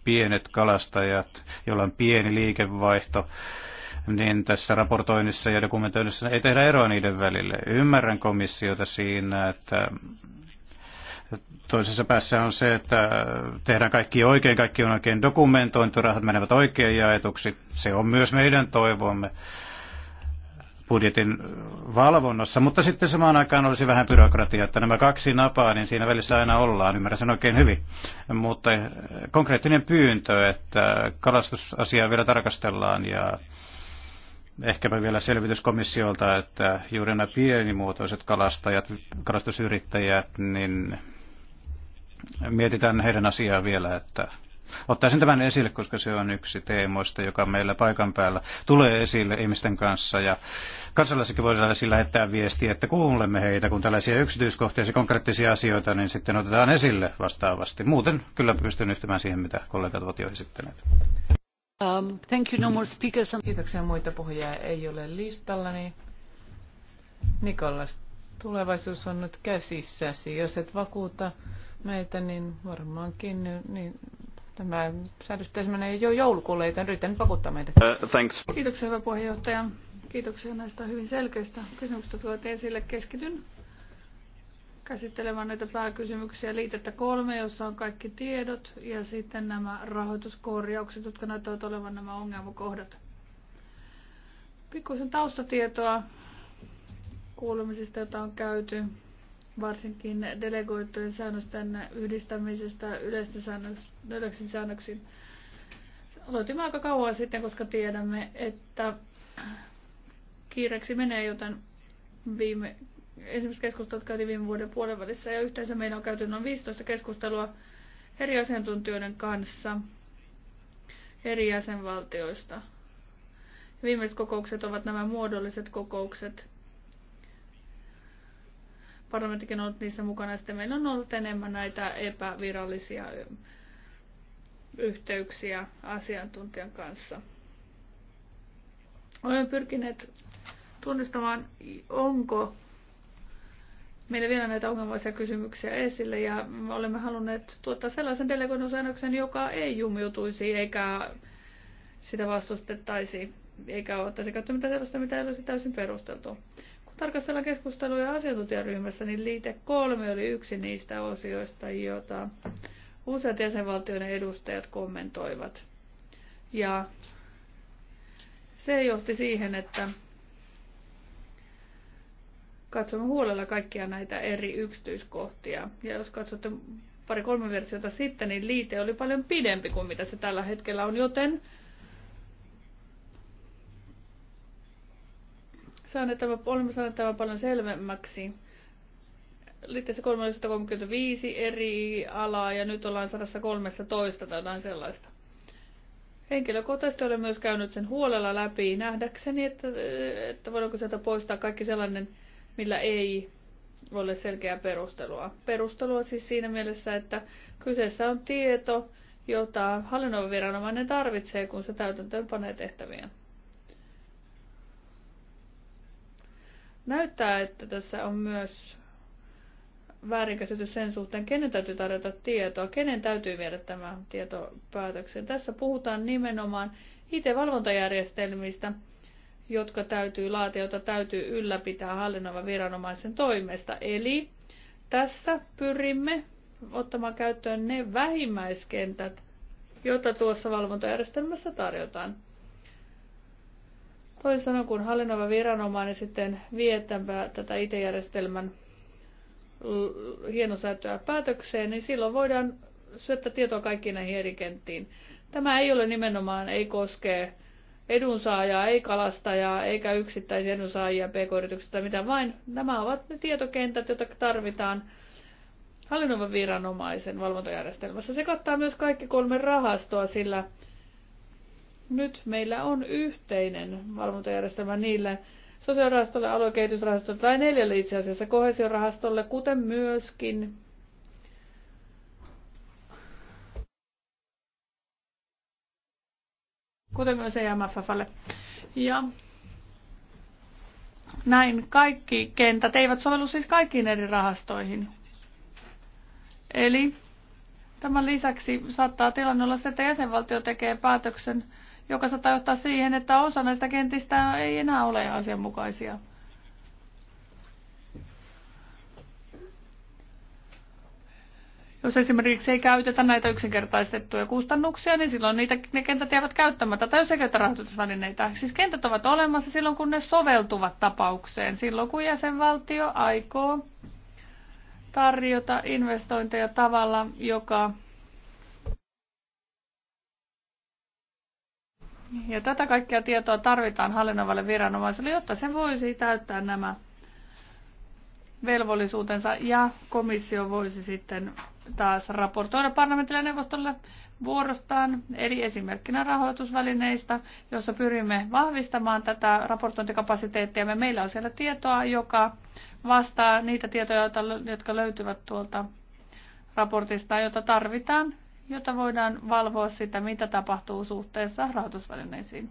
pienet kalastajat, joilla on pieni liikevaihto, niin tässä raportoinnissa ja dokumentoinnissa ei tehdä eroa niiden välille. Ymmärrän komissiota siinä, että toisessa päässä on se, että tehdään kaikki oikein, kaikki on oikein dokumentointi, rahat menevät oikein jaetuksi. Se on myös meidän toivomme, budjetin valvonnassa, mutta sitten samaan aikaan olisi vähän byrokratiaa, että nämä kaksi napaa, niin siinä välissä aina ollaan, ymmärrän sen oikein hyvin. Mutta konkreettinen pyyntö, että kalastusasiaa vielä tarkastellaan ja ehkäpä vielä selvityskomissiolta, että juuri nämä pienimuotoiset kalastajat, kalastusyrittäjät, niin mietitään heidän asiaa vielä, että Ottaisin tämän esille, koska se on yksi teemoista, joka meillä paikan päällä tulee esille ihmisten kanssa. Ja kansalaisikin voidaan sillä lähettää viestiä, että kuulemme heitä, kun tällaisia yksityiskohtia ja konkreettisia asioita, niin sitten otetaan esille vastaavasti. Muuten kyllä pystyn yhtymään siihen, mitä kollegat ovat jo esittäneet. Um, thank you, no more speakers. Kiitoksia muita puhujia ei ole listallani. Nikolas, tulevaisuus on nyt käsissäsi. Jos et vakuuta meitä, niin varmaankin niin Tämä säädös pitäisi mennä jo joulukuulle, joten yritän nyt vakuuttaa meidät. Uh, thanks. Kiitoksia, hyvä puheenjohtaja. Kiitoksia näistä hyvin selkeistä kysymyksistä, jotka tuotiin esille. Keskityn käsittelemään näitä pääkysymyksiä. Liitettä kolme, jossa on kaikki tiedot ja sitten nämä rahoituskorjaukset, jotka näyttävät olevan nämä ongelmakohdat. Pikkuisen taustatietoa kuulemisista, jota on käyty varsinkin delegoitujen säännösten yhdistämisestä yleistä säännöksiin, säännöksiin. Aloitimme aika kauan sitten, koska tiedämme, että kiireksi menee, joten viime, esimerkiksi keskustelut käytiin viime vuoden puolen välissä ja yhteensä meillä on käyty noin 15 keskustelua eri asiantuntijoiden kanssa eri jäsenvaltioista. Viimeiset kokoukset ovat nämä muodolliset kokoukset – parlamenttikin on ollut niissä mukana. Sitten meillä on ollut enemmän näitä epävirallisia yhteyksiä asiantuntijan kanssa. Olemme pyrkineet tunnistamaan, onko meillä vielä näitä ongelmaisia kysymyksiä esille ja me olemme halunneet tuottaa sellaisen delegoinnusäännöksen, joka ei jumiutuisi eikä sitä vastustettaisi eikä ottaisi käyttöön mitään sellaista, mitä ei olisi täysin perusteltu tarkastellaan keskusteluja asiantuntijaryhmässä, niin liite kolme oli yksi niistä osioista, joita useat jäsenvaltioiden edustajat kommentoivat. Ja se johti siihen, että katsomme huolella kaikkia näitä eri yksityiskohtia. Ja jos katsotte pari-kolme versiota sitten, niin liite oli paljon pidempi kuin mitä se tällä hetkellä on, joten saaneet tämän, olemme saaneet tämän paljon selvemmäksi. Liitteessä 335 eri alaa ja nyt ollaan 113 tai jotain sellaista. Henkilökohtaisesti olen myös käynyt sen huolella läpi nähdäkseni, että, että voidaanko sieltä poistaa kaikki sellainen, millä ei ole selkeää perustelua. Perustelua siis siinä mielessä, että kyseessä on tieto, jota hallinnon viranomainen tarvitsee, kun se täytäntöön panee tehtäviä. Näyttää, että tässä on myös väärinkäsitys sen suhteen, kenen täytyy tarjota tietoa, kenen täytyy viedä tämä tieto Tässä puhutaan nimenomaan IT-valvontajärjestelmistä, jotka täytyy laatia, joita täytyy ylläpitää hallinnoivan viranomaisen toimesta. Eli tässä pyrimme ottamaan käyttöön ne vähimmäiskentät, joita tuossa valvontajärjestelmässä tarjotaan. Toisin sanoen, kun hallinnoiva viranomainen sitten vie tätä IT-järjestelmän hienosäätöä päätökseen, niin silloin voidaan syöttää tietoa kaikkiin näihin eri kenttiin. Tämä ei ole nimenomaan, ei koske edunsaajaa, ei kalastajaa, eikä yksittäisiä edunsaajia, pk-yrityksiä tai mitä vain. Nämä ovat ne tietokentät, joita tarvitaan hallinnoivan viranomaisen valvontajärjestelmässä. Se kattaa myös kaikki kolme rahastoa, sillä nyt meillä on yhteinen valvontajärjestelmä niille sosiaalirahastolle, aluekehitysrahastolle tai neljälle itse asiassa kohesiorahastolle, kuten myöskin kuten myös EMFFlle. Ja näin kaikki kentät eivät sovellu siis kaikkiin eri rahastoihin. Eli tämän lisäksi saattaa tilanne olla se, että jäsenvaltio tekee päätöksen joka saattaa johtaa siihen, että osa näistä kentistä ei enää ole asianmukaisia. Jos esimerkiksi ei käytetä näitä yksinkertaistettuja kustannuksia, niin silloin niitä, ne kentät jäävät käyttämättä tai jos ei käytä rahoitusvälineitä. Siis kentät ovat olemassa silloin, kun ne soveltuvat tapaukseen, silloin kun jäsenvaltio aikoo tarjota investointeja tavalla, joka Ja tätä kaikkea tietoa tarvitaan hallinnovalle viranomaiselle, jotta se voisi täyttää nämä velvollisuutensa ja komissio voisi sitten taas raportoida parlamentille neuvostolle vuorostaan, eli esimerkkinä rahoitusvälineistä, jossa pyrimme vahvistamaan tätä raportointikapasiteettia. Me meillä on siellä tietoa, joka vastaa niitä tietoja, jotka löytyvät tuolta raportista, jota tarvitaan jota voidaan valvoa sitä, mitä tapahtuu suhteessa rahoitusvälineisiin.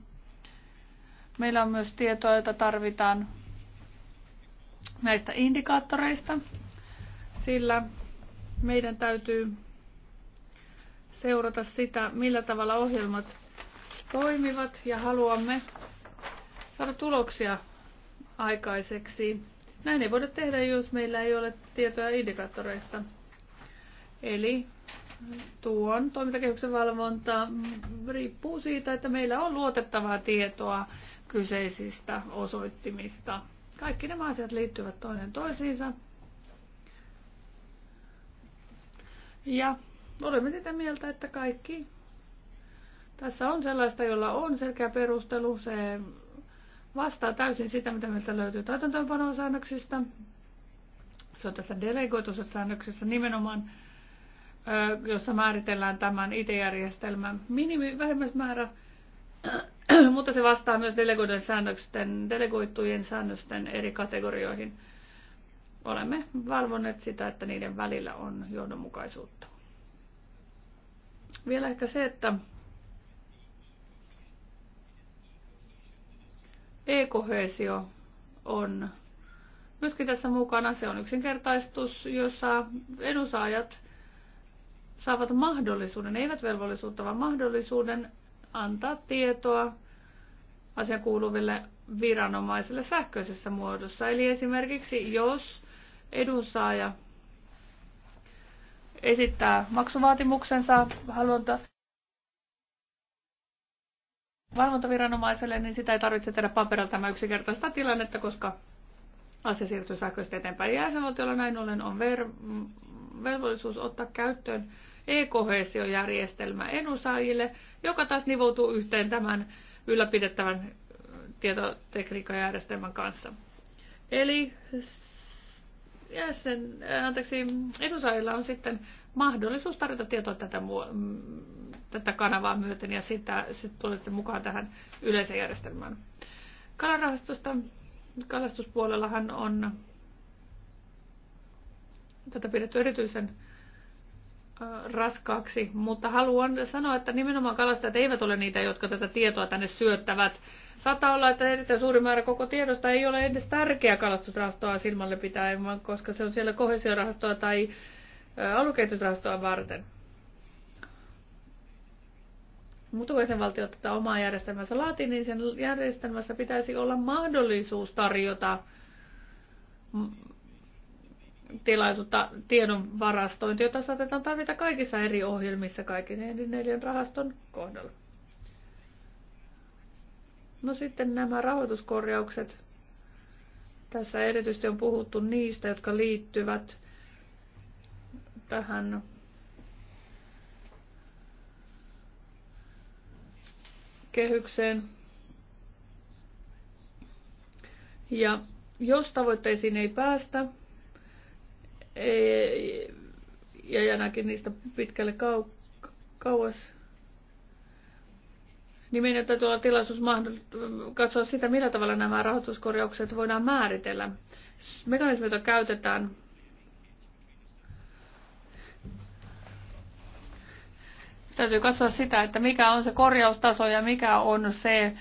Meillä on myös tietoa, jota tarvitaan näistä indikaattoreista, sillä meidän täytyy seurata sitä, millä tavalla ohjelmat toimivat ja haluamme saada tuloksia aikaiseksi. Näin ei voida tehdä, jos meillä ei ole tietoja indikaattoreista. Eli tuon toimintakehyksen valvonta riippuu siitä, että meillä on luotettavaa tietoa kyseisistä osoittimista. Kaikki nämä asiat liittyvät toinen toisiinsa. Ja olemme sitä mieltä, että kaikki tässä on sellaista, jolla on selkeä perustelu. Se vastaa täysin sitä, mitä meiltä löytyy täytäntöönpanosäännöksistä. Se on tässä delegoitussa säännöksessä nimenomaan jossa määritellään tämän IT-järjestelmän vähimmäismäärä, [clears throat] mutta se vastaa myös delegoiden säännösten, delegoittujen säännösten eri kategorioihin. Olemme valvonneet sitä, että niiden välillä on johdonmukaisuutta. Vielä ehkä se, että e-kohesio on myöskin tässä mukana. Se on yksinkertaistus, jossa edunsaajat – saavat mahdollisuuden, eivät velvollisuutta, vaan mahdollisuuden antaa tietoa asian kuuluville viranomaisille sähköisessä muodossa. Eli esimerkiksi jos edunsaaja esittää maksuvaatimuksensa valvonta, valvontaviranomaiselle, niin sitä ei tarvitse tehdä paperilla tämä yksinkertaista tilannetta, koska asia siirtyy sähköisesti eteenpäin. Jäsenvaltiolla näin ollen on ver- velvollisuus ottaa käyttöön e-kohesiojärjestelmä edunsaajille, joka taas nivoutuu yhteen tämän ylläpidettävän tietotekniikkajärjestelmän kanssa. Eli jäsen, äh, anteeksi, edunsaajilla on sitten mahdollisuus tarjota tietoa tätä, mm, tätä kanavaa myöten ja sitä sit tulette mukaan tähän yleiseen järjestelmään. Kalarahastosta kalastuspuolellahan on tätä pidetty erityisen Äh, raskaaksi, mutta haluan sanoa, että nimenomaan kalastajat eivät ole niitä, jotka tätä tietoa tänne syöttävät. Saattaa olla, että erittäin suuri määrä koko tiedosta ei ole edes tärkeä kalastusrahastoa silmälle pitää, vaan koska se on siellä kohesiorahastoa tai äh, alukehitysrahastoa varten. Mutta kun valtio tätä omaa järjestelmänsä laatii, niin sen järjestelmässä pitäisi olla mahdollisuus tarjota tilaisuutta tiedon varastointi, jota saatetaan tarvita kaikissa eri ohjelmissa kaiken eri neljän rahaston kohdalla. No sitten nämä rahoituskorjaukset. Tässä erityisesti on puhuttu niistä, jotka liittyvät tähän kehykseen. Ja jos tavoitteisiin ei päästä, ja jäädäänkin niistä pitkälle kau- kauas. Niin meidän täytyy olla tilaisuus katsoa sitä, millä tavalla nämä rahoituskorjaukset voidaan määritellä. Mekanismit, joita käytetään, täytyy katsoa sitä, että mikä on se korjaustaso ja mikä on se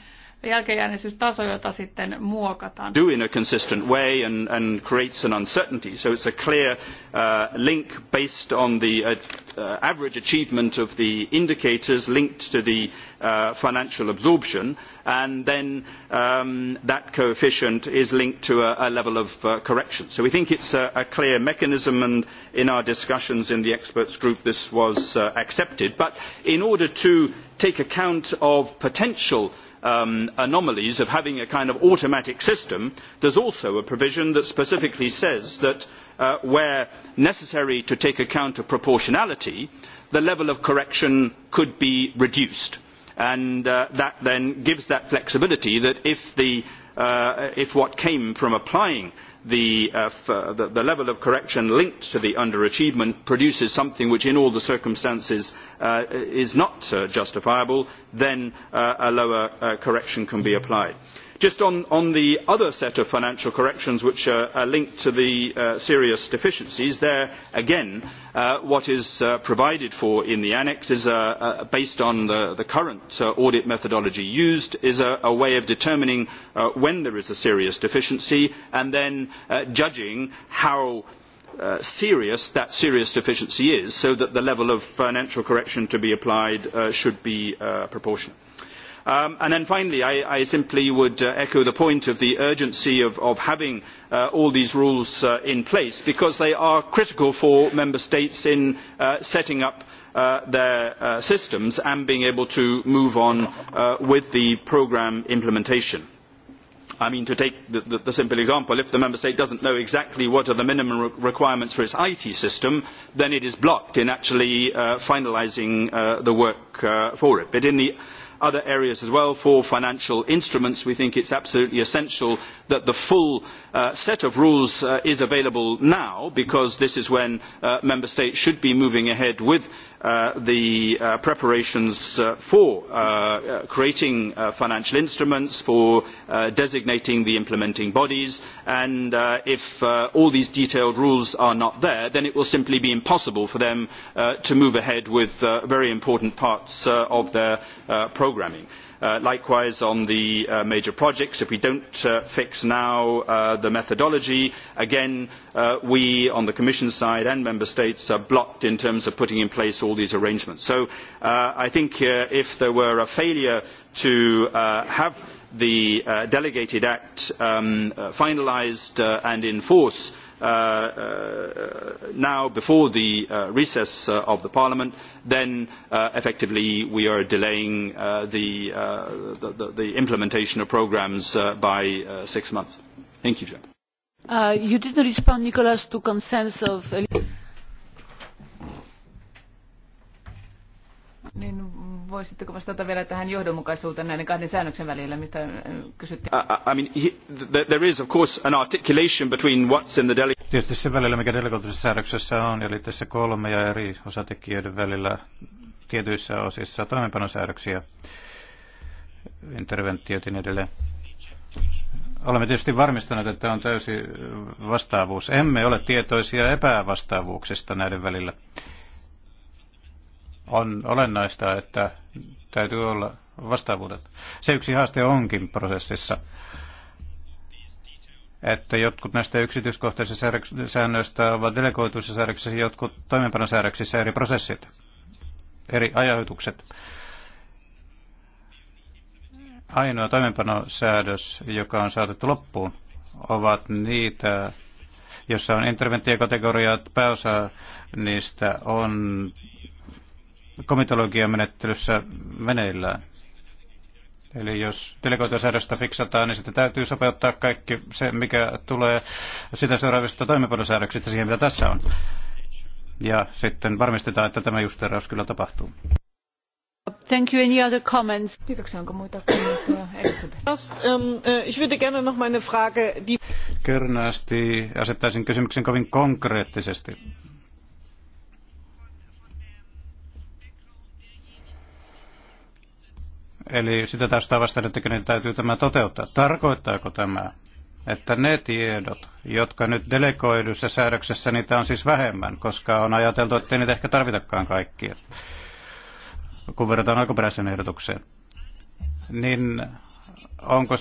jälkeenjääneisyystaso, jota sitten muokataan. Do in a consistent way and, and creates an uncertainty. So it's a clear uh, link based on the uh, uh, average achievement of the indicators linked to the uh, financial absorption and then um, that coefficient is linked to a, a level of uh, correction. So we think it's a, a clear mechanism and in our discussions in the experts group this was uh, accepted. But in order to take account of potential uh, Um, anomalies of having a kind of automatic system there is also a provision that specifically says that uh, where necessary to take account of proportionality the level of correction could be reduced and uh, that then gives that flexibility that if, the, uh, if what came from applying Uh, uh, the, the, level of correction linked to the underachievement produces something which in all the circumstances uh, is not uh, justifiable, then uh, a lower correction can be applied just on, the other set of financial corrections which are linked to the uh, serious deficiencies there again uh, what is uh, provided for in the annex is based on the, current audit methodology used is a, way of determining when there is a serious deficiency and then judging how serious that serious deficiency is so that the level of financial correction to be applied should be proportionate. Um, finally I, simply would uh, echo the point of the urgency of, having uh, all these rules uh, in place because they are critical for member states in setting up their systems and being able to move on with the programme implementation. I mean, to take the, simple example, if the member state does not know exactly what are the minimum requirements for its IT system, then it is blocked in actually finalising the work for it. But in the other areas as well for financial instruments we think it is absolutely essential that the full Uh, set of rules uh, is available now because this is when uh, member states should be moving ahead with the preparations for creating financial instruments for designating the implementing bodies and if all these detailed rules are not there then it will simply be impossible for them to move ahead with very important parts of their programming. Uh, likewise on the uh, major projects if we do not uh, fix now the methodology again we on the commission side and member states are blocked in terms of putting in place all these arrangements. so i think if there were a failure to have the delegated act um, finalised and in force Uh, uh, now before the uh, recess of the Parliament, then effectively we are delaying the, the, the, implementation of programmes by six months. Thank you, Chair. you didn't respond, Nicholas, to concerns of... Voisitteko vastata vielä tähän johdonmukaisuuteen näiden kahden säännöksen välillä, mistä äh, kysyttiin? I, uh, uh, I mean, there is of course an articulation between what's in the dele- Tietysti sen välillä, mikä delegoitussa säädöksessä on, eli tässä kolme ja eri osatekijöiden välillä tietyissä osissa toimeenpanosäädöksiä, interventiot ja niin edelleen. Olemme tietysti varmistaneet, että on täysi vastaavuus. Emme ole tietoisia epävastaavuuksista näiden välillä on olennaista, että täytyy olla vastaavuudet. Se yksi haaste onkin prosessissa, että jotkut näistä yksityiskohtaisista säännöistä ovat delegoituissa säädöksissä, jotkut toimeenpanosäädöksissä eri prosessit, eri ajoitukset. Ainoa toimeenpanosäädös, joka on saatettu loppuun, ovat niitä jossa on interventiokategoriat, pääosa niistä on komitologiamenettelyssä meneillään. Eli jos delegoitusäädöstä fiksataan, niin sitten täytyy sopeuttaa kaikki se, mikä tulee sitä seuraavista toimenpanosäädöksistä siihen, mitä tässä on. Ja sitten varmistetaan, että tämä justeraus kyllä tapahtuu. Thank you. Any other comments? Kiitoksia. Onko muita kommentteja? Kernaasti asettaisin kysymyksen kovin konkreettisesti. Eli sitä taustaa vastaan, että kenen täytyy tämä toteuttaa. Tarkoittaako tämä, että ne tiedot, jotka nyt delegoidussa säädöksessä, niitä on siis vähemmän, koska on ajateltu, että ei niitä ehkä tarvitakaan kaikkia, kun verrataan alkuperäiseen ehdotukseen. Niin onko,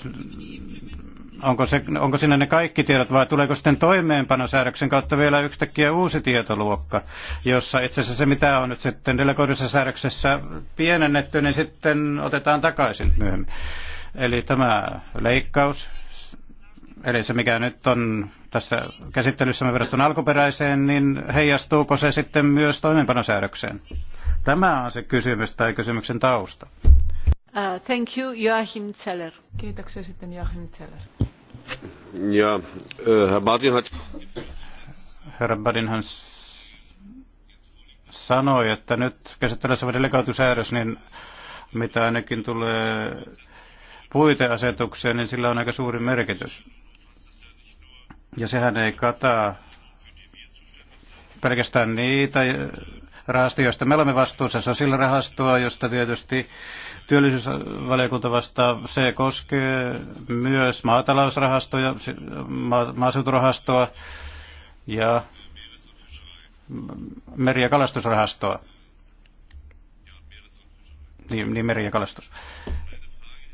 onko, se, onko siinä ne kaikki tiedot vai tuleeko sitten toimeenpanosäädöksen kautta vielä yhtäkkiä uusi tietoluokka, jossa itse asiassa se mitä on nyt sitten delegoidussa säädöksessä pienennetty, niin sitten otetaan takaisin myöhemmin. Eli tämä leikkaus, eli se mikä nyt on tässä käsittelyssä verrattuna alkuperäiseen, niin heijastuuko se sitten myös toimeenpanosäädökseen? Tämä on se kysymys tai kysymyksen tausta. Uh, sitten Joachim Zeller. Ja, äh, Herr Badin hat... Herra Badinhan sanoi, että nyt käsittelyssä oleva delegaatusäädös, niin mitä ainakin tulee puiteasetukseen, niin sillä on aika suuri merkitys. Ja sehän ei kata pelkästään niitä rahastoja, joista me olemme vastuussa. Se on sillä rahastoa, josta tietysti työllisyysvaliokunta vastaa, se koskee myös maatalousrahastoja, maaseuturahastoa ja meri- ja kalastusrahastoa. Niin, niin meri- ja kalastus.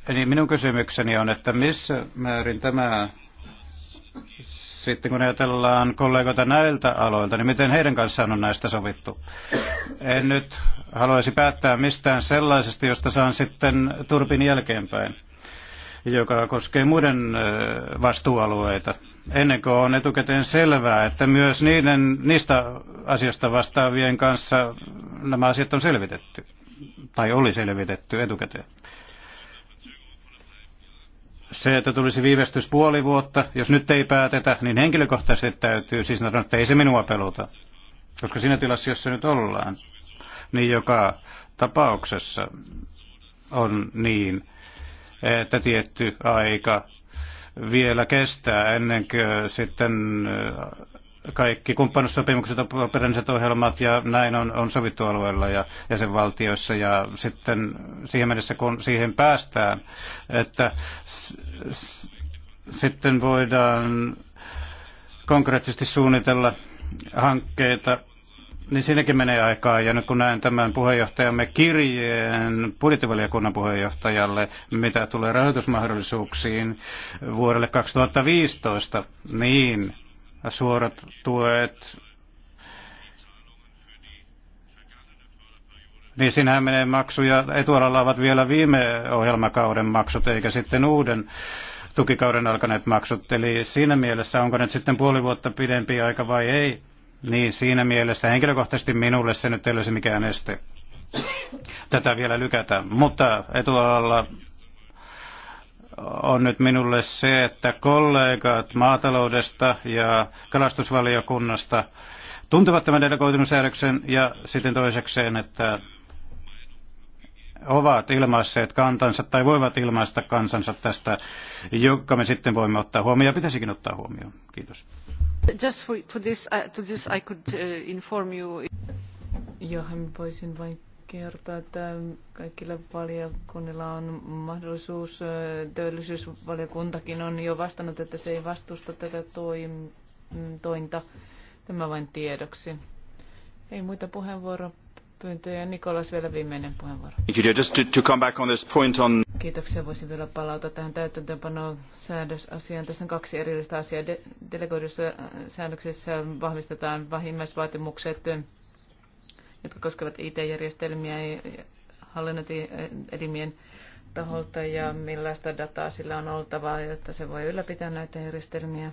Eli minun kysymykseni on, että missä määrin tämä sitten kun ajatellaan kollegoita näiltä aloilta, niin miten heidän kanssaan on näistä sovittu? En nyt haluaisi päättää mistään sellaisesta, josta saan sitten turpin jälkeenpäin, joka koskee muiden vastuualueita. Ennen kuin on etukäteen selvää, että myös niiden, niistä asioista vastaavien kanssa nämä asiat on selvitetty, tai oli selvitetty etukäteen se, että tulisi viivästys puoli vuotta, jos nyt ei päätetä, niin henkilökohtaisesti täytyy, siis sanoa, että ei se minua pelota. Koska siinä tilassa, jossa nyt ollaan, niin joka tapauksessa on niin, että tietty aika vielä kestää ennen kuin sitten kaikki kumppanussopimukset, operaniset ohjelmat ja näin on, on sovittu alueella ja jäsenvaltioissa ja sitten siihen mennessä kun siihen päästään, että s- s- sitten voidaan konkreettisesti suunnitella hankkeita, niin siinäkin menee aikaa. Ja nyt kun näen tämän puheenjohtajamme kirjeen budjettivaliokunnan puheenjohtajalle, mitä tulee rahoitusmahdollisuuksiin vuodelle 2015, niin suorat tuet, niin sinähän menee maksuja. Etualalla ovat vielä viime ohjelmakauden maksut, eikä sitten uuden tukikauden alkaneet maksut. Eli siinä mielessä, onko ne sitten puoli vuotta pidempi aika vai ei, niin siinä mielessä henkilökohtaisesti minulle se nyt ei olisi mikään este. Tätä vielä lykätään. Mutta etualalla on nyt minulle se, että kollegat maataloudesta ja kalastusvaliokunnasta tuntevat tämän delegoitunut ja sitten toisekseen, että ovat ilmaisseet kantansa tai voivat ilmaista kansansa tästä, jonka me sitten voimme ottaa huomioon ja pitäisikin ottaa huomioon. Kiitos. Just for, for this, uh, to this I could uh, inform you. Johan voisin vain kertoa, että kaikilla valiokunnilla on mahdollisuus, työllisyysvaliokuntakin on jo vastannut, että se ei vastusta tätä tointa. Tämä vain tiedoksi. Ei muita puheenvuoropyyntöjä. Nikolas vielä viimeinen puheenvuoro. Just to, to come back on this point on... Kiitoksia. Voisin vielä palauta tähän täytäntöönpano säädösasiaan. Tässä on kaksi erillistä asiaa. De- delegoidussa säännöksessä vahvistetaan vähimmäisvaatimukset jotka koskevat IT-järjestelmiä ja hallinnointielimien taholta ja millaista dataa sillä on oltava, jotta se voi ylläpitää näitä järjestelmiä.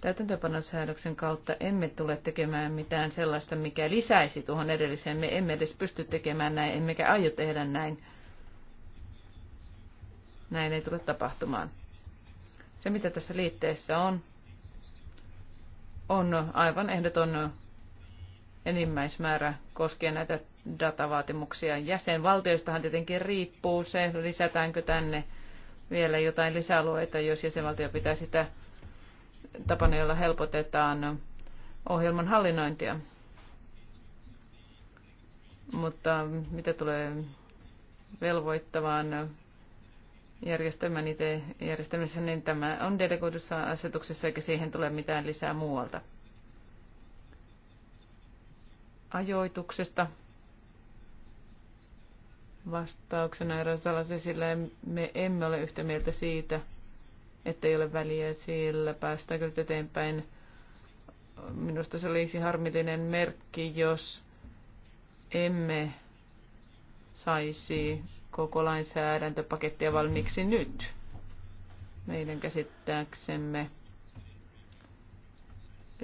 Täytäntöpanosäädöksen kautta emme tule tekemään mitään sellaista, mikä lisäisi tuohon edelliseen. Me emme edes pysty tekemään näin, emmekä aio tehdä näin. Näin ei tule tapahtumaan. Se, mitä tässä liitteessä on, on aivan ehdoton enimmäismäärä koskien näitä datavaatimuksia. Jäsenvaltioistahan tietenkin riippuu se, lisätäänkö tänne vielä jotain lisäalueita, jos jäsenvaltio pitää sitä tapana, jolla helpotetaan ohjelman hallinnointia. Mutta mitä tulee velvoittavaan järjestelmän it järjestämisessä, niin tämä on delegoidussa asetuksessa eikä siihen tule mitään lisää muualta. Ajoituksesta vastauksena Erasala sillä me emme ole yhtä mieltä siitä, että ei ole väliä sillä päästäänkö nyt eteenpäin. Minusta se olisi harmillinen merkki, jos emme saisi koko lainsäädäntöpakettia valmiiksi nyt. Meidän käsittääksemme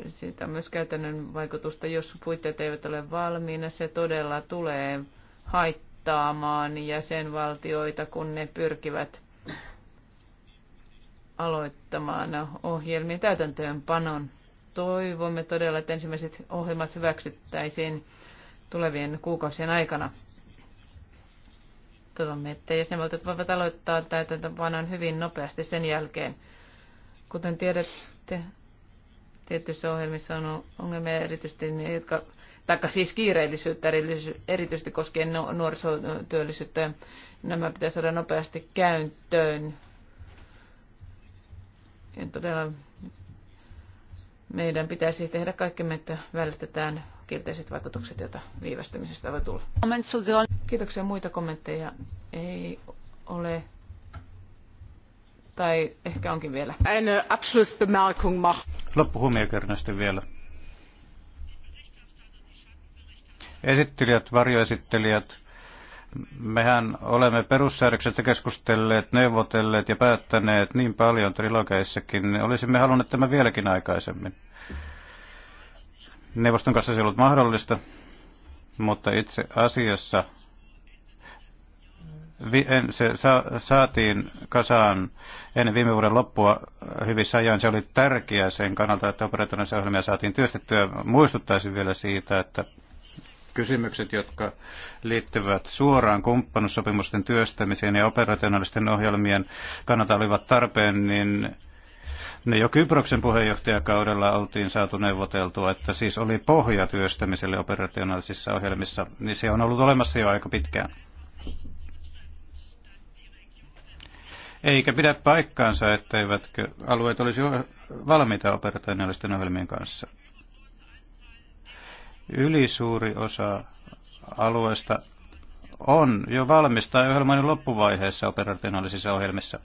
siitä on myös käytännön vaikutusta, jos puitteet eivät ole valmiina, se todella tulee haittaamaan jäsenvaltioita, kun ne pyrkivät aloittamaan ohjelmien täytäntöönpanon. Toivomme todella, että ensimmäiset ohjelmat hyväksyttäisiin tulevien kuukausien aikana toivomme, että jäsenvaltiot voivat aloittaa täytäntöpanon hyvin nopeasti sen jälkeen. Kuten tiedätte, tietyissä ohjelmissa on ongelmia erityisesti ne, jotka, taikka siis kiireellisyyttä erityisesti koskien nuorisotyöllisyyttä. Nämä pitää saada nopeasti käyntöön. Ja todella meidän pitäisi tehdä kaikki, että vältetään kielteiset vaikutukset, joita viivästymisestä voi tulla. Kiitoksia. Muita kommentteja ei ole. Tai ehkä onkin vielä. Eine Abschlussbemerkung vielä. Esittelijät, varjoesittelijät, mehän olemme perussäädöksestä keskustelleet, neuvotelleet ja päättäneet niin paljon trilogeissakin. Olisimme halunneet tämä vieläkin aikaisemmin. Neuvoston kanssa se ei ollut mahdollista, mutta itse asiassa se saatiin kasaan ennen viime vuoden loppua hyvissä ajoin. Se oli tärkeää sen kannalta, että operatiivisia ohjelmia saatiin työstettyä. Muistuttaisin vielä siitä, että kysymykset, jotka liittyvät suoraan kumppanussopimusten työstämiseen ja operationaalisten ohjelmien kannalta olivat tarpeen, niin ne jo Kyproksen puheenjohtajakaudella oltiin saatu neuvoteltua, että siis oli pohja työstämiselle operationaalisissa ohjelmissa, niin se on ollut olemassa jo aika pitkään. Eikä pidä paikkaansa, etteivätkö alueet olisi valmiita operationaalisten ohjelmien kanssa. Ylisuuri osa alueesta on jo valmis tai ohjelmoinnin loppuvaiheessa operationaalisissa ohjelmissa.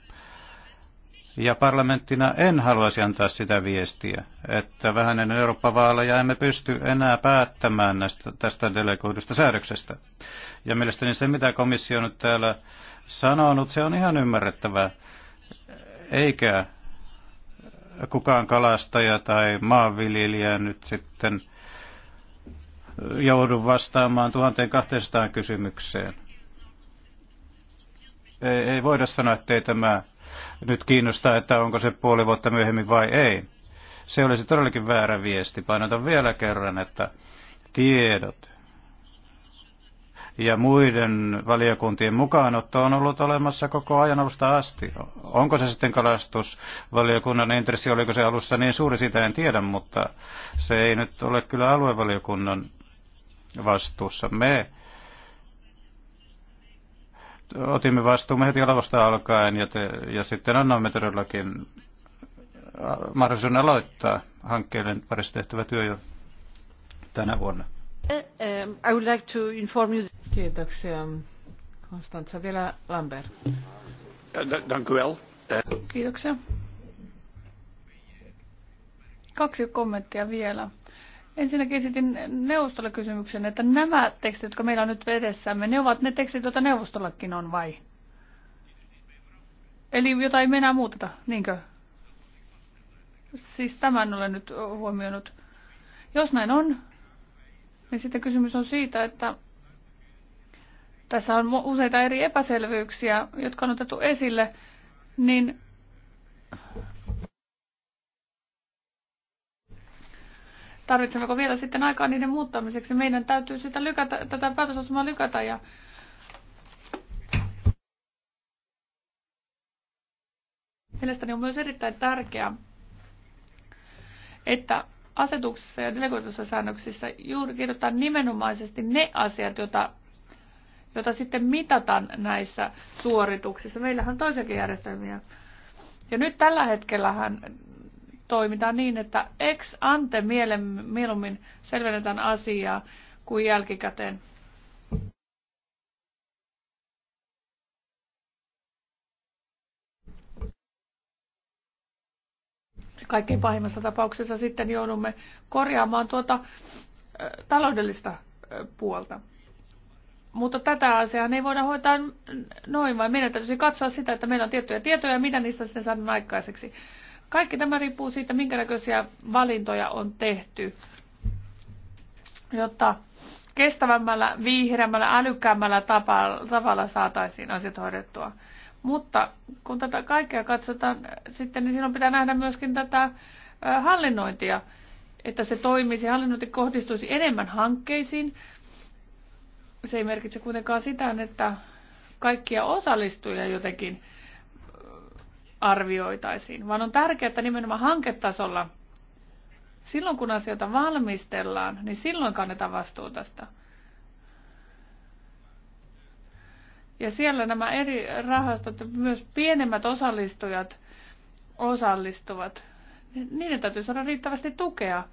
Ja parlamenttina en haluaisi antaa sitä viestiä, että vähän ennen Eurooppa-vaaleja emme pysty enää päättämään näistä, tästä delegoidusta säädöksestä. Ja mielestäni se, mitä komissio nyt täällä sanonut, se on ihan ymmärrettävää. Eikä kukaan kalastaja tai maanviljelijä nyt sitten joudu vastaamaan 1200 kysymykseen. Ei, ei voida sanoa, että ei tämä nyt kiinnostaa, että onko se puoli vuotta myöhemmin vai ei. Se olisi todellakin väärä viesti. Painotan vielä kerran, että tiedot ja muiden valiokuntien mukaanotto on ollut olemassa koko ajan alusta asti. Onko se sitten kalastusvaliokunnan intressi, oliko se alussa niin suuri, sitä en tiedä, mutta se ei nyt ole kyllä aluevaliokunnan vastuussa. Me otimme vastuumme heti alusta alkaen ja, te, ja sitten annoimme todellakin äh, mahdollisuuden aloittaa hankkeiden parissa tehtävä työ jo tänä vuonna. Eh, eh, I would like to inform you. Kiitoksia. Konstantsa vielä Lambert. Eh, Kiitoksia. Kaksi kommenttia vielä Ensinnäkin esitin neuvostolle kysymyksen, että nämä tekstit, jotka meillä on nyt vedessämme, ne ovat ne tekstit, joita neuvostollakin on vai? Eli jotain ei enää muuteta, niinkö? Siis tämän olen nyt huomioinut. Jos näin on, niin sitten kysymys on siitä, että tässä on useita eri epäselvyyksiä, jotka on otettu esille, niin Tarvitsemmeko vielä sitten aikaa niiden muuttamiseksi? Meidän täytyy sitä lykätä, tätä päätösosumaa lykätä ja Mielestäni on myös erittäin tärkeää, että asetuksissa ja delegoituissa säännöksissä juuri kirjoitetaan nimenomaisesti ne asiat, joita, joita sitten mitataan näissä suorituksissa. Meillähän on toisiakin järjestelmiä. Ja nyt tällä hetkellä toimitaan niin, että ex ante mieluummin selvennetään asiaa kuin jälkikäteen. Kaikkein pahimmassa tapauksessa sitten joudumme korjaamaan tuota taloudellista puolta. Mutta tätä asiaa ei voida hoitaa noin, vaan meidän täytyisi katsoa sitä, että meillä on tiettyjä tietoja ja mitä niistä sitten saadaan aikaiseksi. Kaikki tämä riippuu siitä, minkä näköisiä valintoja on tehty, jotta kestävämmällä, viihreämmällä, älykkäämmällä tavalla saataisiin asiat hoidettua. Mutta kun tätä kaikkea katsotaan sitten, niin silloin pitää nähdä myöskin tätä hallinnointia, että se toimisi, hallinnointi kohdistuisi enemmän hankkeisiin. Se ei merkitse kuitenkaan sitä, että kaikkia osallistujia jotenkin arvioitaisiin, vaan on tärkeää, että nimenomaan hanketasolla, silloin kun asioita valmistellaan, niin silloin kannetaan vastuu tästä. Ja siellä nämä eri rahastot, myös pienemmät osallistujat osallistuvat. Niiden täytyy saada riittävästi tukea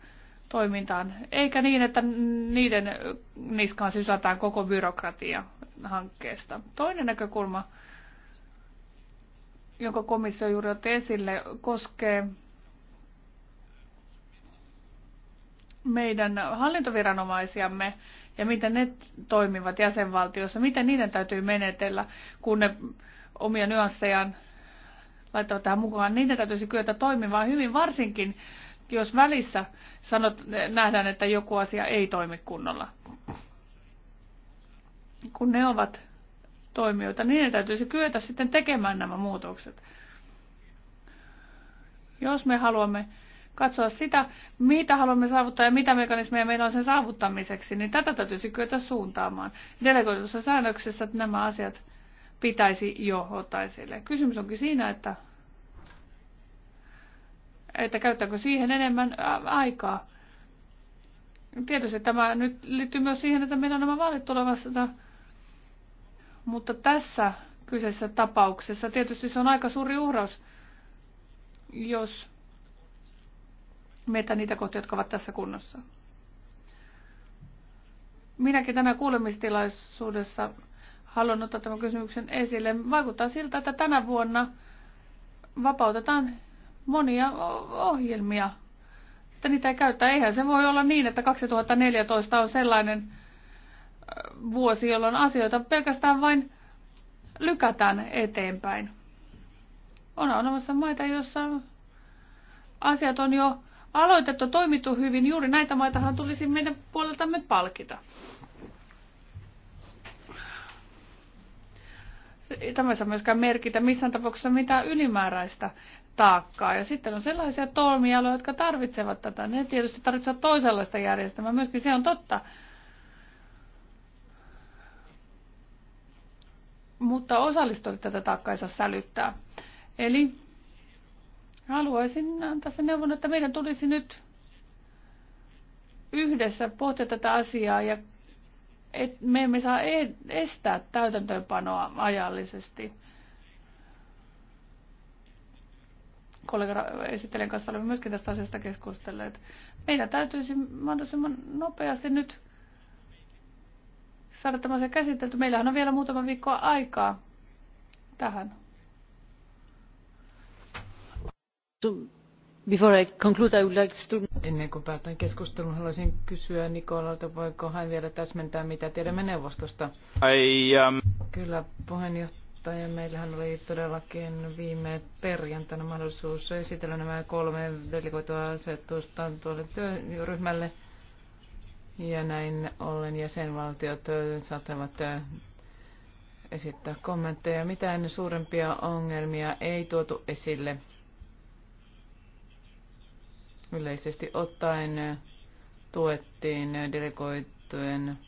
toimintaan, eikä niin, että niiden niskaan sysätään koko byrokratia hankkeesta. Toinen näkökulma jonka komissio juuri otti esille, koskee meidän hallintoviranomaisiamme ja miten ne toimivat jäsenvaltiossa, miten niiden täytyy menetellä, kun ne omia nyanssejaan laittaa tähän mukaan. Niiden täytyisi kyetä toimimaan hyvin, varsinkin jos välissä sanot, nähdään, että joku asia ei toimi kunnolla. Kun ne ovat toimijoita, niin niiden täytyisi kyetä sitten tekemään nämä muutokset. Jos me haluamme katsoa sitä, mitä haluamme saavuttaa ja mitä mekanismeja meillä on sen saavuttamiseksi, niin tätä täytyisi kyetä suuntaamaan. Delegoitussa säännöksessä nämä asiat pitäisi jo ottaa esille. Kysymys onkin siinä, että, että käyttääkö siihen enemmän aikaa. Tietysti tämä nyt liittyy myös siihen, että meillä on nämä vaalit tulevassa mutta tässä kyseisessä tapauksessa tietysti se on aika suuri uhraus, jos meitä niitä kohtia, jotka ovat tässä kunnossa. Minäkin tänä kuulemistilaisuudessa haluan ottaa tämän kysymyksen esille. Vaikuttaa siltä, että tänä vuonna vapautetaan monia ohjelmia, että niitä ei käytä. Eihän se voi olla niin, että 2014 on sellainen vuosi, jolloin asioita pelkästään vain lykätään eteenpäin. On olemassa maita, joissa asiat on jo aloitettu, toimittu hyvin. Juuri näitä maitahan tulisi meidän puoleltamme palkita. Tämä ei saa myöskään merkitä missään tapauksessa mitään ylimääräistä taakkaa. Ja sitten on sellaisia toimialoja, jotka tarvitsevat tätä. Ne tietysti tarvitsevat toisenlaista järjestelmää. Myöskin se on totta. mutta osallistujat tätä taakkaansa sälyttää. Eli haluaisin antaa sen neuvon, että meidän tulisi nyt yhdessä pohtia tätä asiaa ja et me emme saa e, estää täytäntöönpanoa ajallisesti. Kollega esittelen kanssa olemme myöskin tästä asiasta keskustelleet. Meidän täytyisi mahdollisimman nopeasti nyt saada tämä asia käsitelty. Meillähän on vielä muutama viikkoa aikaa tähän. Before I conclude, I would like to... Ennen kuin päätän keskustelun, haluaisin kysyä Nikolalta, voiko hän vielä täsmentää, mitä tiedämme neuvostosta? I, um... Kyllä, puheenjohtaja. Ja Meillähän oli todellakin viime perjantaina mahdollisuus esitellä nämä kolme delegoitua asetusta tuolle työryhmälle ja näin ollen jäsenvaltiot saattavat äh, esittää kommentteja. Mitään suurempia ongelmia ei tuotu esille. Yleisesti ottaen äh, tuettiin äh, delegoitujen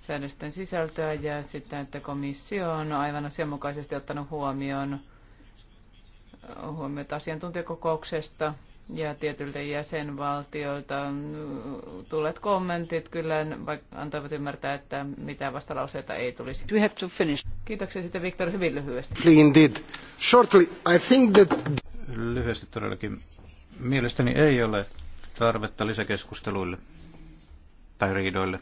säädösten sisältöä ja sitä, että komissio on aivan asianmukaisesti ottanut huomioon huomiota asiantuntijakokouksesta ja tietyiltä jäsenvaltioilta mm, tulleet kommentit kyllä antoivat ymmärtää, että mitään vastalauseita ei tulisi. We have to finish. Kiitoksia sitten Viktor hyvin lyhyesti. Indeed. Shortly, I think that... Lyhyesti todellakin. Mielestäni ei ole tarvetta lisäkeskusteluille tai riidoille.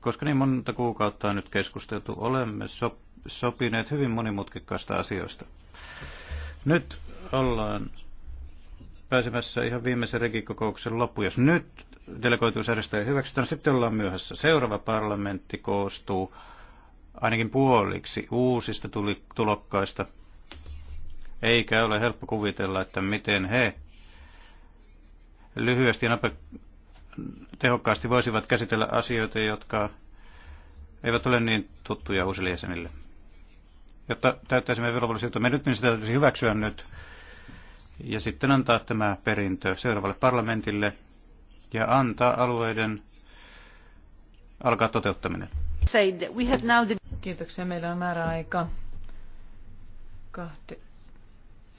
Koska niin monta kuukautta on nyt keskusteltu, olemme sopineet hyvin monimutkikkaista asioista. Nyt ollaan pääsemässä ihan viimeisen regikokouksen loppu. Jos nyt delegoituusjärjestöjä hyväksytään, niin sitten ollaan myöhässä. Seuraava parlamentti koostuu ainakin puoliksi uusista tuli, tulokkaista. Eikä ole helppo kuvitella, että miten he lyhyesti ja tehokkaasti voisivat käsitellä asioita, jotka eivät ole niin tuttuja uusille jäsenille jotta täyttäisimme velvollisuutemme nyt, niin sitä täytyisi hyväksyä nyt ja sitten antaa tämä perintö seuraavalle parlamentille ja antaa alueiden alkaa toteuttaminen. Kiitoksia. Meillä on määräaika. Kahde...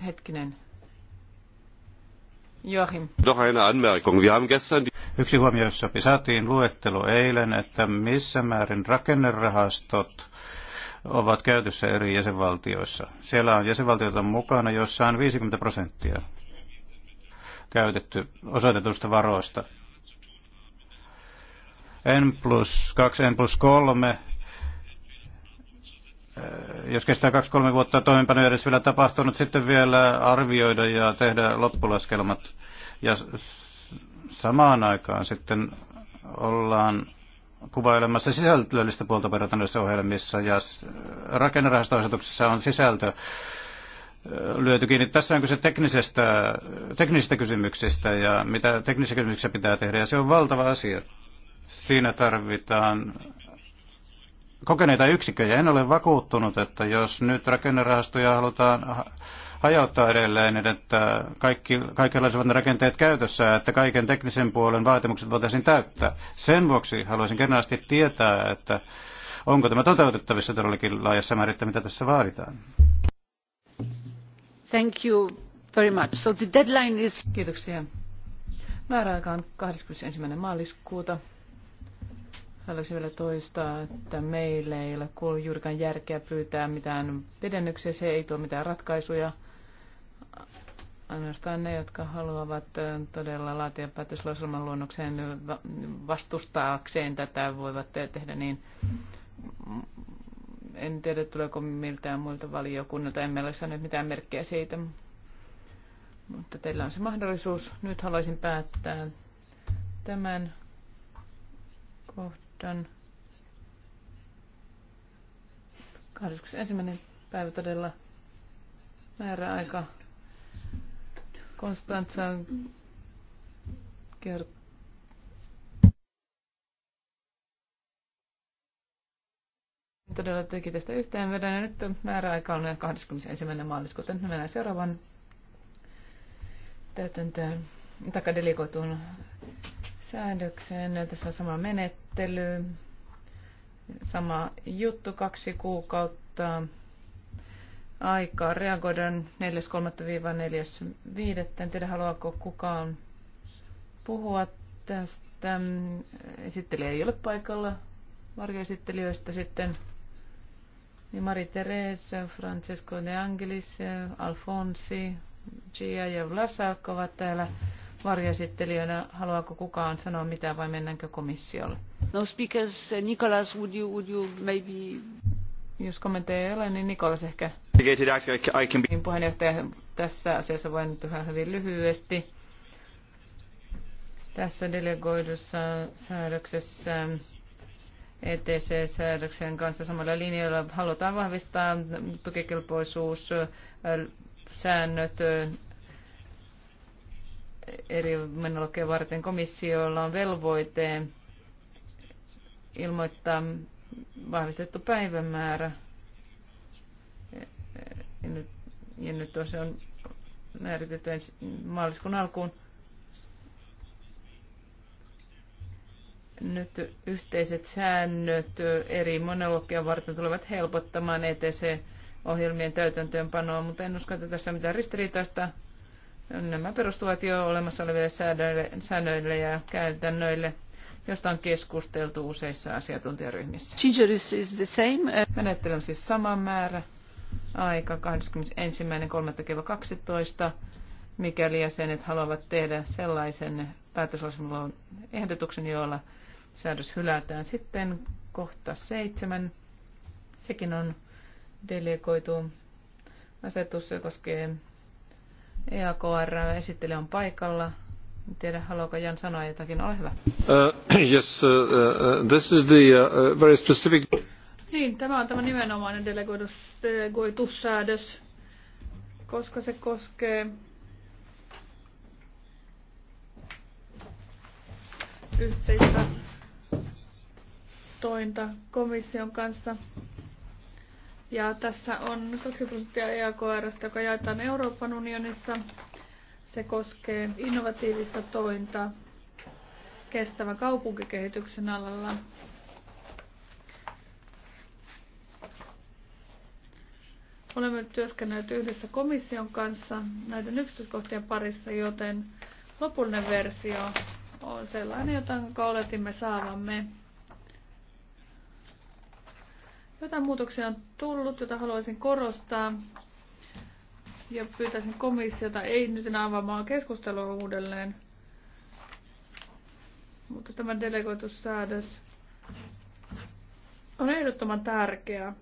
Hetkinen. Joachim. Noch eine Anmerkung. Wir haben gestern die... Yksi huomio, jossa saatiin luettelo eilen, että missä määrin rakennerahastot ovat käytössä eri jäsenvaltioissa. Siellä on jäsenvaltioita mukana, joissa on 50 prosenttia käytetty osoitetusta varoista. N plus 2, N plus 3, eh, jos kestää 2-3 vuotta toimenpano edes vielä tapahtunut, sitten vielä arvioida ja tehdä loppulaskelmat. Ja samaan aikaan sitten ollaan kuvailemassa sisällöllistä puolta verrattuna ohjelmissa ja rakennerahastoasetuksessa on sisältö lyöty kiinni. Tässä on kyse teknisestä, teknisistä kysymyksistä ja mitä teknisiä kysymyksiä pitää tehdä ja se on valtava asia. Siinä tarvitaan kokeneita yksikköjä. En ole vakuuttunut, että jos nyt rakennerahastoja halutaan hajauttaa edelleen, että kaikki, kaikenlaiset ovat rakenteet käytössä, että kaiken teknisen puolen vaatimukset voitaisiin täyttää. Sen vuoksi haluaisin kernaasti tietää, että onko tämä toteutettavissa todellakin laajassa määrissä, mitä tässä vaaditaan. Thank you very much. So the deadline is... Kiitoksia. Määräaika on 21. maaliskuuta. Haluaisin vielä toistaa, että meille ei ole kuullut juurikaan järkeä pyytää mitään pidennyksiä. Se ei tuo mitään ratkaisuja ainoastaan ne, jotka haluavat todella laatia päätöslauselman luonnokseen vastustaakseen tätä, voivat tehdä niin. En tiedä, tuleeko miltään muilta valiokunnilta. en ole saanut mitään merkkejä siitä, mutta teillä on se mahdollisuus. Nyt haluaisin päättää tämän kohdan. 21. päivä todella määräaika Konstantsa kertoo. todella teki tästä yhteenvedon ja nyt määräaika on 21. maaliskuuta. Nyt mennään seuraavan täytäntöön takadelikoitun säädökseen. Tässä on sama menettely, sama juttu, kaksi kuukautta aikaa reagoida 4.3.-4.5. En tiedä, haluaako kukaan puhua tästä. Esittelijä ei ole paikalla varjoesittelijöistä sitten. Niin Mari Therese, Francesco de Angelis, Alfonsi, Gia ja Vlasak ovat täällä varjoesittelijöinä. Haluaako kukaan sanoa mitään vai mennäänkö komissiolle? No speakers, Nicholas, would you, would you maybe... Jos kommentteja ei ole, niin Nikolas ehkä. Niin puheenjohtaja, tässä asiassa voin yhä hyvin lyhyesti. Tässä delegoidussa säädöksessä ETC-säädöksen kanssa samalla linjalla halutaan vahvistaa säännöt eri menologia varten komissiolla on velvoite ilmoittaa vahvistettu päivämäärä. Ja nyt, ja nyt se on määritetty ensi, maaliskuun alkuun. Nyt yhteiset säännöt eri monologian varten tulevat helpottamaan ETC-ohjelmien täytäntöönpanoa, mutta en usko, että tässä on mitään ristiriitaista. Nämä perustuvat jo olemassa oleville säännöille ja käytännöille – josta on keskusteltu useissa asiantuntijaryhmissä. Is the same. Uh, Menettely on siis sama määrä. Aika 21.3. kello 12. Mikäli jäsenet haluavat tehdä sellaisen päätöslausuman ehdotuksen, jolla säädös hylätään sitten kohta seitsemän. Sekin on delegoitu asetus, se koskee EAKR. Esittely on paikalla tiedä, haluaako Jan sanoa jotakin. Ole hyvä. Uh, [clears throat] yes, uh, uh, uh, this is the uh, uh, very specific... Niin, tämä on tämä nimenomainen delegoitussäädös, koska se koskee yhteistä tointa komission kanssa. Ja tässä on 2 prosenttia EAKR, joka jaetaan Euroopan unionissa se koskee innovatiivista tointa kestävän kaupunkikehityksen alalla. Olemme työskennelleet yhdessä komission kanssa näiden yksityiskohtien parissa, joten lopullinen versio on sellainen, jota oletimme saavamme. Jotain muutoksia on tullut, jota haluaisin korostaa ja pyytäisin komissiota, ei nyt enää avaamaan keskustelua uudelleen, mutta tämä delegoitussäädös on ehdottoman tärkeä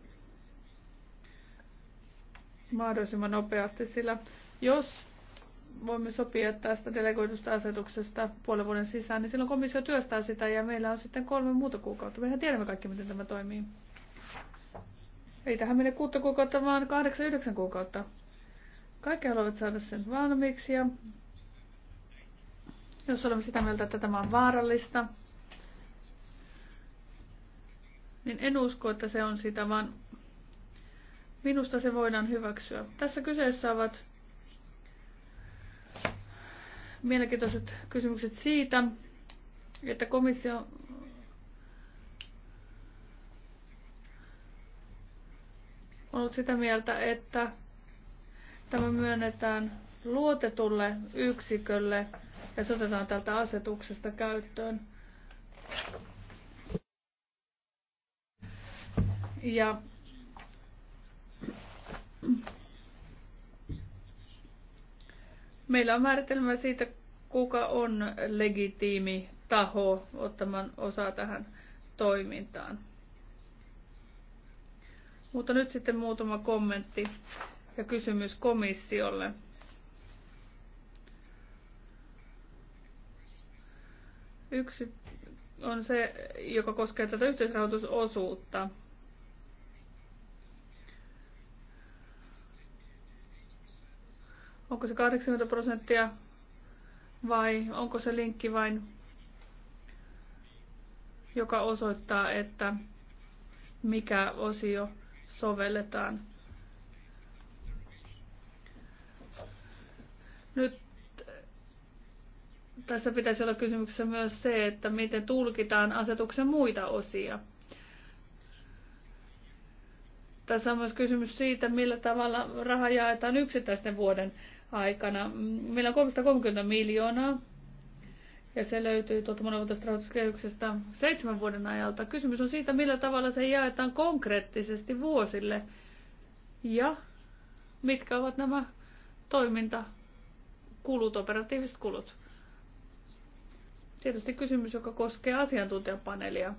mahdollisimman nopeasti, sillä jos voimme sopia tästä delegoidusta asetuksesta puolen vuoden sisään, niin silloin komissio työstää sitä ja meillä on sitten kolme muuta kuukautta. Mehän tiedämme kaikki, miten tämä toimii. Ei tähän mene kuutta kuukautta, vaan kahdeksan, yhdeksän kuukautta. Kaikki haluavat saada sen valmiiksi ja jos olemme sitä mieltä, että tämä on vaarallista, niin en usko, että se on sitä, vaan minusta se voidaan hyväksyä. Tässä kyseessä ovat mielenkiintoiset kysymykset siitä, että komissio on ollut sitä mieltä, että Tämä myönnetään luotetulle yksikölle ja se otetaan tältä asetuksesta käyttöön. Ja meillä on määritelmä siitä, kuka on legitiimi taho ottamaan osaa tähän toimintaan. Mutta nyt sitten muutama kommentti ja kysymys komissiolle. Yksi on se, joka koskee tätä yhteisrahoitusosuutta. Onko se 80 prosenttia vai onko se linkki vain, joka osoittaa, että mikä osio sovelletaan Nyt äh, tässä pitäisi olla kysymyksessä myös se, että miten tulkitaan asetuksen muita osia. Tässä on myös kysymys siitä, millä tavalla raha jaetaan yksittäisten vuoden aikana. Meillä on 330 miljoonaa ja se löytyy tuolta monivuotoisesta rahoituskehyksestä seitsemän vuoden ajalta. Kysymys on siitä, millä tavalla se jaetaan konkreettisesti vuosille ja mitkä ovat nämä toiminta kulut, operatiiviset kulut. Tietysti kysymys, joka koskee asiantuntijapaneelia.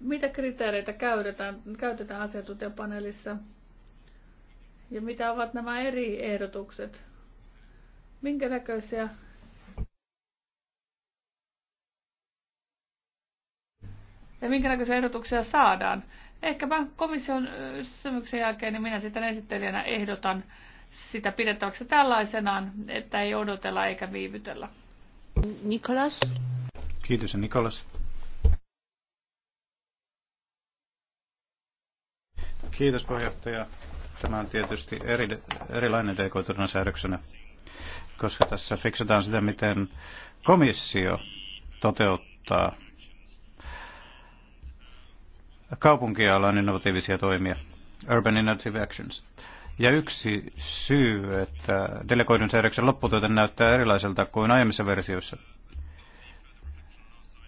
Mitä kriteereitä käytetään, käytetään asiantuntijapaneelissa? Ja mitä ovat nämä eri ehdotukset? Minkä näköisiä ja minkä näköisiä ehdotuksia saadaan. Ehkäpä komission symyksen jälkeen niin minä sitten esittelijänä ehdotan sitä pidettäväksi tällaisenaan, että ei odotella eikä viivytellä. Nikolas. Kiitos Nikolas. Kiitos puheenjohtaja. Tämä on tietysti eri, erilainen dekoiturina säädöksenä, koska tässä fiksataan sitä, miten komissio toteuttaa kaupunkialan innovatiivisia toimia, Urban Innovative Actions. Ja yksi syy, että delegoidun säädöksen lopputuote näyttää erilaiselta kuin aiemmissa versioissa.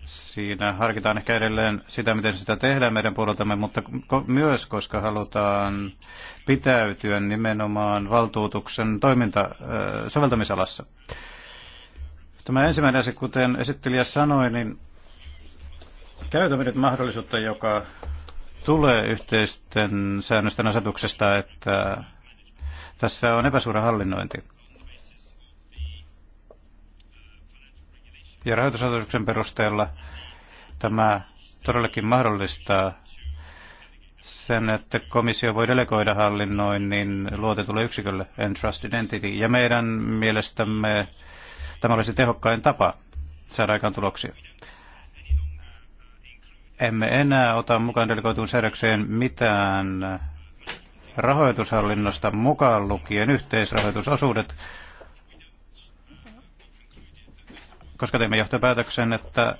Siinä harkitaan ehkä edelleen sitä, miten sitä tehdään meidän puoleltamme, mutta myös koska halutaan pitäytyä nimenomaan valtuutuksen toiminta soveltamisalassa. Tämä ensimmäinen asia, kuten esittelijä sanoi, niin Käytämme nyt mahdollisuutta, joka tulee yhteisten säännösten asetuksesta, että tässä on epäsuora hallinnointi. Ja rahoitusasetuksen perusteella tämä todellakin mahdollistaa sen, että komissio voi delegoida hallinnoinnin luotetulle yksikölle, Entrusted Entity, ja meidän mielestämme tämä olisi tehokkain tapa saada aikaan tuloksia emme enää ota mukaan delegoituun säädökseen mitään rahoitushallinnosta mukaan lukien yhteisrahoitusosuudet, koska teimme johtopäätöksen, että,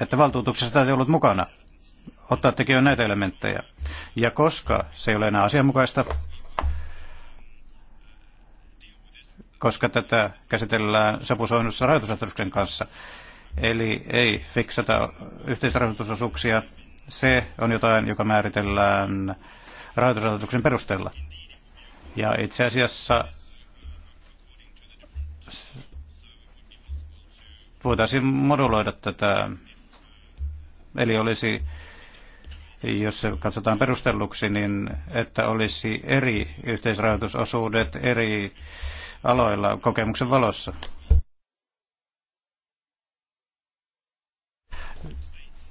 että valtuutuksessa täytyy ollut mukana ottaa tekijöön näitä elementtejä. Ja koska se ei ole enää asianmukaista, koska tätä käsitellään sopusoinnussa rahoitusasetuksen kanssa, Eli ei fiksata yhteisrahoitusosuuksia. Se on jotain, joka määritellään rahoitusasetuksen perusteella. Ja itse asiassa voitaisiin moduloida tätä. Eli olisi, jos se katsotaan perustelluksi, niin että olisi eri yhteisrahoitusosuudet eri aloilla kokemuksen valossa.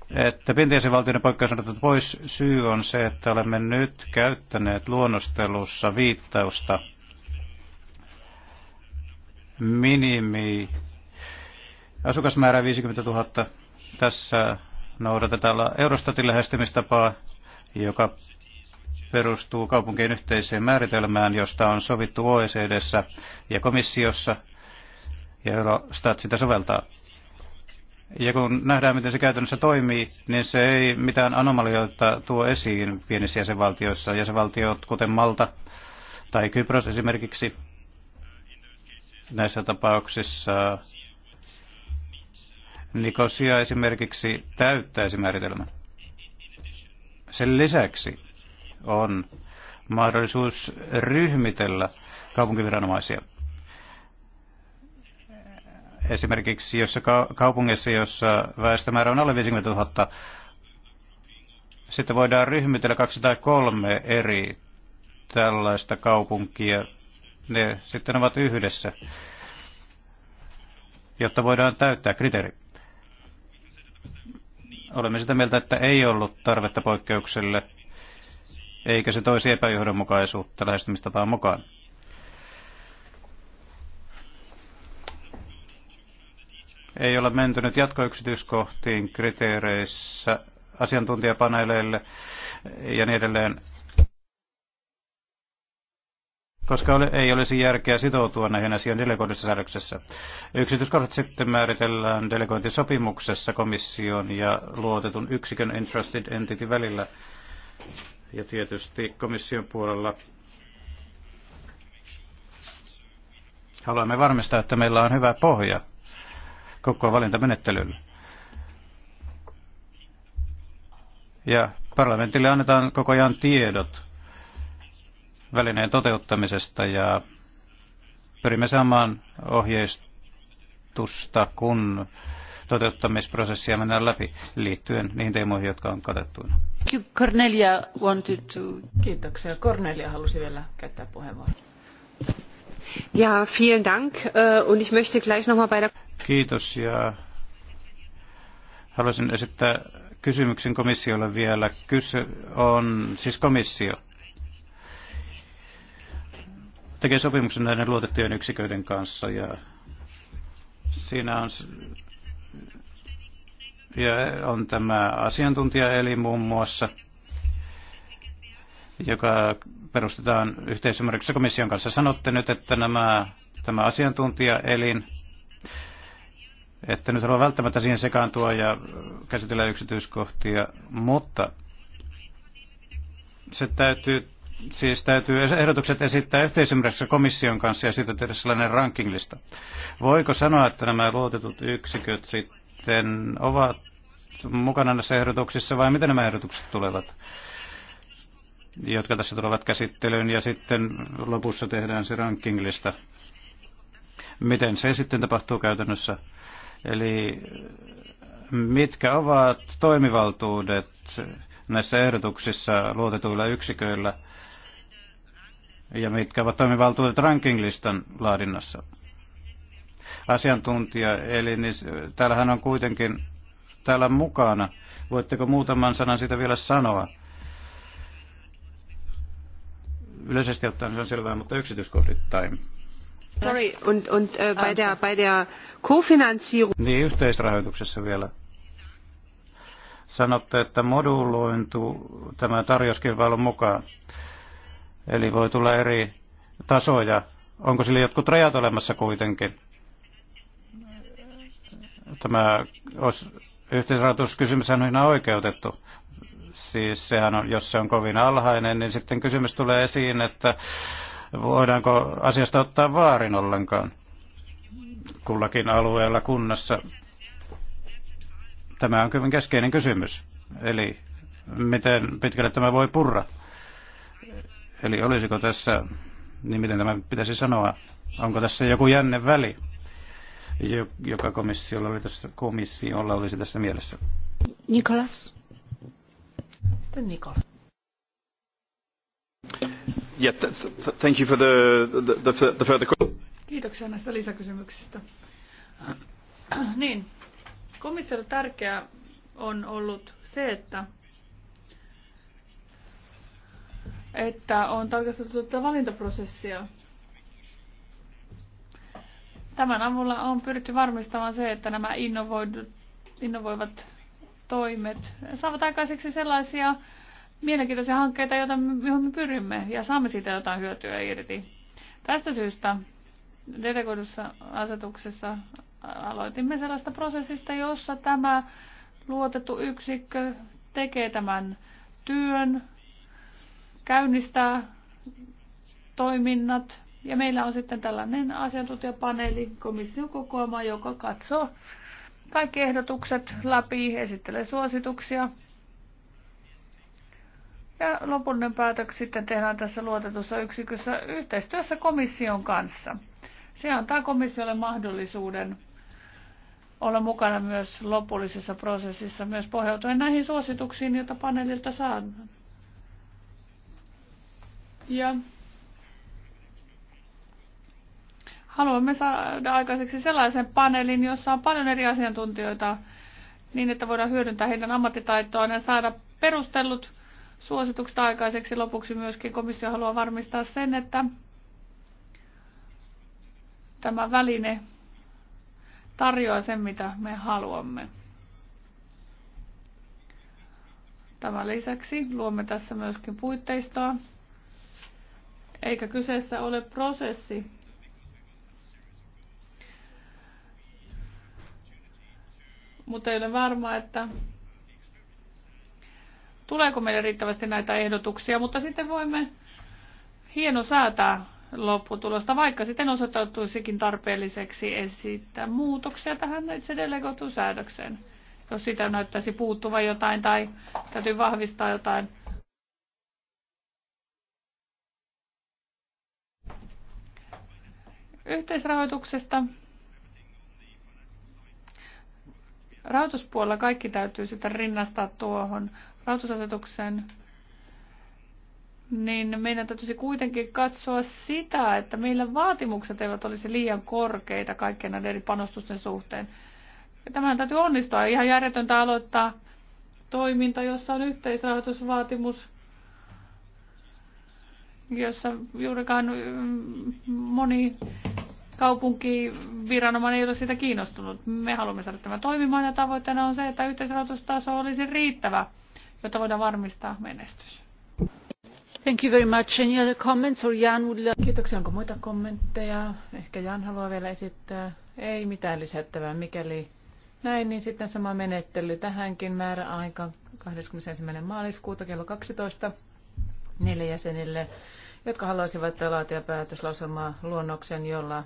että perinteisen valtioiden poikkeus on otettu pois. Syy on se, että olemme nyt käyttäneet luonnostelussa viittausta minimi asukasmäärä 50 000. Tässä noudatetaan Eurostatin lähestymistapaa, joka perustuu kaupunkien yhteiseen määritelmään, josta on sovittu OECDssä ja komissiossa, ja Eurostat sitä soveltaa. Ja kun nähdään, miten se käytännössä toimii, niin se ei mitään anomalioita tuo esiin pienissä jäsenvaltioissa. Jäsenvaltiot, kuten Malta tai Kypros esimerkiksi, näissä tapauksissa Nikosia esimerkiksi täyttäisi määritelmän. Sen lisäksi on mahdollisuus ryhmitellä kaupunkiviranomaisia Esimerkiksi jossa kaupungissa, jossa väestömäärä on alle 50 000, sitten voidaan ryhmitellä 203 eri tällaista kaupunkia. Ne sitten ovat yhdessä, jotta voidaan täyttää kriteeri. Olemme sitä mieltä, että ei ollut tarvetta poikkeukselle, eikä se toisi epäjohdonmukaisuutta lähestymistapaan mukaan. ei ole nyt jatkoyksityiskohtiin kriteereissä asiantuntijapaneeleille ja niin edelleen, koska ei olisi järkeä sitoutua näihin asioihin delegoidussa säädöksessä. Yksityiskohdat sitten määritellään delegointisopimuksessa komission ja luotetun yksikön interested entity välillä. Ja tietysti komission puolella haluamme varmistaa, että meillä on hyvä pohja koko valintamenettelyllä. Ja parlamentille annetaan koko ajan tiedot välineen toteuttamisesta ja pyrimme saamaan ohjeistusta, kun toteuttamisprosessia mennään läpi liittyen niihin teemoihin, jotka on katettuina. Cornelia wanted to... Kiitoksia. Cornelia halusi vielä käyttää puheenvuoron. Ja, vielen Dank. Äh, und ich möchte gleich noch mal bei der... Kiitos ja haluaisin esittää kysymyksen komissiolle vielä. Kyse on siis komissio. Tekee sopimuksen näiden luotettujen yksiköiden kanssa ja siinä on, ja on tämä asiantuntijaeli muun muassa – joka perustetaan yhteisymmärryksessä komission kanssa. Sanotte nyt, että nämä, tämä asiantuntijaelin, että nyt haluaa välttämättä siihen sekaantua ja käsitellä yksityiskohtia, mutta se täytyy, siis täytyy ehdotukset esittää yhteisymmärryksessä komission kanssa ja siitä tehdä sellainen rankinglista. Voiko sanoa, että nämä luotetut yksiköt sitten ovat mukana näissä ehdotuksissa vai miten nämä ehdotukset tulevat? jotka tässä tulevat käsittelyyn, ja sitten lopussa tehdään se rankinglista. Miten se sitten tapahtuu käytännössä? Eli mitkä ovat toimivaltuudet näissä ehdotuksissa luotetuilla yksiköillä ja mitkä ovat toimivaltuudet rankinglistan laadinnassa? Asiantuntija, eli niin, täällähän on kuitenkin täällä mukana. Voitteko muutaman sanan siitä vielä sanoa? Yleisesti ottaen se on selvää, mutta yksityiskohdittain. Sorry, und, und äh, bei der, bei der Kofinanzierung. Niin, yhteisrahoituksessa vielä. Sanotte, että moduulointu tämä tarjouskilpailun mukaan. Eli voi tulla eri tasoja. Onko sille jotkut rajat olemassa kuitenkin? Tämä os, yhteisrahoituskysymys on ihan oikeutettu, Siis sehän on, jos se on kovin alhainen, niin sitten kysymys tulee esiin, että voidaanko asiasta ottaa vaarin ollenkaan kullakin alueella kunnassa. Tämä on kyllä keskeinen kysymys. Eli miten pitkälle tämä voi purra? Eli olisiko tässä, niin miten tämä pitäisi sanoa, onko tässä joku jänne väli, joka komissiolla, oli tässä, komissiolla olisi tässä mielessä? Nikolas. Sitten Nikol. Yeah, thank you for the, the, the, further Kiitoksia näistä lisäkysymyksistä. [clears throat] Niin, komissiolle tärkeää on ollut se, että että on tarkasteltu tätä valintaprosessia. Tämän avulla on pyritty varmistamaan se, että nämä innovoidut, innovoivat toimet saavat aikaiseksi sellaisia mielenkiintoisia hankkeita, joita me, johon me pyrimme ja saamme siitä jotain hyötyä irti. Tästä syystä delegoidussa asetuksessa aloitimme sellaista prosessista, jossa tämä luotettu yksikkö tekee tämän työn, käynnistää toiminnat ja meillä on sitten tällainen asiantuntijapaneeli komission kokoama, joka katsoo kaikki ehdotukset läpi, esittelee suosituksia. Ja lopullinen päätös sitten tehdään tässä luotetussa yksikössä yhteistyössä komission kanssa. Se antaa komissiolle mahdollisuuden olla mukana myös lopullisessa prosessissa, myös pohjautuen näihin suosituksiin, joita paneelilta saadaan. Ja Haluamme saada aikaiseksi sellaisen paneelin, jossa on paljon eri asiantuntijoita niin, että voidaan hyödyntää heidän ammattitaitoaan ja saada perustellut suositukset aikaiseksi. Lopuksi myöskin komissio haluaa varmistaa sen, että tämä väline tarjoaa sen, mitä me haluamme. Tämän lisäksi luomme tässä myöskin puitteistoa, eikä kyseessä ole prosessi, mutta ei ole varma, että tuleeko meille riittävästi näitä ehdotuksia, mutta sitten voimme hieno säätää lopputulosta, vaikka sitten osoittautuisikin tarpeelliseksi esittää muutoksia tähän itse delegoituun säädökseen. Jos sitä näyttäisi puuttuva jotain tai täytyy vahvistaa jotain. Yhteisrahoituksesta Rahoituspuolella kaikki täytyy sitä rinnastaa tuohon rahoitusasetukseen, niin meidän täytyisi kuitenkin katsoa sitä, että meillä vaatimukset eivät olisi liian korkeita kaikkien näiden eri panostusten suhteen. Tämän täytyy onnistua. Ihan järjetöntä aloittaa toiminta, jossa on yhteisrahoitusvaatimus, jossa juurikaan mm, moni kaupunkiviranomainen ei ole siitä kiinnostunut. Me haluamme saada tämä toimimaan ja tavoitteena on se, että yhteisrahoitustaso olisi riittävä, jotta voidaan varmistaa menestys. Thank you very much. Any other comments or Jan would like... Kiitoksia. Onko muita kommentteja? Ehkä Jan haluaa vielä esittää. Ei mitään lisättävää, mikäli näin, niin sitten sama menettely tähänkin määräaika 21. maaliskuuta kello 12 niille jäsenille, jotka haluaisivat laatia päätöslauselmaa luonnoksen, jolla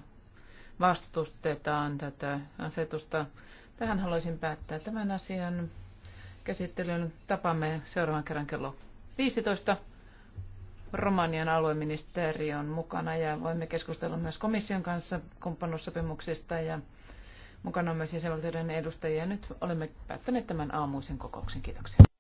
vastustetaan tätä asetusta. Tähän haluaisin päättää tämän asian käsittelyn. Tapaamme seuraavan kerran kello 15. Romanian alueministeri on mukana ja voimme keskustella myös komission kanssa kumppanuussopimuksista ja mukana on myös jäsenvaltioiden edustajia. Nyt olemme päättäneet tämän aamuisen kokouksen. Kiitoksia.